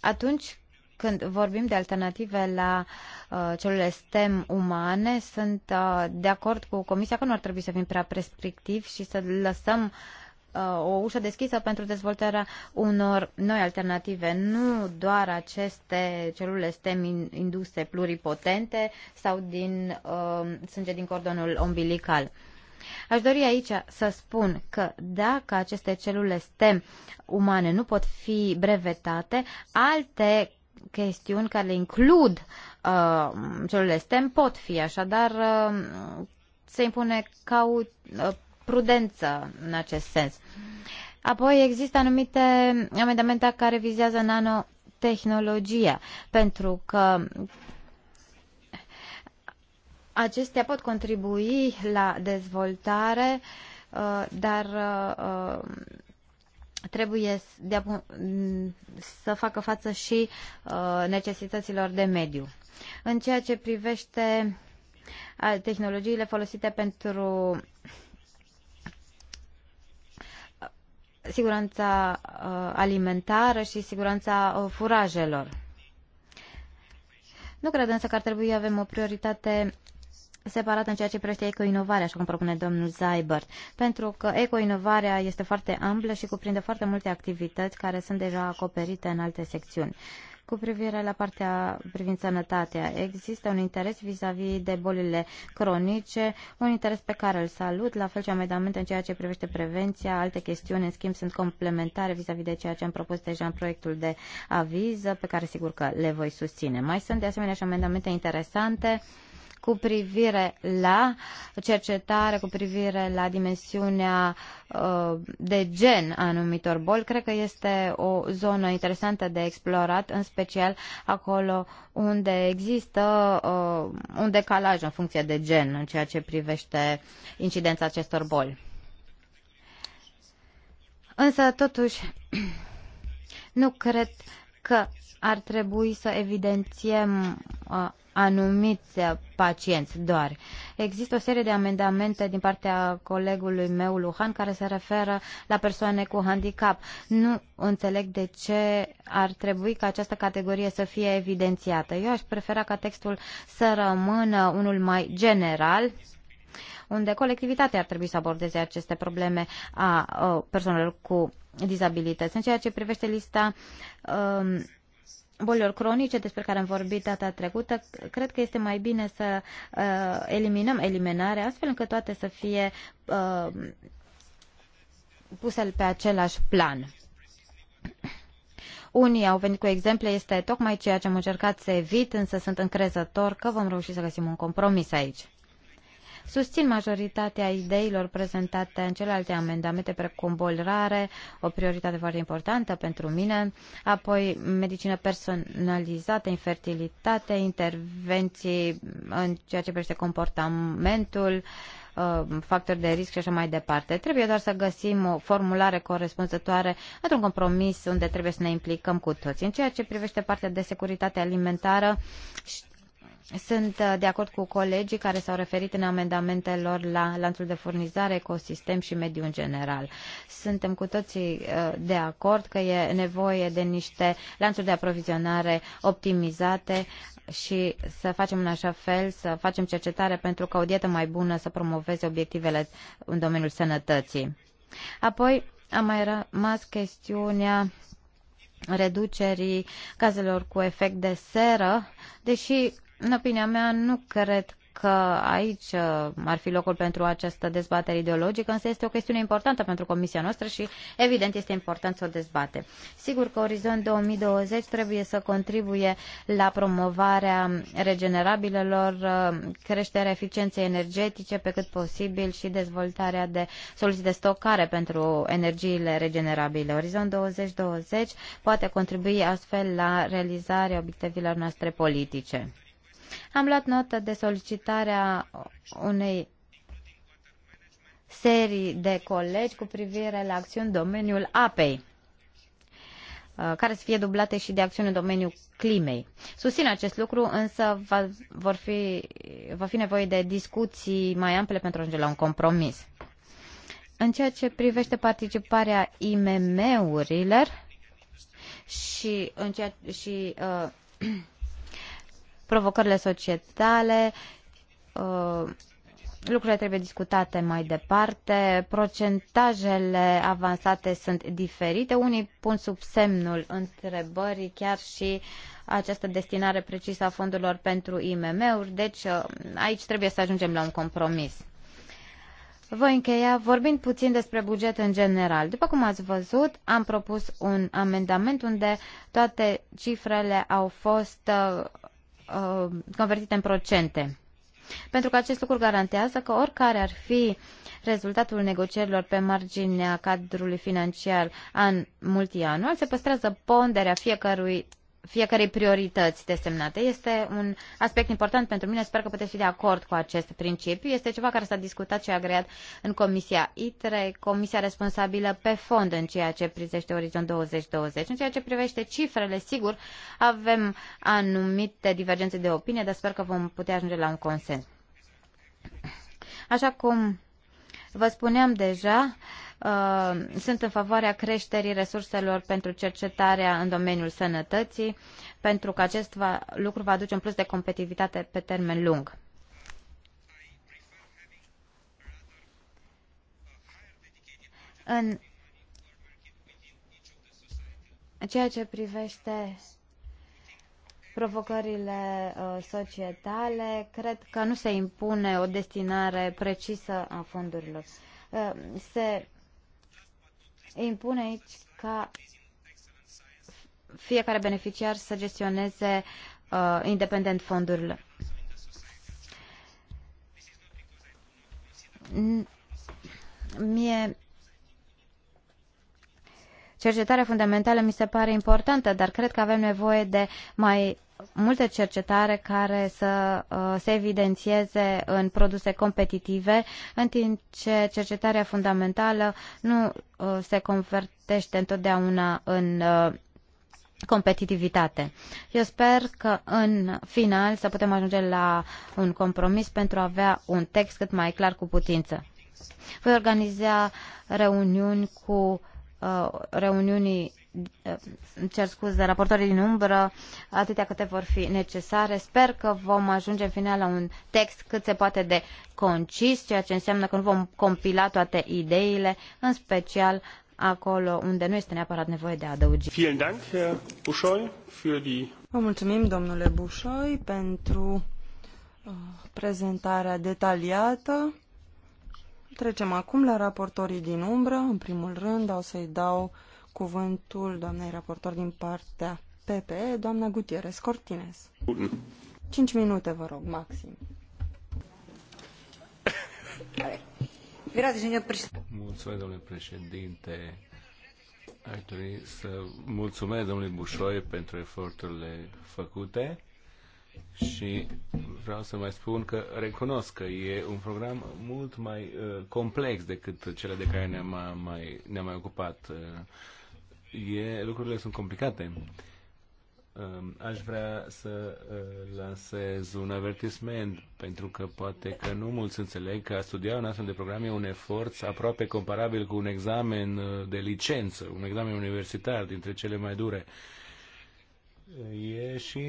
atunci când vorbim de alternative la uh, celule STEM umane, sunt uh, de acord cu Comisia că nu ar trebui să fim prea prescriptivi și să lăsăm uh, o ușă deschisă pentru dezvoltarea unor noi alternative, nu doar aceste celule STEM induse pluripotente sau din uh, sânge din cordonul umbilical. Aș dori aici să spun că dacă aceste celule STEM umane nu pot fi brevetate, alte chestiuni care le includ uh, celulele STEM pot fi, așadar uh, se impune ca uh, prudență în acest sens. Apoi există anumite amendamente care vizează nanotehnologia, pentru că acestea pot contribui la dezvoltare, uh, dar uh, trebuie să facă față și uh, necesităților de mediu. În ceea ce privește tehnologiile folosite pentru uh, siguranța uh, alimentară și siguranța furajelor. Nu cred însă că ar trebui să avem o prioritate separat în ceea ce privește ecoinovarea, așa cum propune domnul Zaibert, pentru că ecoinovarea este foarte amplă și cuprinde foarte multe activități care sunt deja acoperite în alte secțiuni. Cu privire la partea privind sănătatea, există un interes vis-a-vis -vis de bolile cronice, un interes pe care îl salut, la fel și amendamente în ceea ce privește prevenția, alte chestiuni, în schimb, sunt complementare vis-a-vis -vis de ceea ce am propus deja în proiectul de aviz, pe care sigur că le voi susține. Mai sunt de asemenea și amendamente interesante cu privire la cercetare, cu privire la dimensiunea uh, de gen a anumitor boli, cred că este o zonă interesantă de explorat, în special acolo unde există uh, un decalaj în funcție de gen în ceea ce privește incidența acestor boli. Însă, totuși, nu cred că ar trebui să evidențiem uh, anumiți pacienți doar. Există o serie de amendamente din partea colegului meu, Luhan, care se referă la persoane cu handicap. Nu înțeleg de ce ar trebui ca această categorie să fie evidențiată. Eu aș prefera ca textul să rămână unul mai general, unde colectivitatea ar trebui să abordeze aceste probleme a, a persoanelor cu dizabilități. În ceea ce privește lista um, bolilor cronice despre care am vorbit data trecută, cred că este mai bine să uh, eliminăm eliminarea, astfel încât toate să fie uh, puse pe același plan. Unii au venit cu exemple, este tocmai ceea ce am încercat să evit, însă sunt încrezător că vom reuși să găsim un compromis aici. Susțin majoritatea ideilor prezentate în celelalte amendamente, precum boli rare, o prioritate foarte importantă pentru mine, apoi medicină personalizată, infertilitate, intervenții în ceea ce privește comportamentul, uh, factori de risc și așa mai departe. Trebuie doar să găsim o formulare corespunzătoare într-un compromis unde trebuie să ne implicăm cu toți. În ceea ce privește partea de securitate alimentară, sunt uh, de acord cu colegii care s-au referit în amendamentelor la lanțul de furnizare, ecosistem și mediu în general. Suntem cu toții uh, de acord că e nevoie de niște lanțuri de aprovizionare optimizate și să facem în așa fel, să facem cercetare pentru ca o dietă mai bună să promoveze obiectivele în domeniul sănătății. Apoi a mai rămas chestiunea reducerii cazelor cu efect de seră, deși în opinia mea, nu cred că aici uh, ar fi locul pentru această dezbatere ideologică, însă este o chestiune importantă pentru comisia noastră și, evident, este important să o dezbate. Sigur că Orizont 2020 trebuie să contribuie la promovarea regenerabilelor, uh, creșterea eficienței energetice pe cât posibil și dezvoltarea de soluții de stocare pentru energiile regenerabile. Orizont 2020 poate contribui astfel la realizarea obiectivelor noastre politice. Am luat notă de solicitarea unei serii de colegi cu privire la acțiuni în domeniul apei uh, care să fie dublate și de acțiuni în domeniul climei. Susțin acest lucru, însă va, vor fi, va fi nevoie de discuții mai ample pentru a ajunge la un compromis. În ceea ce privește participarea IMM-urilor și, în ceea, și uh, provocările societale, uh, lucrurile trebuie discutate mai departe, procentajele avansate sunt diferite, unii pun sub semnul întrebării chiar și această destinare precisă a fondurilor pentru IMM-uri, deci uh, aici trebuie să ajungem la un compromis. Voi încheia vorbind puțin despre buget în general. După cum ați văzut, am propus un amendament unde toate cifrele au fost uh, Uh, convertite în procente. Pentru că acest lucru garantează că oricare ar fi rezultatul negocierilor pe marginea cadrului financiar an multianual, se păstrează ponderea fiecărui fiecarei priorități desemnate. Este un aspect important pentru mine, sper că puteți fi de acord cu acest principiu. Este ceva care s-a discutat și agreat în Comisia ITRE, comisia responsabilă pe fond în ceea ce privește Orizont 2020. În ceea ce privește cifrele, sigur, avem anumite divergențe de opinie, dar sper că vom putea ajunge la un consens. Așa cum Vă spuneam deja, uh, sunt în favoarea creșterii resurselor pentru cercetarea în domeniul sănătății, pentru că acest va, lucru va aduce în plus de competitivitate pe termen lung. În ceea ce privește provocările uh, societale, cred că nu se impune o destinare precisă a fondurilor. Uh, se impune aici ca fiecare beneficiar să gestioneze uh, independent fondurile. Mie Cercetarea fundamentală mi se pare importantă, dar cred că avem nevoie de mai multe cercetare care să uh, se evidențieze în produse competitive, în timp ce cercetarea fundamentală nu uh, se convertește întotdeauna în uh, competitivitate. Eu sper că în final să putem ajunge la un compromis pentru a avea un text cât mai clar cu putință. Voi organiza reuniuni cu Uh, reuniunii, uh, îmi cer scuze, raportorii din umbră, atâtea câte vor fi necesare. Sper că vom ajunge în final la un text cât se poate de concis, ceea ce înseamnă că nu vom compila toate ideile, în special acolo unde nu este neapărat nevoie de adăugiri. Vă mulțumim, domnule Bușoi, pentru uh, prezentarea detaliată. Trecem acum la raportorii din umbră. În primul rând o să-i dau cuvântul doamnei raportor din partea PPE, doamna Gutierrez Cortines. Bun. 5 minute, vă rog, maxim. Mulțumesc, domnule președinte. Aș dori să mulțumesc domnului Bușoi pentru eforturile făcute și vreau să mai spun că recunosc că e un program mult mai uh, complex decât cele de care ne-am uh, mai, ne mai ocupat. Uh, e, lucrurile sunt complicate. Uh, aș vrea să uh, lansez un avertisment, pentru că poate că nu mulți înțeleg că a studia un astfel de program e un efort aproape comparabil cu un examen uh, de licență, un examen universitar dintre cele mai dure. Uh, E și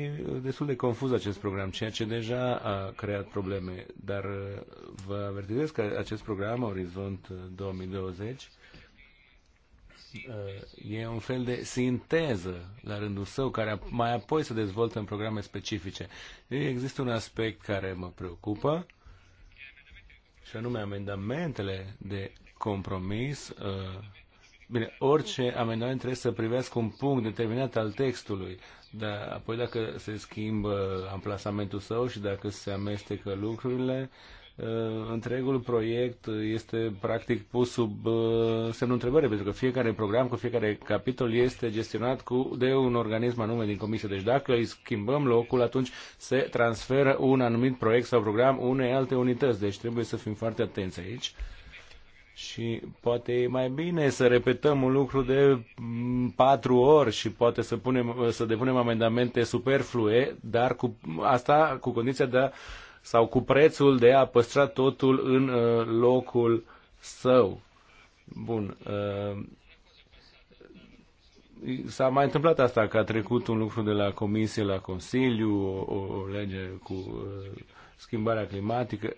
destul de confuz acest program, ceea ce deja a creat probleme, dar uh, vă avertizez că acest program, Orizont 2020, uh, uh, e un fel de sinteză la rândul său, care mai apoi se dezvoltă în programe specifice. Există un aspect care mă preocupă, și anume amendamentele de compromis Bine, orice amendament trebuie să privească un punct determinat al textului, dar apoi dacă se schimbă amplasamentul său și dacă se amestecă lucrurile, ă, întregul proiect este practic pus sub ă, semnul întrebării, pentru că fiecare program cu fiecare capitol este gestionat cu, de un organism anume din comisie. Deci dacă îi schimbăm locul, atunci se transferă un anumit proiect sau program unei alte unități. Deci trebuie să fim foarte atenți aici și poate e mai bine să repetăm un lucru de mm, patru ori și poate să, punem, să depunem amendamente superflue, dar cu asta cu condiția de a, sau cu prețul de a păstra totul în uh, locul său. Bun. Uh, s-a mai întâmplat asta, că a trecut un lucru de la Comisie la Consiliu, o, o lege cu uh, schimbarea climatică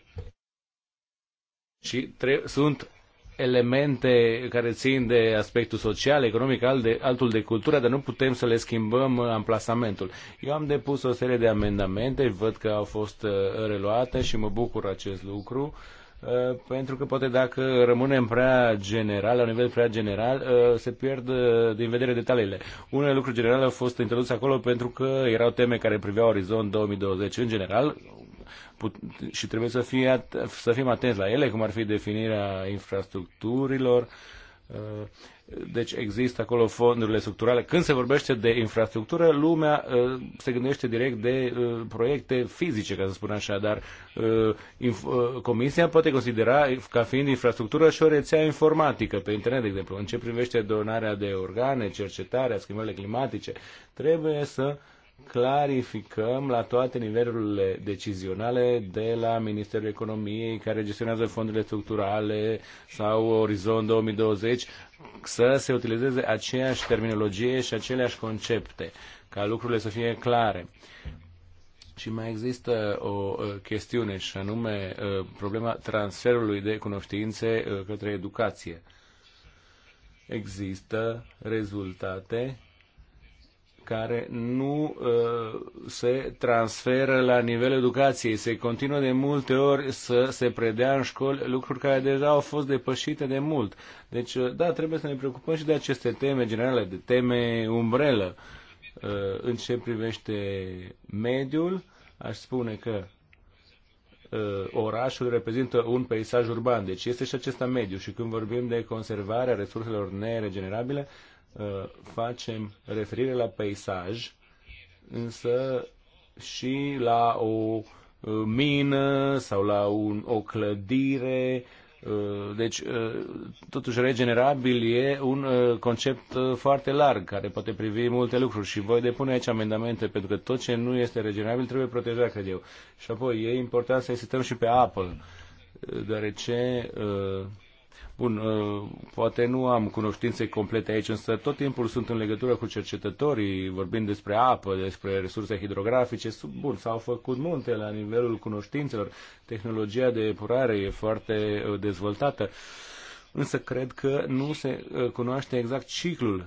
și tre- sunt elemente care țin de aspectul social, economic, alt de, altul de cultură, dar nu putem să le schimbăm uh, amplasamentul. Eu am depus o serie de amendamente, văd că au fost uh, reluate și mă bucur acest lucru, uh, pentru că poate dacă rămânem prea general, la nivel prea general, se pierd din vedere detaliile. Unele lucruri generale au fost introduse acolo pentru că erau teme care priveau Orizont 2020 în general, și trebuie să, fie at- să fim atenți la ele, cum ar fi definirea infrastructurilor. Uh, deci există acolo fondurile structurale. Când se vorbește de infrastructură, lumea uh, se gândește direct de uh, proiecte fizice, ca să spun așa, dar Comisia poate considera ca fiind infrastructură și o rețea informatică pe internet, de exemplu. În ce privește donarea de organe, cercetarea, schimbările climatice, trebuie să uh, clarificăm la toate nivelurile decizionale, de la Ministerul Economiei, care gestionează fondurile structurale sau Orizont 2020, să se utilizeze aceeași terminologie și aceleași concepte, ca lucrurile să fie clare. Și mai există o uh, chestiune, și anume uh, problema transferului de cunoștințe uh, către educație. Există rezultate care nu uh, se transferă la nivel educației. Se continuă de multe ori să se predea în școli lucruri care deja au fost depășite de mult. Deci, uh, da, trebuie să ne preocupăm și de aceste teme generale, de teme umbrelă. Uh, în ce privește mediul, aș spune că uh, orașul reprezintă un peisaj urban, deci este și acesta mediu și când vorbim de conservarea resurselor neregenerabile, uh, Uh, facem referire la peisaj, însă și la o uh, mină sau la un, o clădire. Uh, deci, totuși, regenerabil e un concept foarte larg care poate privi multe lucruri și voi depune aici amendamente pentru că tot ce nu este regenerabil trebuie protejat, cred eu. Și apoi e important să insistăm și pe Apple, deoarece Bun, uh, poate nu am cunoștințe complete aici, însă tot timpul sunt în legătură cu cercetătorii, vorbind despre apă, despre resurse hidrografice. Bun, s-au făcut multe la nivelul cunoștințelor. Tehnologia de epurare e foarte uh, dezvoltată, însă cred că nu se uh, cunoaște exact ciclul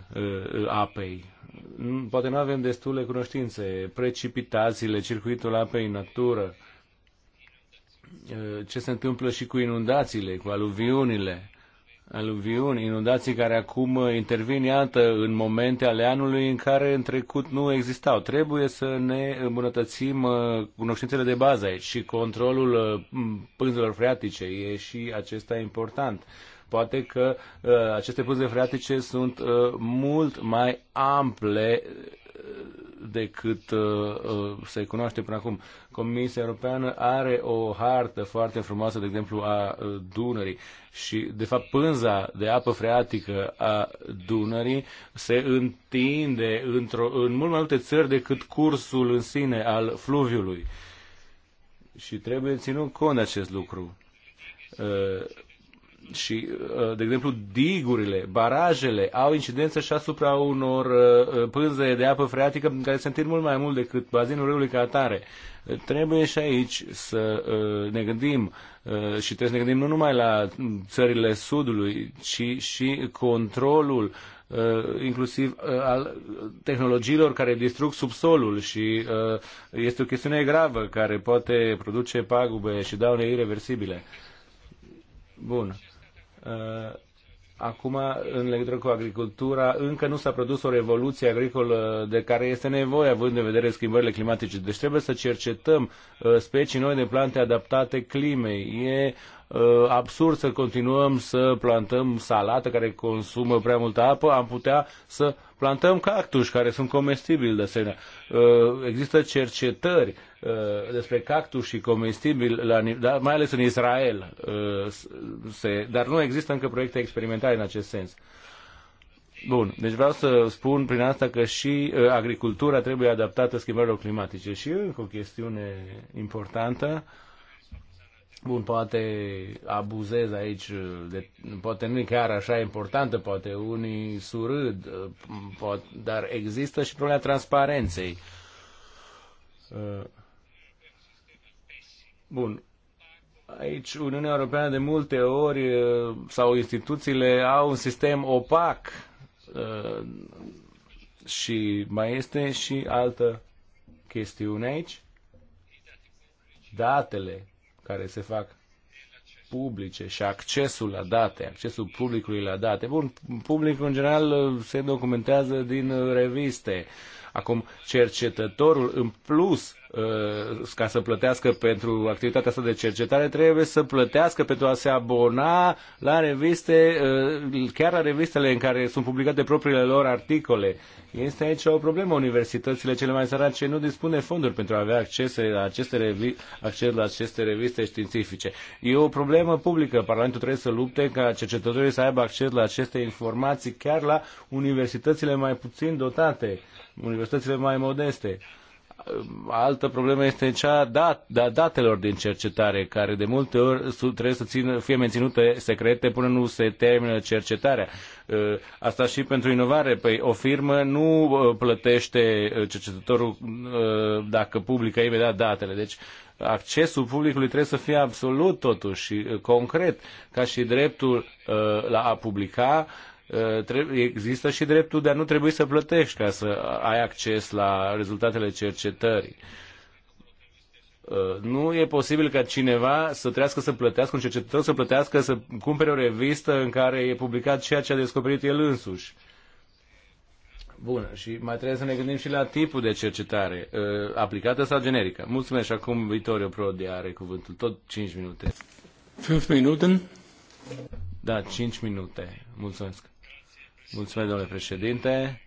apei. Mm, poate nu avem destule cunoștințe, precipitațiile, circuitul apei în natură Eh, ce se întâmplă și cu inundațiile, cu aluviunile. Aluviuni, inundații care acum eh, intervin, iată, în momente ale anului în care în trecut nu existau. Trebuie să ne îmbunătățim eh, cunoștințele de bază aici și controlul pânzelor freatice e și acesta important. Poate că uh, aceste pânze freatice sunt uh, mult mai ample uh, decât uh, uh, se cunoaște până acum. Comisia Europeană are o hartă foarte frumoasă, de exemplu, a uh, Dunării și, de fapt, pânza de apă freatică a Dunării se întinde într-o, în mult mai multe țări decât cursul în sine al fluviului. Și trebuie ținut cont de acest lucru. Uh, și, uh, de exemplu, digurile, barajele au incidență și asupra unor uh, uh, pânze de apă freatică care se întind mult mai mult decât bazinul râului ca atare. Trebuie și aici să ne gândim și trebuie să ne gândim nu numai la mm, țările Sudului, ci și controlul inclusiv al tehnologiilor care distrug subsolul și este o chestiune gravă care poate produce pagube și daune irreversibile. Bun. Uh, acum, în legătură cu agricultura, încă nu s-a produs o revoluție agricolă de care este nevoie, având în vedere schimbările climatice. Deci trebuie să cercetăm uh, specii noi de plante adaptate climei. E uh, absurd să continuăm să plantăm salată care consumă prea multă apă. Am putea să Plantăm cactus care sunt comestibili de asemenea. Uh, există cercetări uh, despre cactuși și mai ales în Israel, uh, dar nu există încă proiecte experimentale în acest sens. Bun, deci vreau să spun prin asta că și agricultura trebuie adaptată schimbărilor climatice. Și încă o chestiune importantă, Bun, poate abuzez aici, de, poate nu e chiar așa importantă, poate unii surâd, poate, dar există și problema transparenței. Bun, aici Uniunea Europeană de multe ori sau instituțiile au un sistem opac și mai este și altă chestiune aici. Datele care se fac publice și accesul la date, accesul publicului la date. Bun, publicul în general se documentează din reviste. Acum, cercetătorul în plus Uh, ca să plătească pentru activitatea asta de cercetare, trebuie să plătească pentru a se abona la reviste, uh, chiar la revistele în care sunt publicate propriile lor articole. Este aici o problemă. Universitățile cele mai sărace nu dispune fonduri pentru a avea acces la aceste, revi- acces la aceste reviste științifice. E o problemă publică. Parlamentul trebuie să lupte ca cercetătorii să aibă acces la aceste informații chiar la universitățile mai puțin dotate, universitățile mai modeste altă problemă este cea dat, da, datelor din cercetare, care de multe ori trebuie să țină, fie menținute secrete până nu se termină cercetarea. Uh, asta și pentru inovare. Păi o firmă nu uh, plătește uh, cercetătorul dacă publică imediat datele. Deci accesul publicului trebuie să fie absolut totuși concret, ca și dreptul la a publica Eh, există și dreptul de a nu trebui să plătești ca să ai acces la rezultatele cercetării. Eh, nu e posibil ca cineva să trească să plătească, un cercetător să plătească să cumpere o revistă în care e publicat ceea ce a descoperit el însuși. Bun, și mai trebuie să ne gândim și la tipul de cercetare, eh, aplicată sau generică. Mulțumesc și acum Vitorio Prodi are cuvântul, tot 5 minute. 5 minute? Da, 5 minute. Mulțumesc. Mulțumesc, domnule președinte.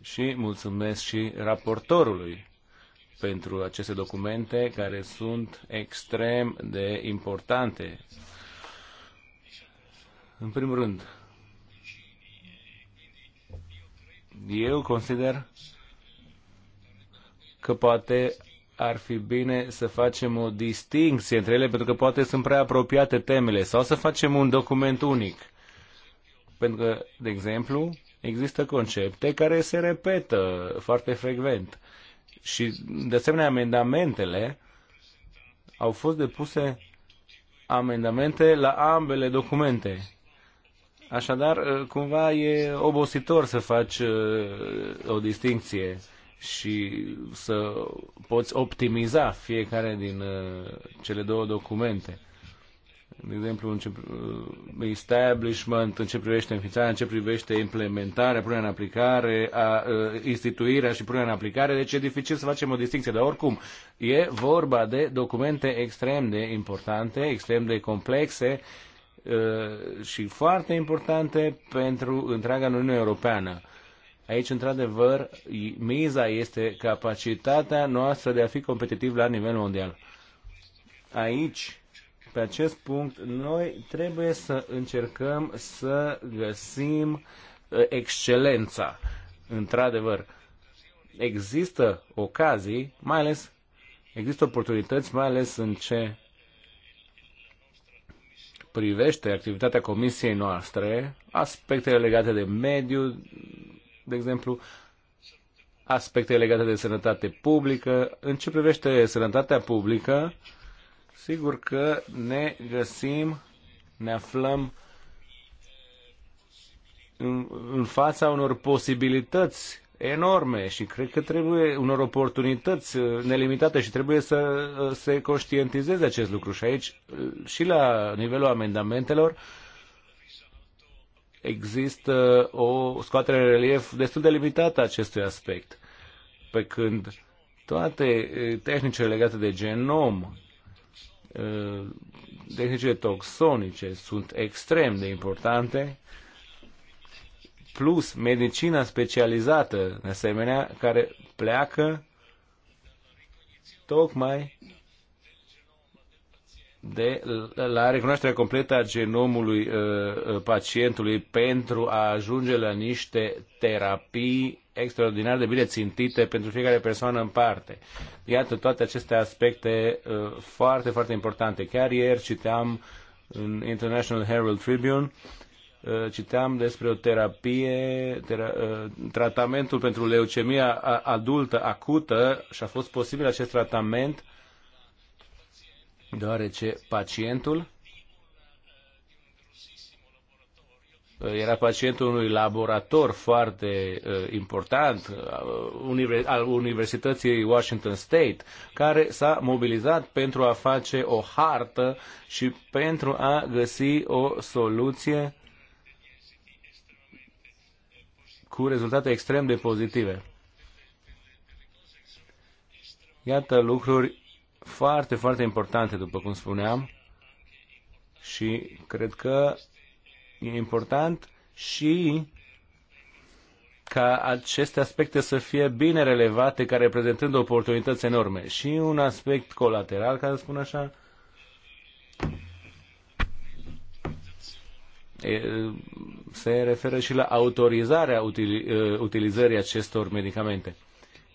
Și mulțumesc și raportorului pentru aceste documente care sunt extrem de importante. În primul rând, eu consider că poate ar fi bine să facem o distinție între ele, pentru că poate sunt prea apropiate temele, sau să facem un document unic. Pentru că, de exemplu, există concepte care se repetă foarte frecvent. Și, de asemenea, amendamentele au fost depuse amendamente la ambele documente. Așadar, cumva e obositor să faci uh, o distinție și să poți optimiza fiecare din uh, cele două documente. De exemplu, în ce, uh, establishment, în ce privește înființarea, în ce privește implementarea, punerea în aplicare, a, uh, instituirea și punerea în aplicare, deci e dificil să facem o distinție, dar oricum e vorba de documente extrem de importante, extrem de complexe uh, și foarte importante pentru întreaga Uniune Europeană Aici, într-adevăr, miza este capacitatea noastră de a fi competitiv la nivel mondial. Aici, pe acest punct, noi trebuie să încercăm să găsim uh, excelența. Într-adevăr, există ocazii, mai ales există oportunități, mai ales în ce privește activitatea comisiei noastre, aspectele legate de mediu, de exemplu, aspecte legate de sănătate publică. În ce privește sănătatea publică, sigur că ne găsim, ne aflăm în, în fața unor posibilități enorme și cred că trebuie unor oportunități uh, nelimitate și trebuie să uh, se conștientizeze acest lucru. Și aici, uh, și la nivelul amendamentelor, există o scoatere în relief destul de limitată a acestui aspect, pe când toate eh, tehnicile legate de genom, eh, tehnicile toxonice sunt extrem de importante, plus medicina specializată, de asemenea, care pleacă tocmai de la recunoașterea completă a genomului uh, uh, pacientului pentru a ajunge la niște terapii extraordinar de bine țintite pentru fiecare persoană în parte. Iată toate aceste aspecte uh, foarte, foarte importante. Chiar ieri citeam în International Herald Tribune uh, citeam despre o terapie, tera, uh, tratamentul pentru leucemia adultă acută și a fost posibil acest tratament deoarece pacientul era pacientul unui laborator foarte uh, important uh, al Universității Washington State, care s-a mobilizat pentru a face o hartă și pentru a găsi o soluție cu rezultate extrem de pozitive. Iată lucruri foarte, foarte importante, după cum spuneam, și cred că e important și ca aceste aspecte să fie bine relevate, ca reprezentând oportunități enorme. Și un aspect colateral, ca să spun așa, se referă și la autorizarea uh, utilizării acestor medicamente.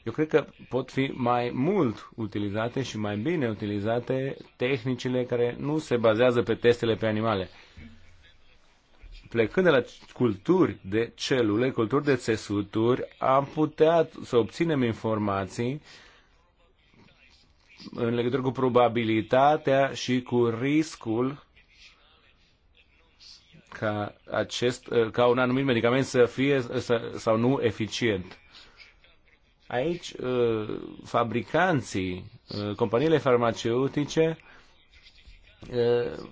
Eu cred că pot fi mai mult utilizate și mai bine utilizate tehnicile care nu se bazează pe testele pe animale. Plecând de la culturi de celule, culturi de țesuturi, am putea să obținem informații în legătură cu probabilitatea și cu riscul ca, acest, ca un anumit medicament să fie să, sau nu eficient. Aici, uh, fabricanții, uh, companiile farmaceutice, uh,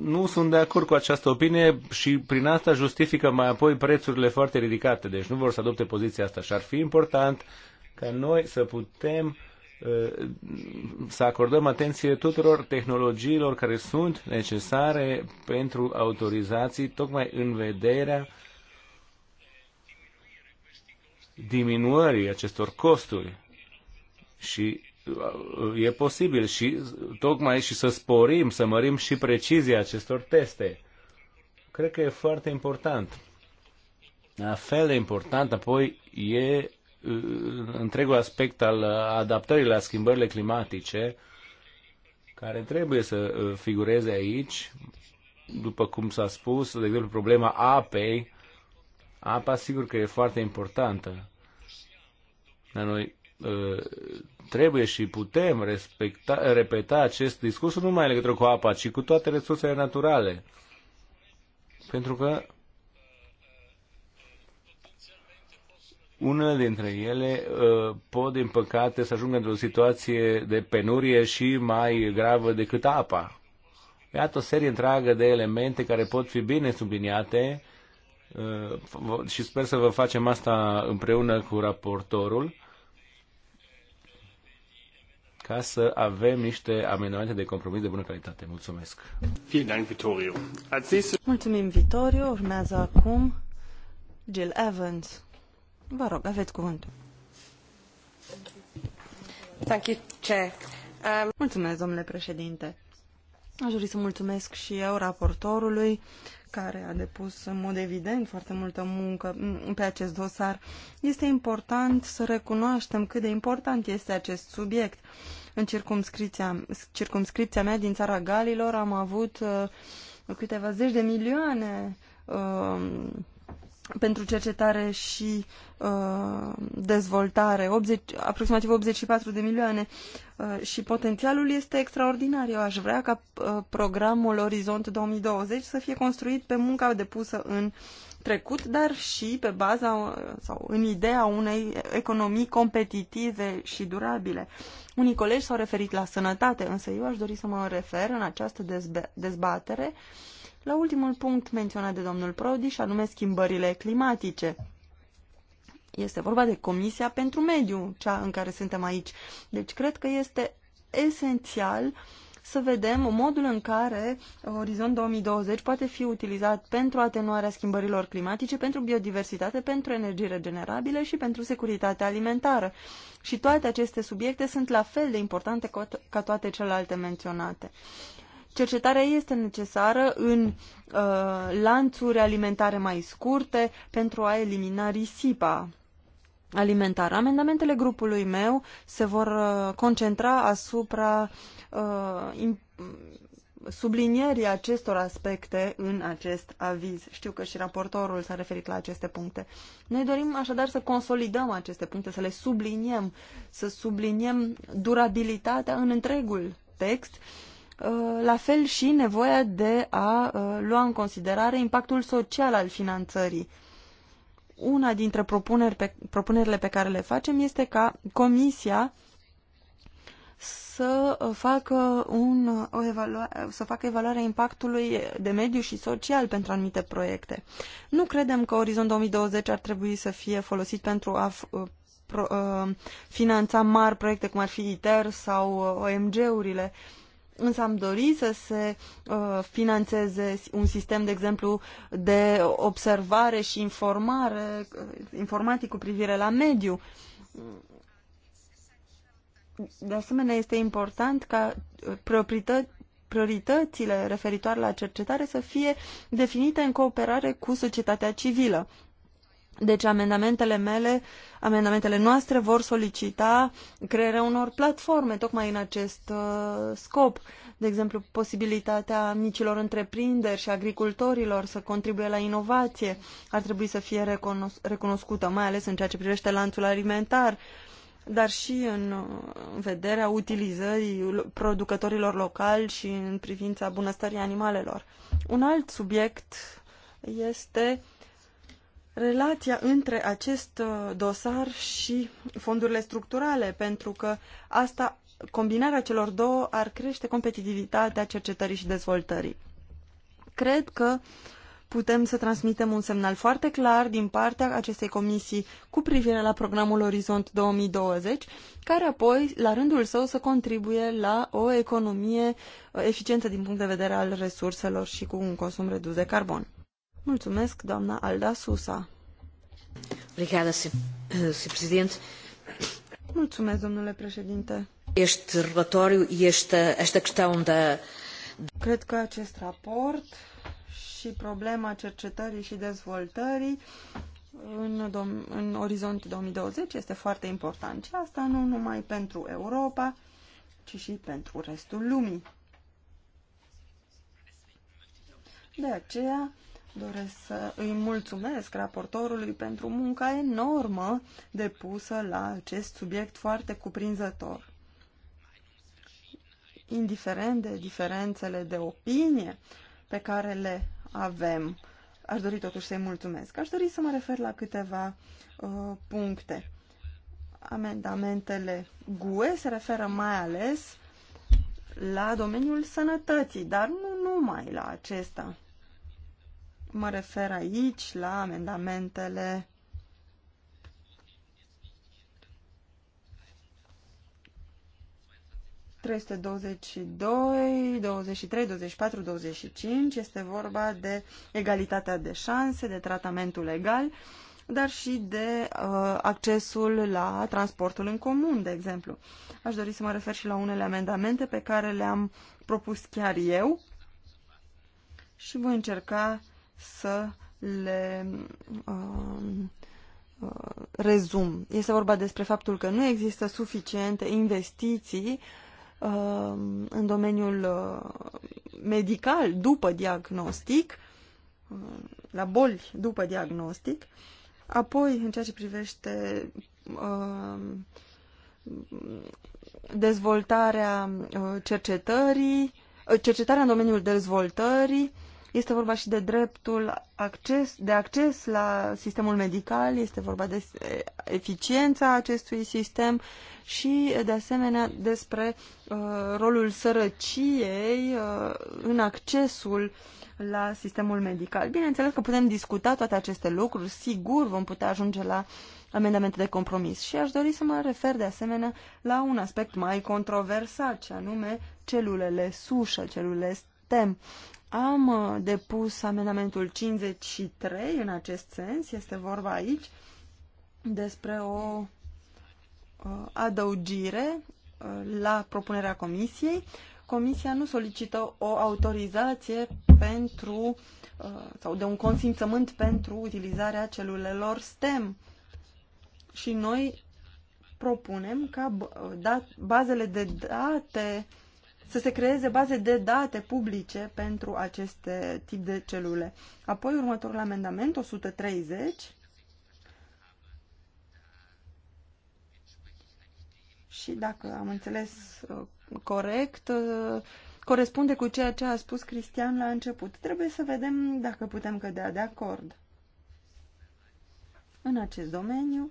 nu sunt de acord cu această opinie și prin asta justifică mai apoi prețurile foarte ridicate. Deci nu vor să adopte poziția asta și ar fi important ca noi să putem să acordăm atenție tuturor tehnologiilor care sunt necesare pentru autorizații, tocmai în vederea diminuării acestor costuri și uh, e posibil și tocmai și să sporim, să mărim și precizia acestor teste. Cred că e foarte important. La fel de important apoi e uh, întregul aspect al adaptării la schimbările climatice care trebuie să uh, figureze aici, după cum s-a spus, de exemplu problema apei, Apa sigur că e foarte importantă. Dar noi ă, trebuie și putem respecta, repeta acest discurs nu numai în legătură cu apa, ci cu toate resursele naturale. Pentru că unele dintre ele ă, pot, din păcate, să ajungă într-o situație de penurie și mai gravă decât apa. Iată o serie întreagă de elemente care pot fi bine subliniate Uh, și sper să vă facem asta împreună cu raportorul ca să avem niște amendamente de compromis de bună calitate. Mulțumesc! Mulțumim, Vitoriu. Urmează acum Jill Evans. Vă rog, aveți cuvântul. Thank you, Chair. Um... Mulțumesc, domnule președinte. Aș dori să mulțumesc și eu raportorului care a depus în mod evident foarte multă muncă pe acest dosar. Este important să recunoaștem cât de important este acest subiect. În circumscripția, circumscripția mea din țara Galilor am avut uh, câteva zeci de milioane uh, pentru cercetare și uh, dezvoltare, 80, aproximativ 84 de milioane uh, și potențialul este extraordinar. Eu aș vrea ca uh, programul Orizont 2020 să fie construit pe munca depusă în trecut, dar și pe baza uh, sau în ideea unei economii competitive și durabile. Unii colegi s-au referit la sănătate, însă eu aș dori să mă refer în această dezbatere uh, la ultimul punct menționat de domnul Prodi, și anume schimbările climatice. Este vorba de Comisia pentru Mediu, cea în care suntem aici. Deci cred că este esențial să vedem modul în care Orizont 2020 poate fi utilizat pentru atenuarea schimbărilor climatice, pentru biodiversitate, pentru energie regenerabile și pentru securitatea alimentară. Și toate aceste subiecte sunt la fel de importante ca toate celelalte menționate. Cercetarea este necesară în uh, lanțuri alimentare mai scurte pentru a elimina risipa alimentară. Amendamentele grupului meu se vor uh, concentra asupra uh, sublinierii acestor aspecte în acest aviz. Știu că și raportorul s-a referit la aceste puncte. Noi dorim așadar să consolidăm aceste puncte, să le subliniem, să subliniem durabilitatea în întregul text Uh, la fel și nevoia de a uh, lua în considerare impactul social al finanțării. Una dintre propuneri pe, propunerile pe care le facem este ca Comisia să uh, facă, un, o evaluare, să facă evaluarea impactului de mediu și social pentru anumite proiecte. Nu credem că Orizont 2020 ar trebui să fie folosit pentru a pro, uh, finanța mari proiecte cum ar fi ITER sau OMG-urile. Uh, însă am dori să se uh, financeze un sistem, de exemplu, de observare și informare, informatic cu privire la mediu. De asemenea, este important ca proprietăți uh, prioritățile referitoare la cercetare să fie definite în cooperare cu societatea civilă. Deci amendamentele mele, amendamentele noastre vor solicita crearea unor platforme tocmai în acest uh, scop. De exemplu, posibilitatea micilor întreprinderi și agricultorilor să contribuie la inovație ar trebui să fie recunos- recunoscută, mai ales în ceea ce privește lanțul alimentar, dar și în vederea utilizării producătorilor locali și în privința bunăstării animalelor. Un alt subiect este uh, relația între acest uh, dosar și fondurile structurale, pentru că asta, combinarea celor două ar crește competitivitatea cercetării și dezvoltării. Cred că putem să transmitem un semnal foarte clar din partea acestei comisii cu privire la programul Orizont 2020, care apoi, la rândul său, să contribuie la o economie eficientă din punct de vedere al resurselor și cu un consum redus de carbon. Mulțumesc, doamna Alda Susa. Obrigada, eh, președinte. Mulțumesc, domnule președinte. Este relatoriu, este, esta questão da... Cred că acest raport și problema cercetării și dezvoltării în, în orizont 2020 este foarte important și asta nu numai pentru Europa, ci și pentru restul lumii. De aceea Doresc să îi mulțumesc raportorului pentru munca enormă depusă la acest subiect foarte cuprinzător. Indiferent de diferențele de opinie pe care le avem, aș dori totuși să-i mulțumesc. Aș dori să mă refer la câteva uh, puncte. Amendamentele GUE se referă mai ales la domeniul sănătății, dar nu numai la acesta Mă refer aici la amendamentele este 22, 23, 24, 25. Este vorba de egalitatea de șanse, de tratamentul egal, dar și de uh, accesul la transportul în comun, de exemplu. Aș dori să mă refer și la unele amendamente pe care le-am propus chiar eu și voi încerca să le um, uh, rezum. Este vorba despre faptul că nu există suficiente investiții uh, în domeniul uh, medical după diagnostic, um, la boli după diagnostic, apoi în ceea ce privește um, dezvoltarea uh, cercetării, uh, cercetarea în domeniul dezvoltării, este vorba și de dreptul acces, de acces la sistemul medical, este vorba de eficiența acestui sistem și, de asemenea, despre uh, rolul sărăciei uh, în accesul la sistemul medical. Bineînțeles că putem discuta toate aceste lucruri, sigur vom putea ajunge la amendamente de compromis și aș dori să mă refer de asemenea la un aspect mai controversat, ce anume celulele sușă, celulele STEM. Am uh, depus amendamentul 53 în acest sens, este vorba aici despre o uh, adăugire uh, la propunerea comisiei. Comisia nu solicită o autorizație pentru sau de un consimțământ pentru utilizarea celulelor STEM. Și noi propunem ca bazele de date uh, să se creeze baze de date publice pentru aceste tip de celule. Apoi, următorul amendament, 130, și dacă am înțeles uh, corect, uh, corespunde cu ceea ce a spus Cristian la început. Trebuie să vedem dacă putem cădea de acord. În acest domeniu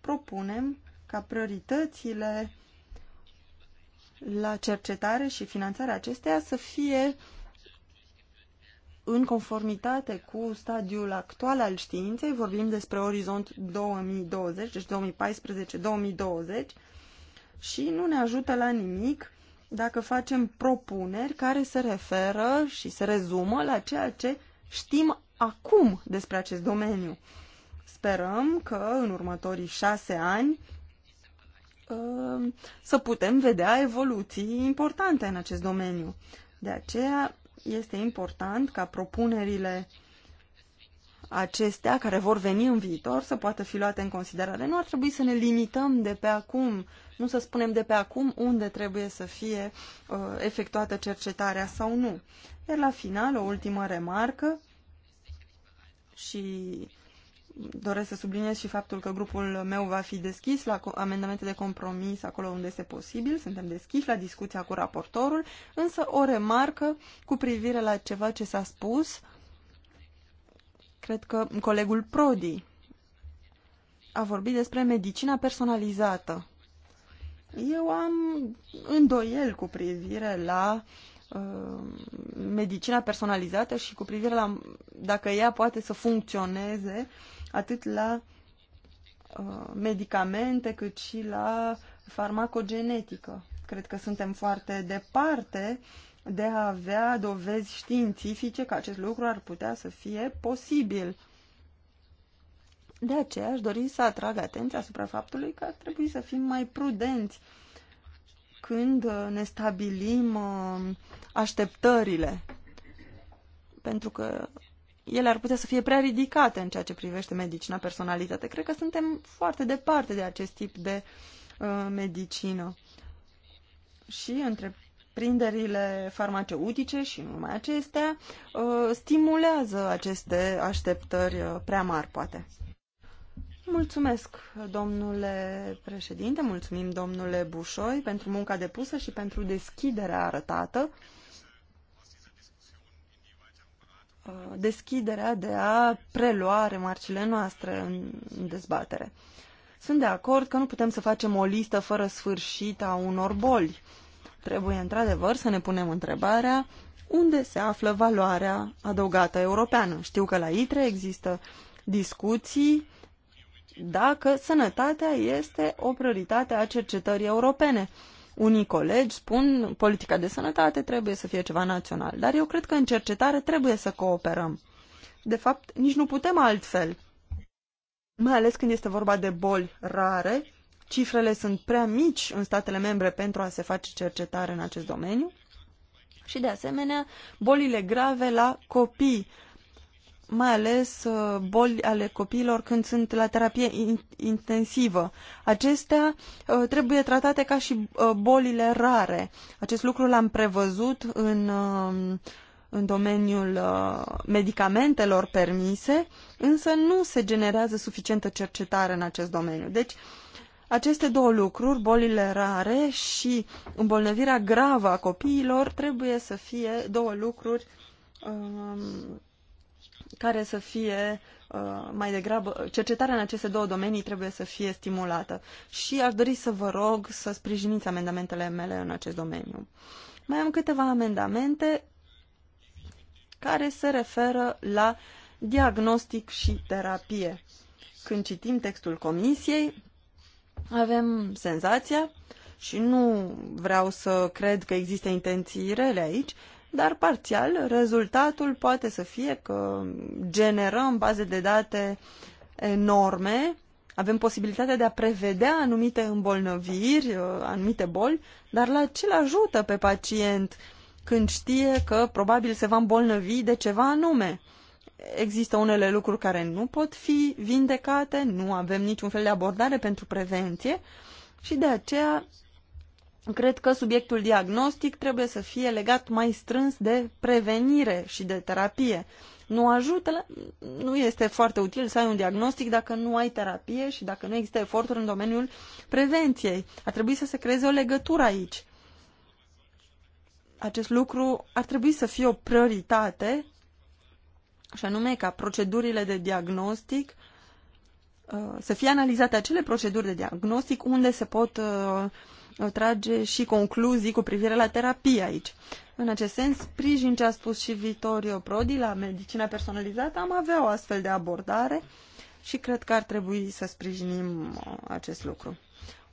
propunem ca prioritățile la cercetare și finanțarea acesteia să fie în conformitate cu stadiul actual al științei, vorbim despre orizont 2020, deci 2014-2020, și nu ne ajută la nimic dacă facem propuneri care se referă și se rezumă la ceea ce știm acum despre acest domeniu. Sperăm că în următorii șase ani Uh, să putem vedea evoluții importante în acest domeniu. De aceea este important ca propunerile acestea care vor veni în viitor să poată fi luate în considerare. Nu ar trebui să ne limităm de pe acum, nu să spunem de pe acum unde trebuie să fie uh, efectuată cercetarea sau nu. Iar la final, o ultimă remarcă și doresc să subliniez și faptul că grupul meu va fi deschis la amendamente de compromis acolo unde este posibil, suntem deschiși la discuția cu raportorul, însă o remarcă cu privire la ceva ce s-a spus, cred că colegul Prodi a vorbit despre medicina personalizată. Eu am îndoiel cu privire la uh, medicina personalizată și cu privire la dacă ea poate să funcționeze atât la uh, medicamente cât și la farmacogenetică. Cred că suntem foarte departe de a avea dovezi științifice că acest lucru ar putea să fie posibil. De aceea aș dori să atrag atenția asupra faptului că ar trebui să fim mai prudenți când uh, ne stabilim uh, așteptările. Pentru că ele ar putea să fie prea ridicate în ceea ce privește medicina personalizată. Cred că suntem foarte departe de acest tip de uh, medicină. Și între prinderile farmaceutice și numai acestea uh, stimulează aceste așteptări uh, prea mari, poate. Mulțumesc, domnule președinte, mulțumim domnule Bușoi pentru munca depusă și pentru deschiderea arătată. Uh, deschiderea de a prelua remarcile noastre în dezbatere. Sunt de acord că nu putem să facem o listă fără sfârșit a unor boli. Trebuie într-adevăr să ne punem întrebarea unde se află valoarea adăugată europeană. Știu că la ITRE există discuții dacă sănătatea este o prioritate a cercetării europene unii colegi spun politica de sănătate trebuie să fie ceva național, dar eu cred că în cercetare trebuie să cooperăm. De fapt, nici nu putem altfel. Mai ales când este vorba de boli rare, cifrele sunt prea mici în statele membre pentru a se face cercetare în acest domeniu. Și de asemenea, bolile grave la copii mai ales uh, boli ale copiilor când sunt la terapie intensivă. Acestea uh, trebuie tratate ca și uh, bolile rare. Acest lucru l-am prevăzut în, um, în domeniul medicamentelor permise, însă nu se generează suficientă cercetare în acest domeniu. Deci, aceste două lucruri, bolile rare și îmbolnăvirea gravă a copiilor, trebuie să fie două lucruri um, care să fie uh, mai degrabă, cercetarea în aceste două domenii trebuie să fie stimulată. Și aș dori să vă rog să sprijiniți amendamentele mele în acest domeniu. Mai am câteva amendamente care se referă la diagnostic și terapie. Când citim textul comisiei, avem senzația și nu vreau să cred că există intenții rele aici, dar parțial rezultatul poate să fie că generăm baze de date enorme, avem posibilitatea de a prevedea anumite îmbolnăviri, uh, anumite boli, dar la ce îl ajută pe pacient când știe că probabil se va îmbolnăvi de ceva anume? Există unele lucruri care nu pot fi vindecate, nu avem niciun fel de abordare pentru prevenție și de aceea cred că subiectul diagnostic trebuie să fie legat mai strâns de prevenire și de terapie. Nu ajută, la... nu este foarte util să ai un diagnostic dacă nu ai terapie și dacă nu există eforturi în domeniul prevenției. Ar trebui să se creeze o legătură aici. Acest lucru ar trebui să fie o prioritate, și anume ca procedurile de diagnostic uh, să fie analizate acele proceduri de diagnostic unde se pot uh, trage și concluzii cu privire la terapie aici. În acest sens, sprijin ce a spus și Vittorio Prodi la medicina personalizată, am avea o astfel de abordare și cred că ar trebui să sprijinim uh, acest lucru.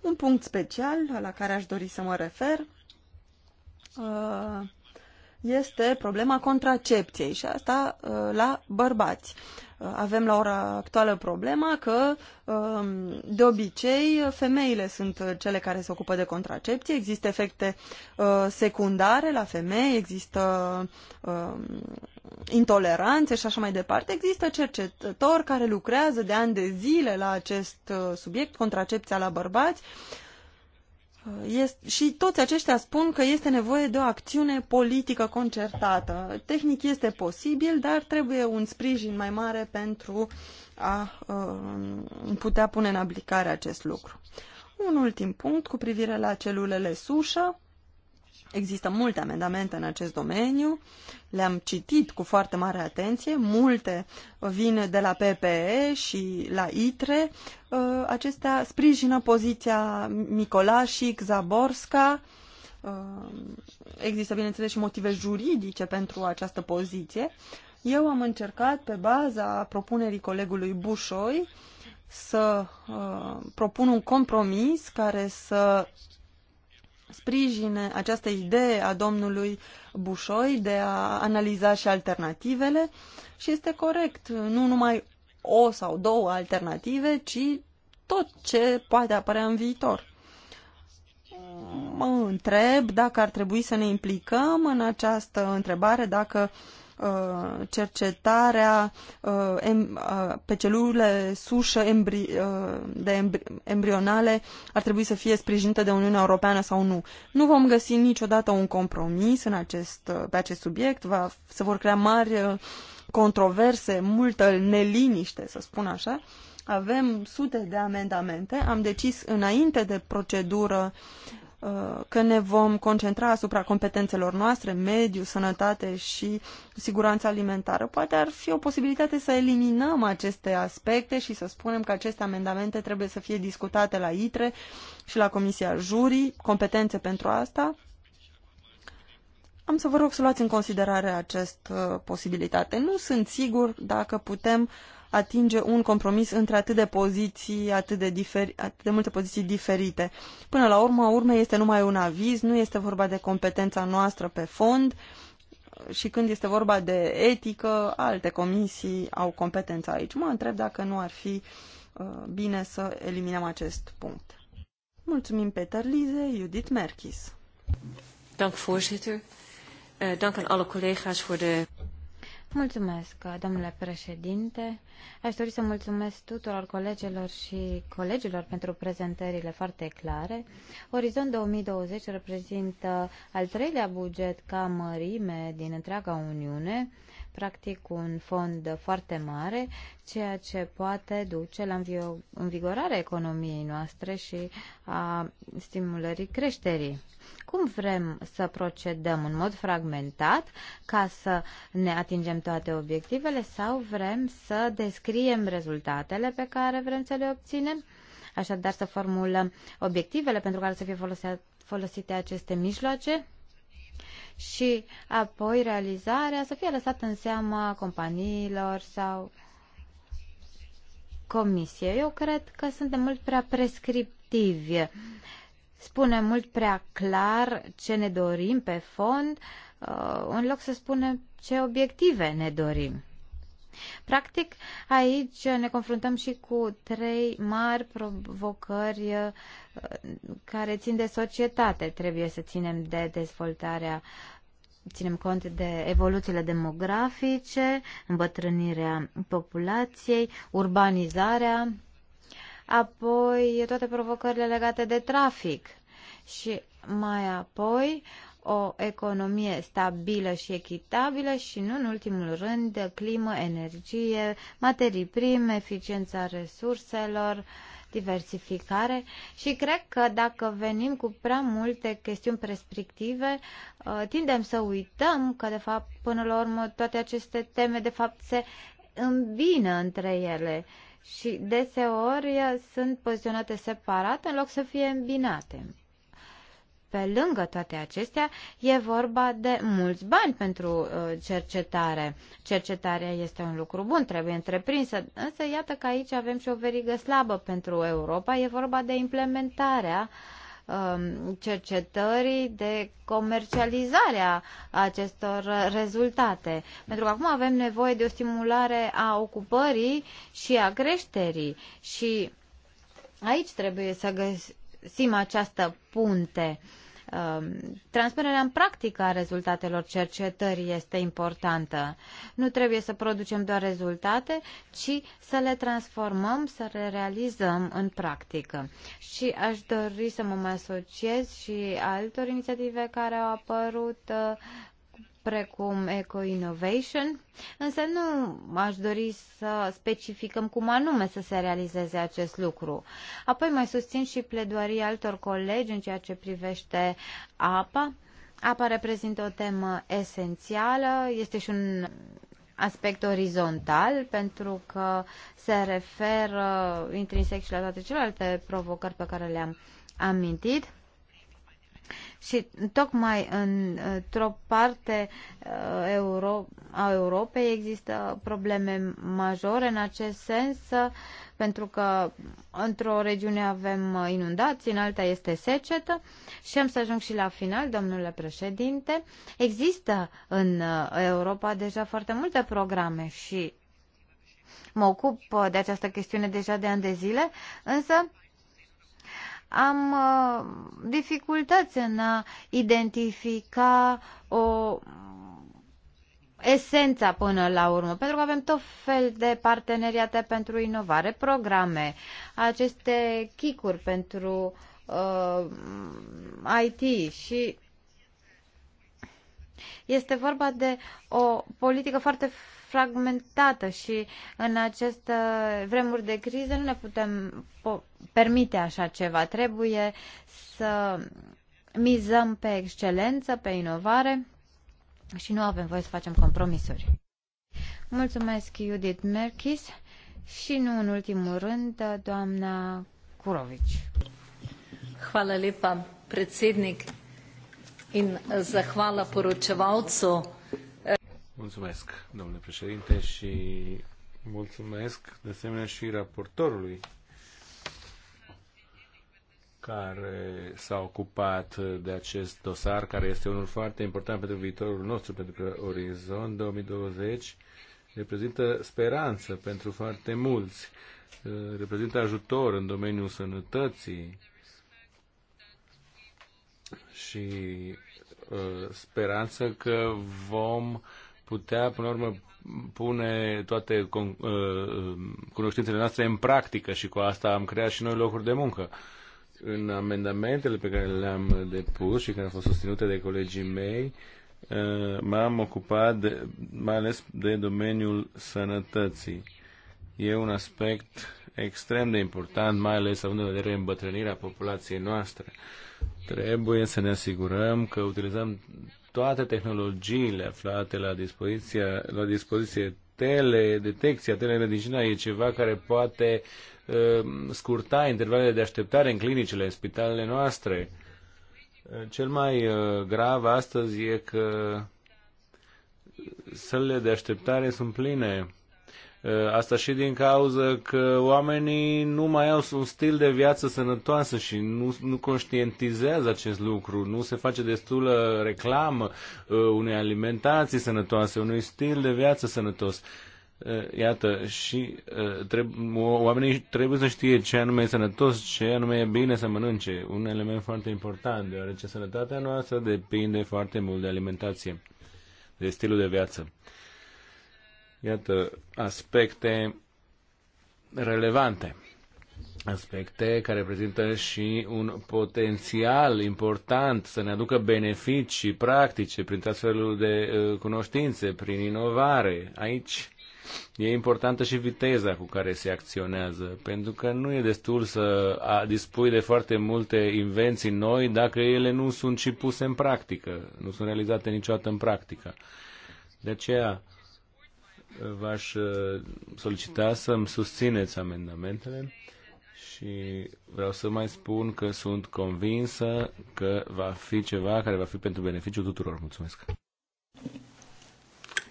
Un punct special la care aș dori să mă refer uh, este problema contracepției și asta uh, la bărbați avem la ora actuală problema că um, de obicei femeile sunt cele care se ocupă de contracepție, există efecte uh, secundare la femei, există um, intoleranțe și așa mai departe. Există cercetători care lucrează de ani de zile la acest uh, subiect, contracepția la bărbați, Uh, este, și toți aceștia spun că este nevoie de o acțiune politică concertată. Tehnic este posibil, dar trebuie un sprijin mai mare pentru a uh, putea pune în aplicare acest lucru. Un ultim punct cu privire la celulele sușă. Există multe amendamente în acest domeniu, le-am citit cu foarte mare atenție, multe vin de la PPE și la ITRE. Uh, acestea sprijină poziția Micolașic, Zaborska. Uh, există, bineînțeles, și motive juridice pentru această poziție. Eu am încercat, pe baza propunerii colegului Bușoi, să uh, propun un compromis care să sprijine această idee a domnului Bușoi de a analiza și alternativele și este corect, nu numai o sau două alternative, ci tot ce poate apărea în viitor. Mă întreb dacă ar trebui să ne implicăm în această întrebare, dacă uh, Uh, cercetarea uh, uh, pe celule sușă de embrionale ar trebui să fie sprijinită de Uniunea Europeană sau nu. Nu vom găsi niciodată un compromis în acest, pe acest subiect, va, se vor crea mari controverse, multă neliniște, să spun așa. Avem sute de amendamente, am decis înainte de procedură uh, Uh, că ne vom concentra asupra competențelor noastre, mediu, sănătate și siguranță alimentară. Poate ar fi o posibilitate să eliminăm aceste aspecte și să spunem că aceste amendamente trebuie să fie discutate la ITRE și la Comisia Jurii, competențe pentru asta. Am să vă rog să luați în considerare această uh, posibilitate. Nu sunt sigur dacă putem uh, atinge un compromis între atât de poziții, atât de, diferi, atât de multe poziții diferite. Până la urmă, urme este numai un aviz, nu este vorba de competența noastră pe fond și când este vorba de etică, alte comisii au competența aici. Mă întreb dacă nu ar fi uh, bine să eliminăm acest punct. Mulțumim, Peter Lize, Judith Merkis. Dank, voorzitter. Uh, dank aan alle collega's voor de... Mulțumesc, domnule președinte. Aș dori să mulțumesc tuturor colegilor și colegilor pentru prezentările foarte clare. Orizont 2020 reprezintă al treilea buget ca mărime din întreaga Uniune practic un fond foarte mare, ceea ce poate duce la învigorarea economiei noastre și a stimulării creșterii. Cum vrem să procedăm în mod fragmentat ca să ne atingem toate obiectivele sau vrem să descriem rezultatele pe care vrem să le obținem? Așadar să formulăm obiectivele pentru care să fie folosite aceste mijloace? și apoi realizarea să fie lăsată în seama companiilor sau comisie. Eu cred că suntem mult prea prescriptivi. Spunem mult prea clar ce ne dorim pe fond, uh, în loc să spunem ce obiective ne dorim. Practic, aici ne confruntăm și cu trei mari provocări uh, care țin de societate. Trebuie să ținem de dezvoltarea ținem cont de evoluțiile demografice, îmbătrânirea populației, urbanizarea, apoi toate provocările legate de trafic și mai apoi o economie stabilă și echitabilă și, nu în ultimul rând, climă, energie, materii prime, eficiența resurselor, diversificare și cred că dacă venim cu prea multe chestiuni perspective, uh, tindem să uităm că, de fapt, până la urmă, toate aceste teme, de fapt, se îmbină între ele și deseori sunt poziționate separat în loc să fie îmbinate. Pe lângă toate acestea, e vorba de mulți bani pentru uh, cercetare. Cercetarea este un lucru bun, trebuie întreprinsă, însă iată că aici avem și o verigă slabă pentru Europa. E vorba de implementarea um, cercetării, de comercializarea acestor rezultate. Pentru că acum avem nevoie de o stimulare a ocupării și a creșterii și aici trebuie să găsim această punte Um, transpunerea în practică a rezultatelor cercetării este importantă. Nu trebuie să producem doar rezultate, ci să le transformăm, să le realizăm în practică. Și aș dori să mă mai asociez și altor inițiative care au apărut uh, precum Eco Innovation, însă nu aș dori să specificăm cum anume să se realizeze acest lucru. Apoi mai susțin și pledoarii altor colegi în ceea ce privește apa. Apa reprezintă o temă esențială, este și un aspect orizontal pentru că se referă intrinsec și la toate celelalte provocări pe care le-am amintit. Și tocmai într-o parte uh, Euro a Europei există probleme majore în acest sens, uh, pentru că într-o regiune avem inundații, în alta este secetă și am să ajung și la final, domnule președinte. Există în uh, Europa deja foarte multe programe și mă ocup de această chestiune deja de ani de zile, însă am uh, dificultăți în a identifica o esența până la urmă, pentru că avem tot fel de parteneriate pentru inovare, programe, aceste chicuri pentru uh, IT și este vorba de o politică foarte fragmentată și în aceste vremuri de criză nu ne putem permite așa ceva. Trebuie să mizăm pe excelență, pe inovare și nu avem voie să facem compromisuri. Mulțumesc Judith Merkis și nu în ultimul rând doamna Kurovic. Hvala lepa, predsednik in eh, zahvala poročevalcu Mulțumesc, domnule președinte, și mulțumesc de asemenea și raportorului care s-a ocupat de acest dosar, care este unul foarte important pentru viitorul nostru, pentru că Orizont 2020 reprezintă speranță pentru foarte mulți, reprezintă ajutor în domeniul sănătății și uh, speranță că vom putea, până la urmă, pune toate con, uh, cunoștințele noastre în practică și cu asta am creat și noi locuri de muncă. În amendamentele pe care le-am depus și care au fost susținute de colegii mei, uh, m-am ocupat de, mai ales de domeniul sănătății. E un aspect extrem de important, mai ales având în vedere îmbătrânirea populației noastre. Trebuie să ne asigurăm că utilizăm toate tehnologiile aflate la dispoziție, la dispoziție teledetecția, telemedicina e ceva care poate uh, scurta intervalele de așteptare în clinicile, în spitalele noastre. Uh, cel mai uh, grav astăzi e că sălile de așteptare sunt pline Asta și din cauza că oamenii nu mai au un stil de viață sănătoasă și nu, nu conștientizează acest lucru, nu se face destulă reclamă unei alimentații sănătoase, unui stil de viață sănătos. Iată, și treb- oamenii trebuie să știe ce anume e sănătos, ce anume e bine să mănânce. Un element foarte important, deoarece sănătatea noastră depinde foarte mult de alimentație, de stilul de viață iată, aspecte relevante. Aspecte care prezintă și un potențial important să ne aducă beneficii practice prin transferul de uh, cunoștințe, prin inovare. Aici E importantă și viteza cu care se acționează, pentru că nu e destul să dispui de foarte multe invenții noi dacă ele nu sunt și puse în practică, nu sunt realizate niciodată în practică. De aceea v-aș uh, solicita să-mi susțineți amendamentele și vreau să mai spun că sunt convinsă că va fi ceva care va fi pentru beneficiul tuturor. Mulțumesc!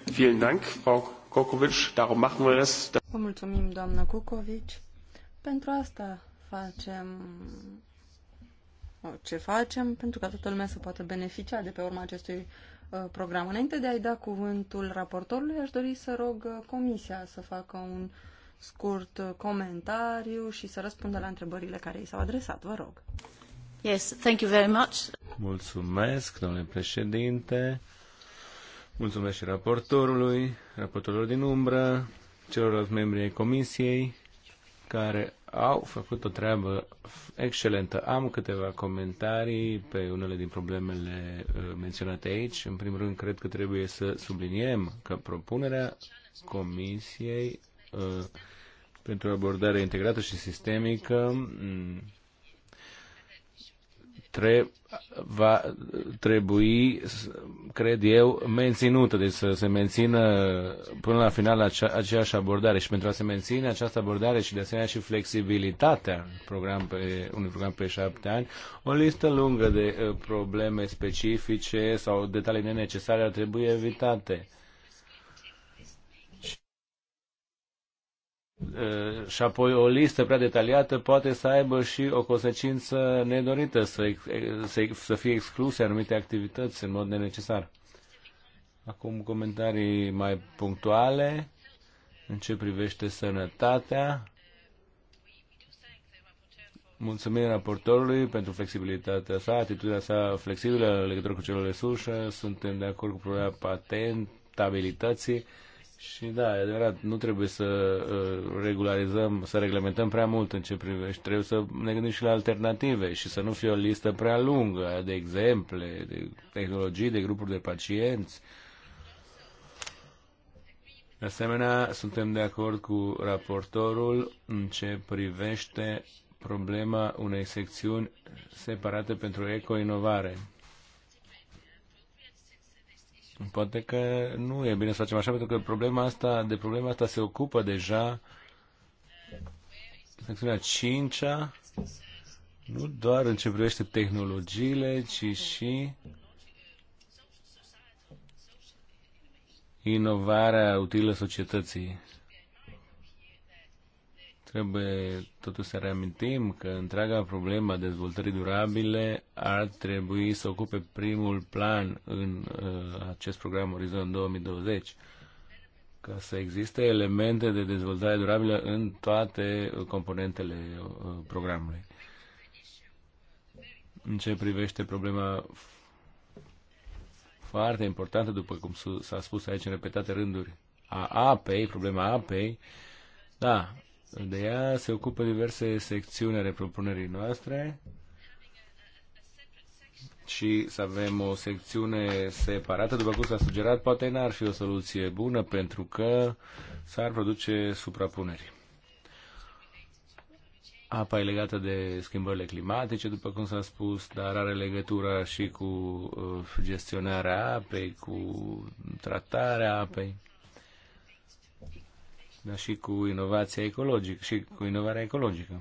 Vielen Dank, Frau Kokovic. Darum machen wir es. Vă mulțumim, doamnă Cucovici, Pentru asta facem ce facem, pentru ca toată lumea să poată beneficia de pe urma acestui Uh, program. Înainte de a-i da cuvântul raportorului, aș dori să rog uh, Comisia să facă un scurt uh, comentariu și să răspundă la întrebările care i s-au adresat. Vă rog. Yes, thank you very much. Mulțumesc, domnule președinte. Mulțumesc și raportorului, raportorilor din umbră, celorlalți membri ai comisiei care au făcut o treabă excelentă. Am câteva comentarii pe unele din problemele uh, menționate aici. În primul rând, cred că trebuie să subliniem că propunerea Comisiei uh, pentru abordare integrată și sistemică tre- va trebui, cred eu, menținută, deci să se mențină până la final aceeași abordare și pentru a se menține această abordare și de asemenea și flexibilitatea program pe, unui program pe șapte ani, o listă lungă de uh, probleme specifice sau detalii nenecesare ar trebui evitate Eh, și apoi o listă prea detaliată poate să aibă și o consecință nedorită, să, să, să fie excluse anumite activități în mod nenecesar. Acum comentarii mai punctuale în ce privește sănătatea. Mulțumim raportorului pentru flexibilitatea sa, atitudinea sa flexibilă în legătură cu celor sus. Suntem de acord cu problema patentabilității și da, e adevărat, nu trebuie să uh, regularizăm, să reglementăm prea mult în ce privește. Trebuie să ne gândim și la alternative și să nu fie o listă prea lungă de exemple, de tehnologii, de grupuri de pacienți. De asemenea, suntem de acord cu raportorul în ce privește problema unei secțiuni separate pentru ecoinovare. Poate că nu e bine să facem așa, pentru că problema asta, de problema asta se ocupă deja secțiunea 5 -a, nu doar în ce privește tehnologiile, ci și inovarea utilă societății. Trebuie totuși să reamintim că întreaga problemă a dezvoltării durabile ar trebui să ocupe primul plan în uh, acest program Orizont 2020 ca să existe elemente de dezvoltare durabilă în toate uh, componentele uh, programului. În ce privește problema foarte importantă, după cum s-a spus aici în repetate rânduri, a apei, problema apei, da, de ea se ocupă diverse secțiuni ale propunerii noastre și să avem o secțiune separată, după cum s-a sugerat, poate n-ar fi o soluție bună pentru că s-ar produce suprapuneri. Apa e legată de schimbările climatice, după cum s-a spus, dar are legătura și cu uh, gestionarea apei, cu tratarea apei dar și cu inovația ecologică și cu inovarea ecologică.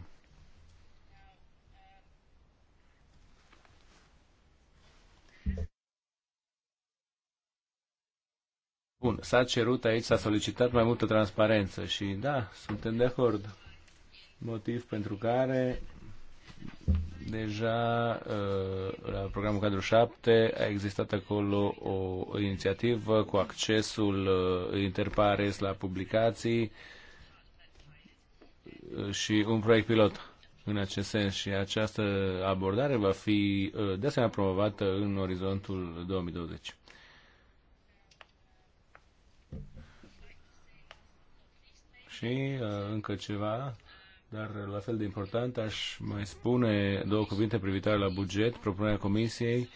Bun, s-a cerut aici, s-a solicitat mai multă transparență și da, suntem de acord. Motiv pentru care deja uh, la programul cadru 7 a existat acolo o inițiativă cu accesul uh, interpares la publicații uh, și un proiect pilot în acest sens și această abordare va fi de asemenea promovată în orizontul 2020. Și încă ceva dar, la fel de important, aș mai spune două cuvinte privitoare la buget. Propunerea Comisiei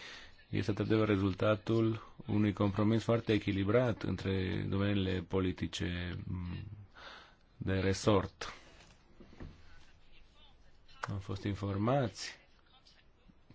este, într-adevăr, rezultatul unui compromis foarte echilibrat între domeniile politice mm, de resort. Am fost informați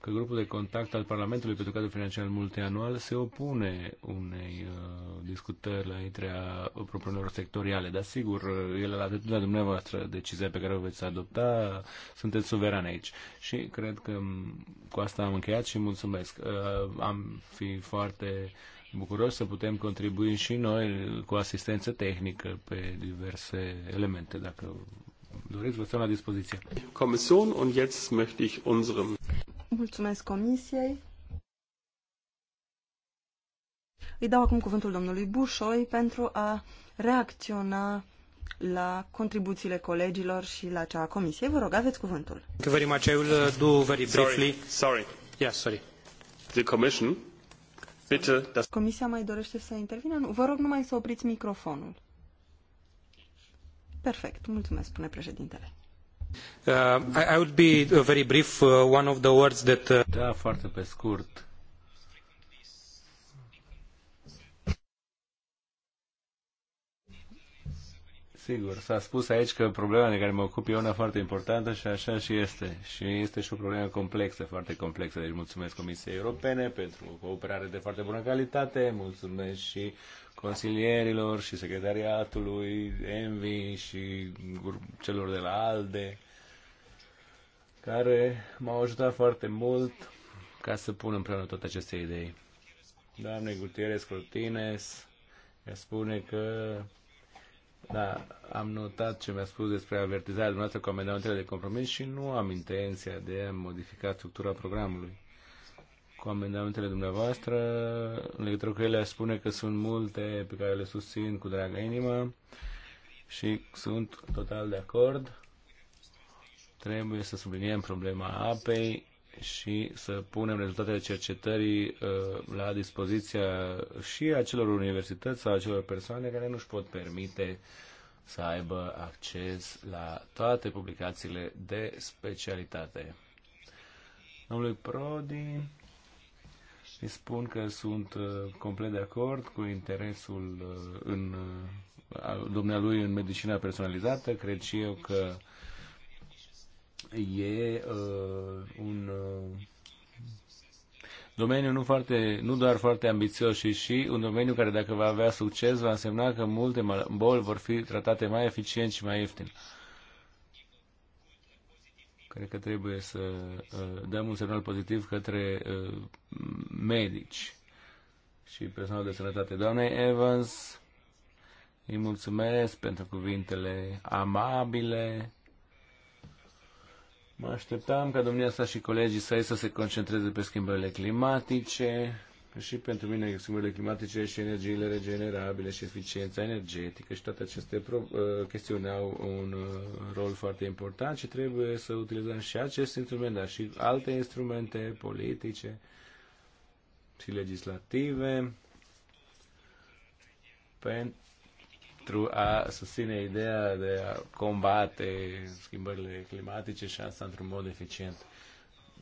că grupul de contact al Parlamentului pentru cadrul financiar multianual se opune unei uh, discutări la intrea propunerilor sectoriale. Dar sigur, uh, el la atitudinea dumneavoastră, decizia pe care o veți adopta, sunteți suveran aici. Și cred că mm, cu asta am încheiat și mulțumesc. Uh, am fi foarte bucuros să putem contribui și noi cu asistență tehnică pe diverse elemente, dacă doriți, vă stăm la dispoziție. Kommission und jetzt möchte ich unserem Mulțumesc Comisiei. Îi dau acum cuvântul domnului Bușoi pentru a reacționa la contribuțiile colegilor și la cea a Comisiei. Vă rog, aveți cuvântul. very much. Uh, do very briefly. Sorry. sorry. The Commission. Comisia mai dorește să intervină? Nu. Vă rog numai să opriți microfonul. Perfect, mulțumesc, spune președintele. Uh, I, would be very brief. Uh, one of the words that. Uh, da, foarte pe scurt. Sigur, s-a spus aici că problema de care mă ocup e una foarte importantă și așa și este. Și este și o problemă complexă, foarte complexă. Deci mulțumesc Comisiei Europene pentru o cooperare de foarte bună calitate, mulțumesc și consilierilor și secretariatului Envi și celor de la ALDE care m-au ajutat foarte mult ca să pun împreună toate aceste idei. Doamne Gutierrez Cortines, ea spune că da, am notat ce mi-a spus despre avertizarea dumneavoastră cu amendamentele de compromis și nu am intenția de a modifica structura programului. Cu amendamentele dumneavoastră, în legătură cu ele, aș spune că sunt multe pe care le susțin cu dragă inimă și sunt total de acord. Trebuie să subliniem problema apei și să punem rezultatele cercetării uh, la dispoziția și acelor universități sau acelor persoane care nu își pot permite să aibă acces la toate publicațiile de specialitate. Domnului Prodi, îi spun că sunt uh, complet de acord cu interesul uh, în, al dumnealui în medicina personalizată. Cred și eu că e uh, un uh, domeniu nu, foarte, nu doar foarte ambițios, și și un domeniu care dacă va avea succes va însemna că multe boli vor fi tratate mai eficient și mai ieftin. Cred că trebuie să uh, dăm un semnal pozitiv către uh, medici și personal de sănătate. Doamne Evans, îi mulțumesc pentru cuvintele amabile Mă așteptam ca domnia sa și colegii săi să se concentreze pe schimbările climatice și pentru mine schimbările climatice și energiile regenerabile și eficiența energetică și toate aceste pro- uh, chestiuni au un uh, rol foarte important și trebuie să utilizăm și acest instrument, dar și alte instrumente politice și legislative pentru pentru a susține ideea de a combate schimbările climatice și asta într-un mod eficient.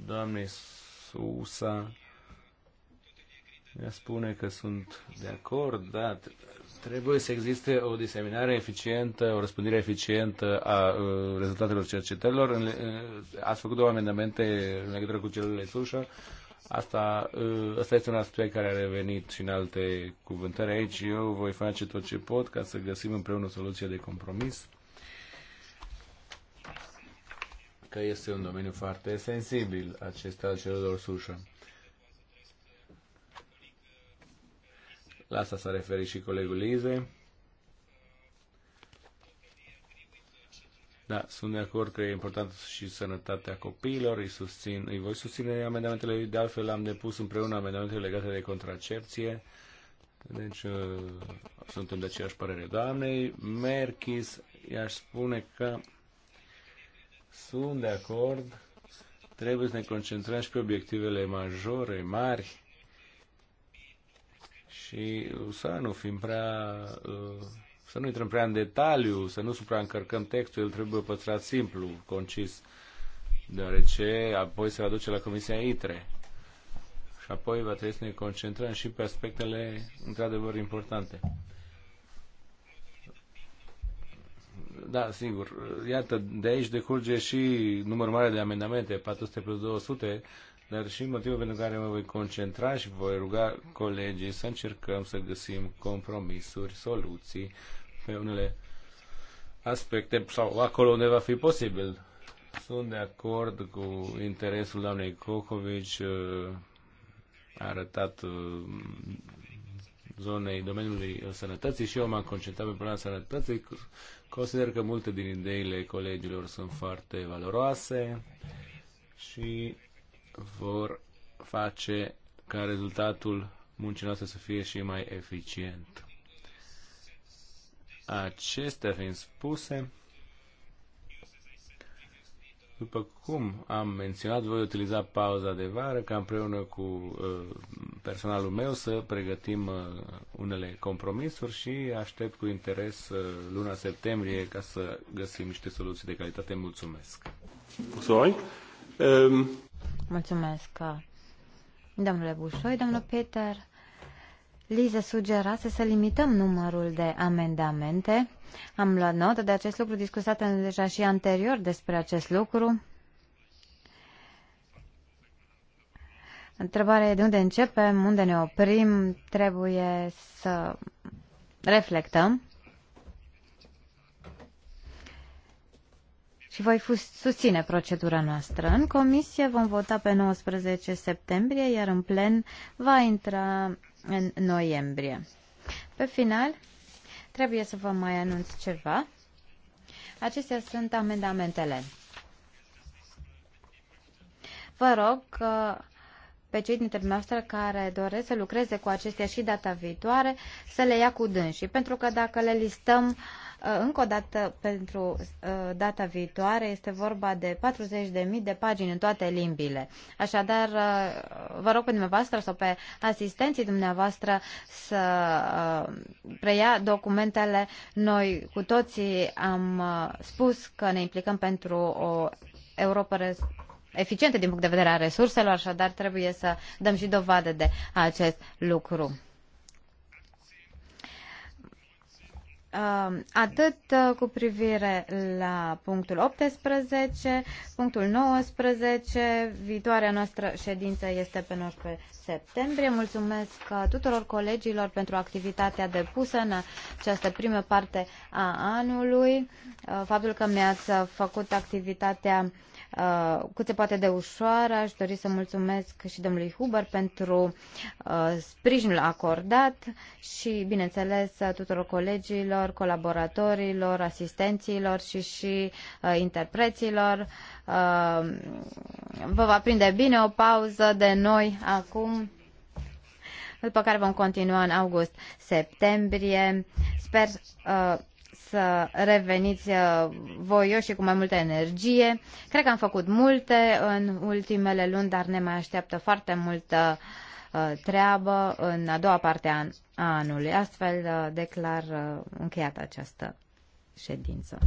Doamne Susa ne spune că sunt de acord, dar trebuie să existe o diseminare eficientă, o răspândire eficientă a uh, rezultatelor cercetărilor. Uh, ați făcut două amendamente în legătură cu celulele Susa Asta, asta ă, este un aspect care a revenit și în alte cuvântări aici. Eu voi face tot ce pot ca să găsim împreună o soluție de compromis. Că este un domeniu foarte sensibil acesta al celor sușă. La asta s-a referit și colegul Lize. Da, sunt de acord că e important și sănătatea copiilor, îi, susțin, îi voi susține amendamentele, de altfel am depus împreună amendamente legate de contracepție, deci uh, suntem de aceeași părere. Doamnei Merchis, i-aș spune că sunt de acord, trebuie să ne concentrăm și pe obiectivele majore, mari și să nu fim prea... Uh, să nu intrăm prea în detaliu, să nu supraîncărcăm textul, el trebuie păstrat simplu, concis, deoarece apoi se va duce la Comisia ITRE. Și apoi va trebui să ne concentrăm și pe aspectele într-adevăr importante. Da, sigur. Iată, de aici decurge și număr mare de amendamente, 400 plus 200, dar și motivul pentru care mă voi concentra și voi ruga colegii să încercăm să găsim compromisuri, soluții pe unele aspecte sau acolo unde va fi posibil. Sunt de acord cu interesul doamnei Cocovici uh, arătat uh, zonei domeniului sănătății și eu m-am concentrat pe problema sănătății. Consider că multe din ideile colegilor sunt foarte valoroase și vor face ca rezultatul muncii noastre să fie și mai eficient. Acestea fiind spuse, după cum am menționat, voi utiliza pauza de vară ca împreună cu uh, personalul meu să pregătim uh, unele compromisuri și aștept cu interes uh, luna septembrie ca să găsim niște soluții de calitate. Mulțumesc! Soi. Um... Mulțumesc, domnule Bușoi, domnul Peter. Liza sugera să limităm numărul de amendamente. Am luat notă de acest lucru, discutat deja și anterior despre acest lucru. Întrebarea e de unde începem, unde ne oprim, trebuie să reflectăm. și voi susține procedura noastră. În comisie vom vota pe 19 septembrie, iar în plen va intra în noiembrie. Pe final, trebuie să vă mai anunț ceva. Acestea sunt amendamentele. Vă rog că pe cei dintre noastre care doresc să lucreze cu acestea și data viitoare, să le ia cu dânsii, pentru că dacă le listăm uh, Uh, încă o dată, pentru uh, data viitoare, este vorba de 40.000 de pagini în toate limbile. Așadar, uh, vă rog pe dumneavoastră sau pe asistenții dumneavoastră să preia documentele. Noi cu toții am spus că ne implicăm pentru o Europa eficientă din punct de vedere a resurselor, așadar trebuie să dăm și dovadă de acest lucru. Um, atât uh, cu privire la punctul 18, punctul 19, viitoarea noastră ședință este pe 19 septembrie. Mulțumesc uh, tuturor colegilor pentru activitatea depusă în această primă parte a anului, uh, faptul că mi-ați făcut activitatea cu uh, cât se poate de ușoară. Aș dori să mulțumesc și domnului Huber pentru uh, sprijinul acordat și, bineînțeles, tuturor colegilor, colaboratorilor, asistenților și și uh, interpreților. vă va prinde bine o pauză de noi acum după care vom continua în august-septembrie. Sper uh, să reveniți uh, voioși și cu mai multă energie. Cred că am făcut multe în ultimele luni, dar ne mai așteaptă foarte multă uh, treabă în a doua parte a anului. Astfel uh, declar încheiată această ședință.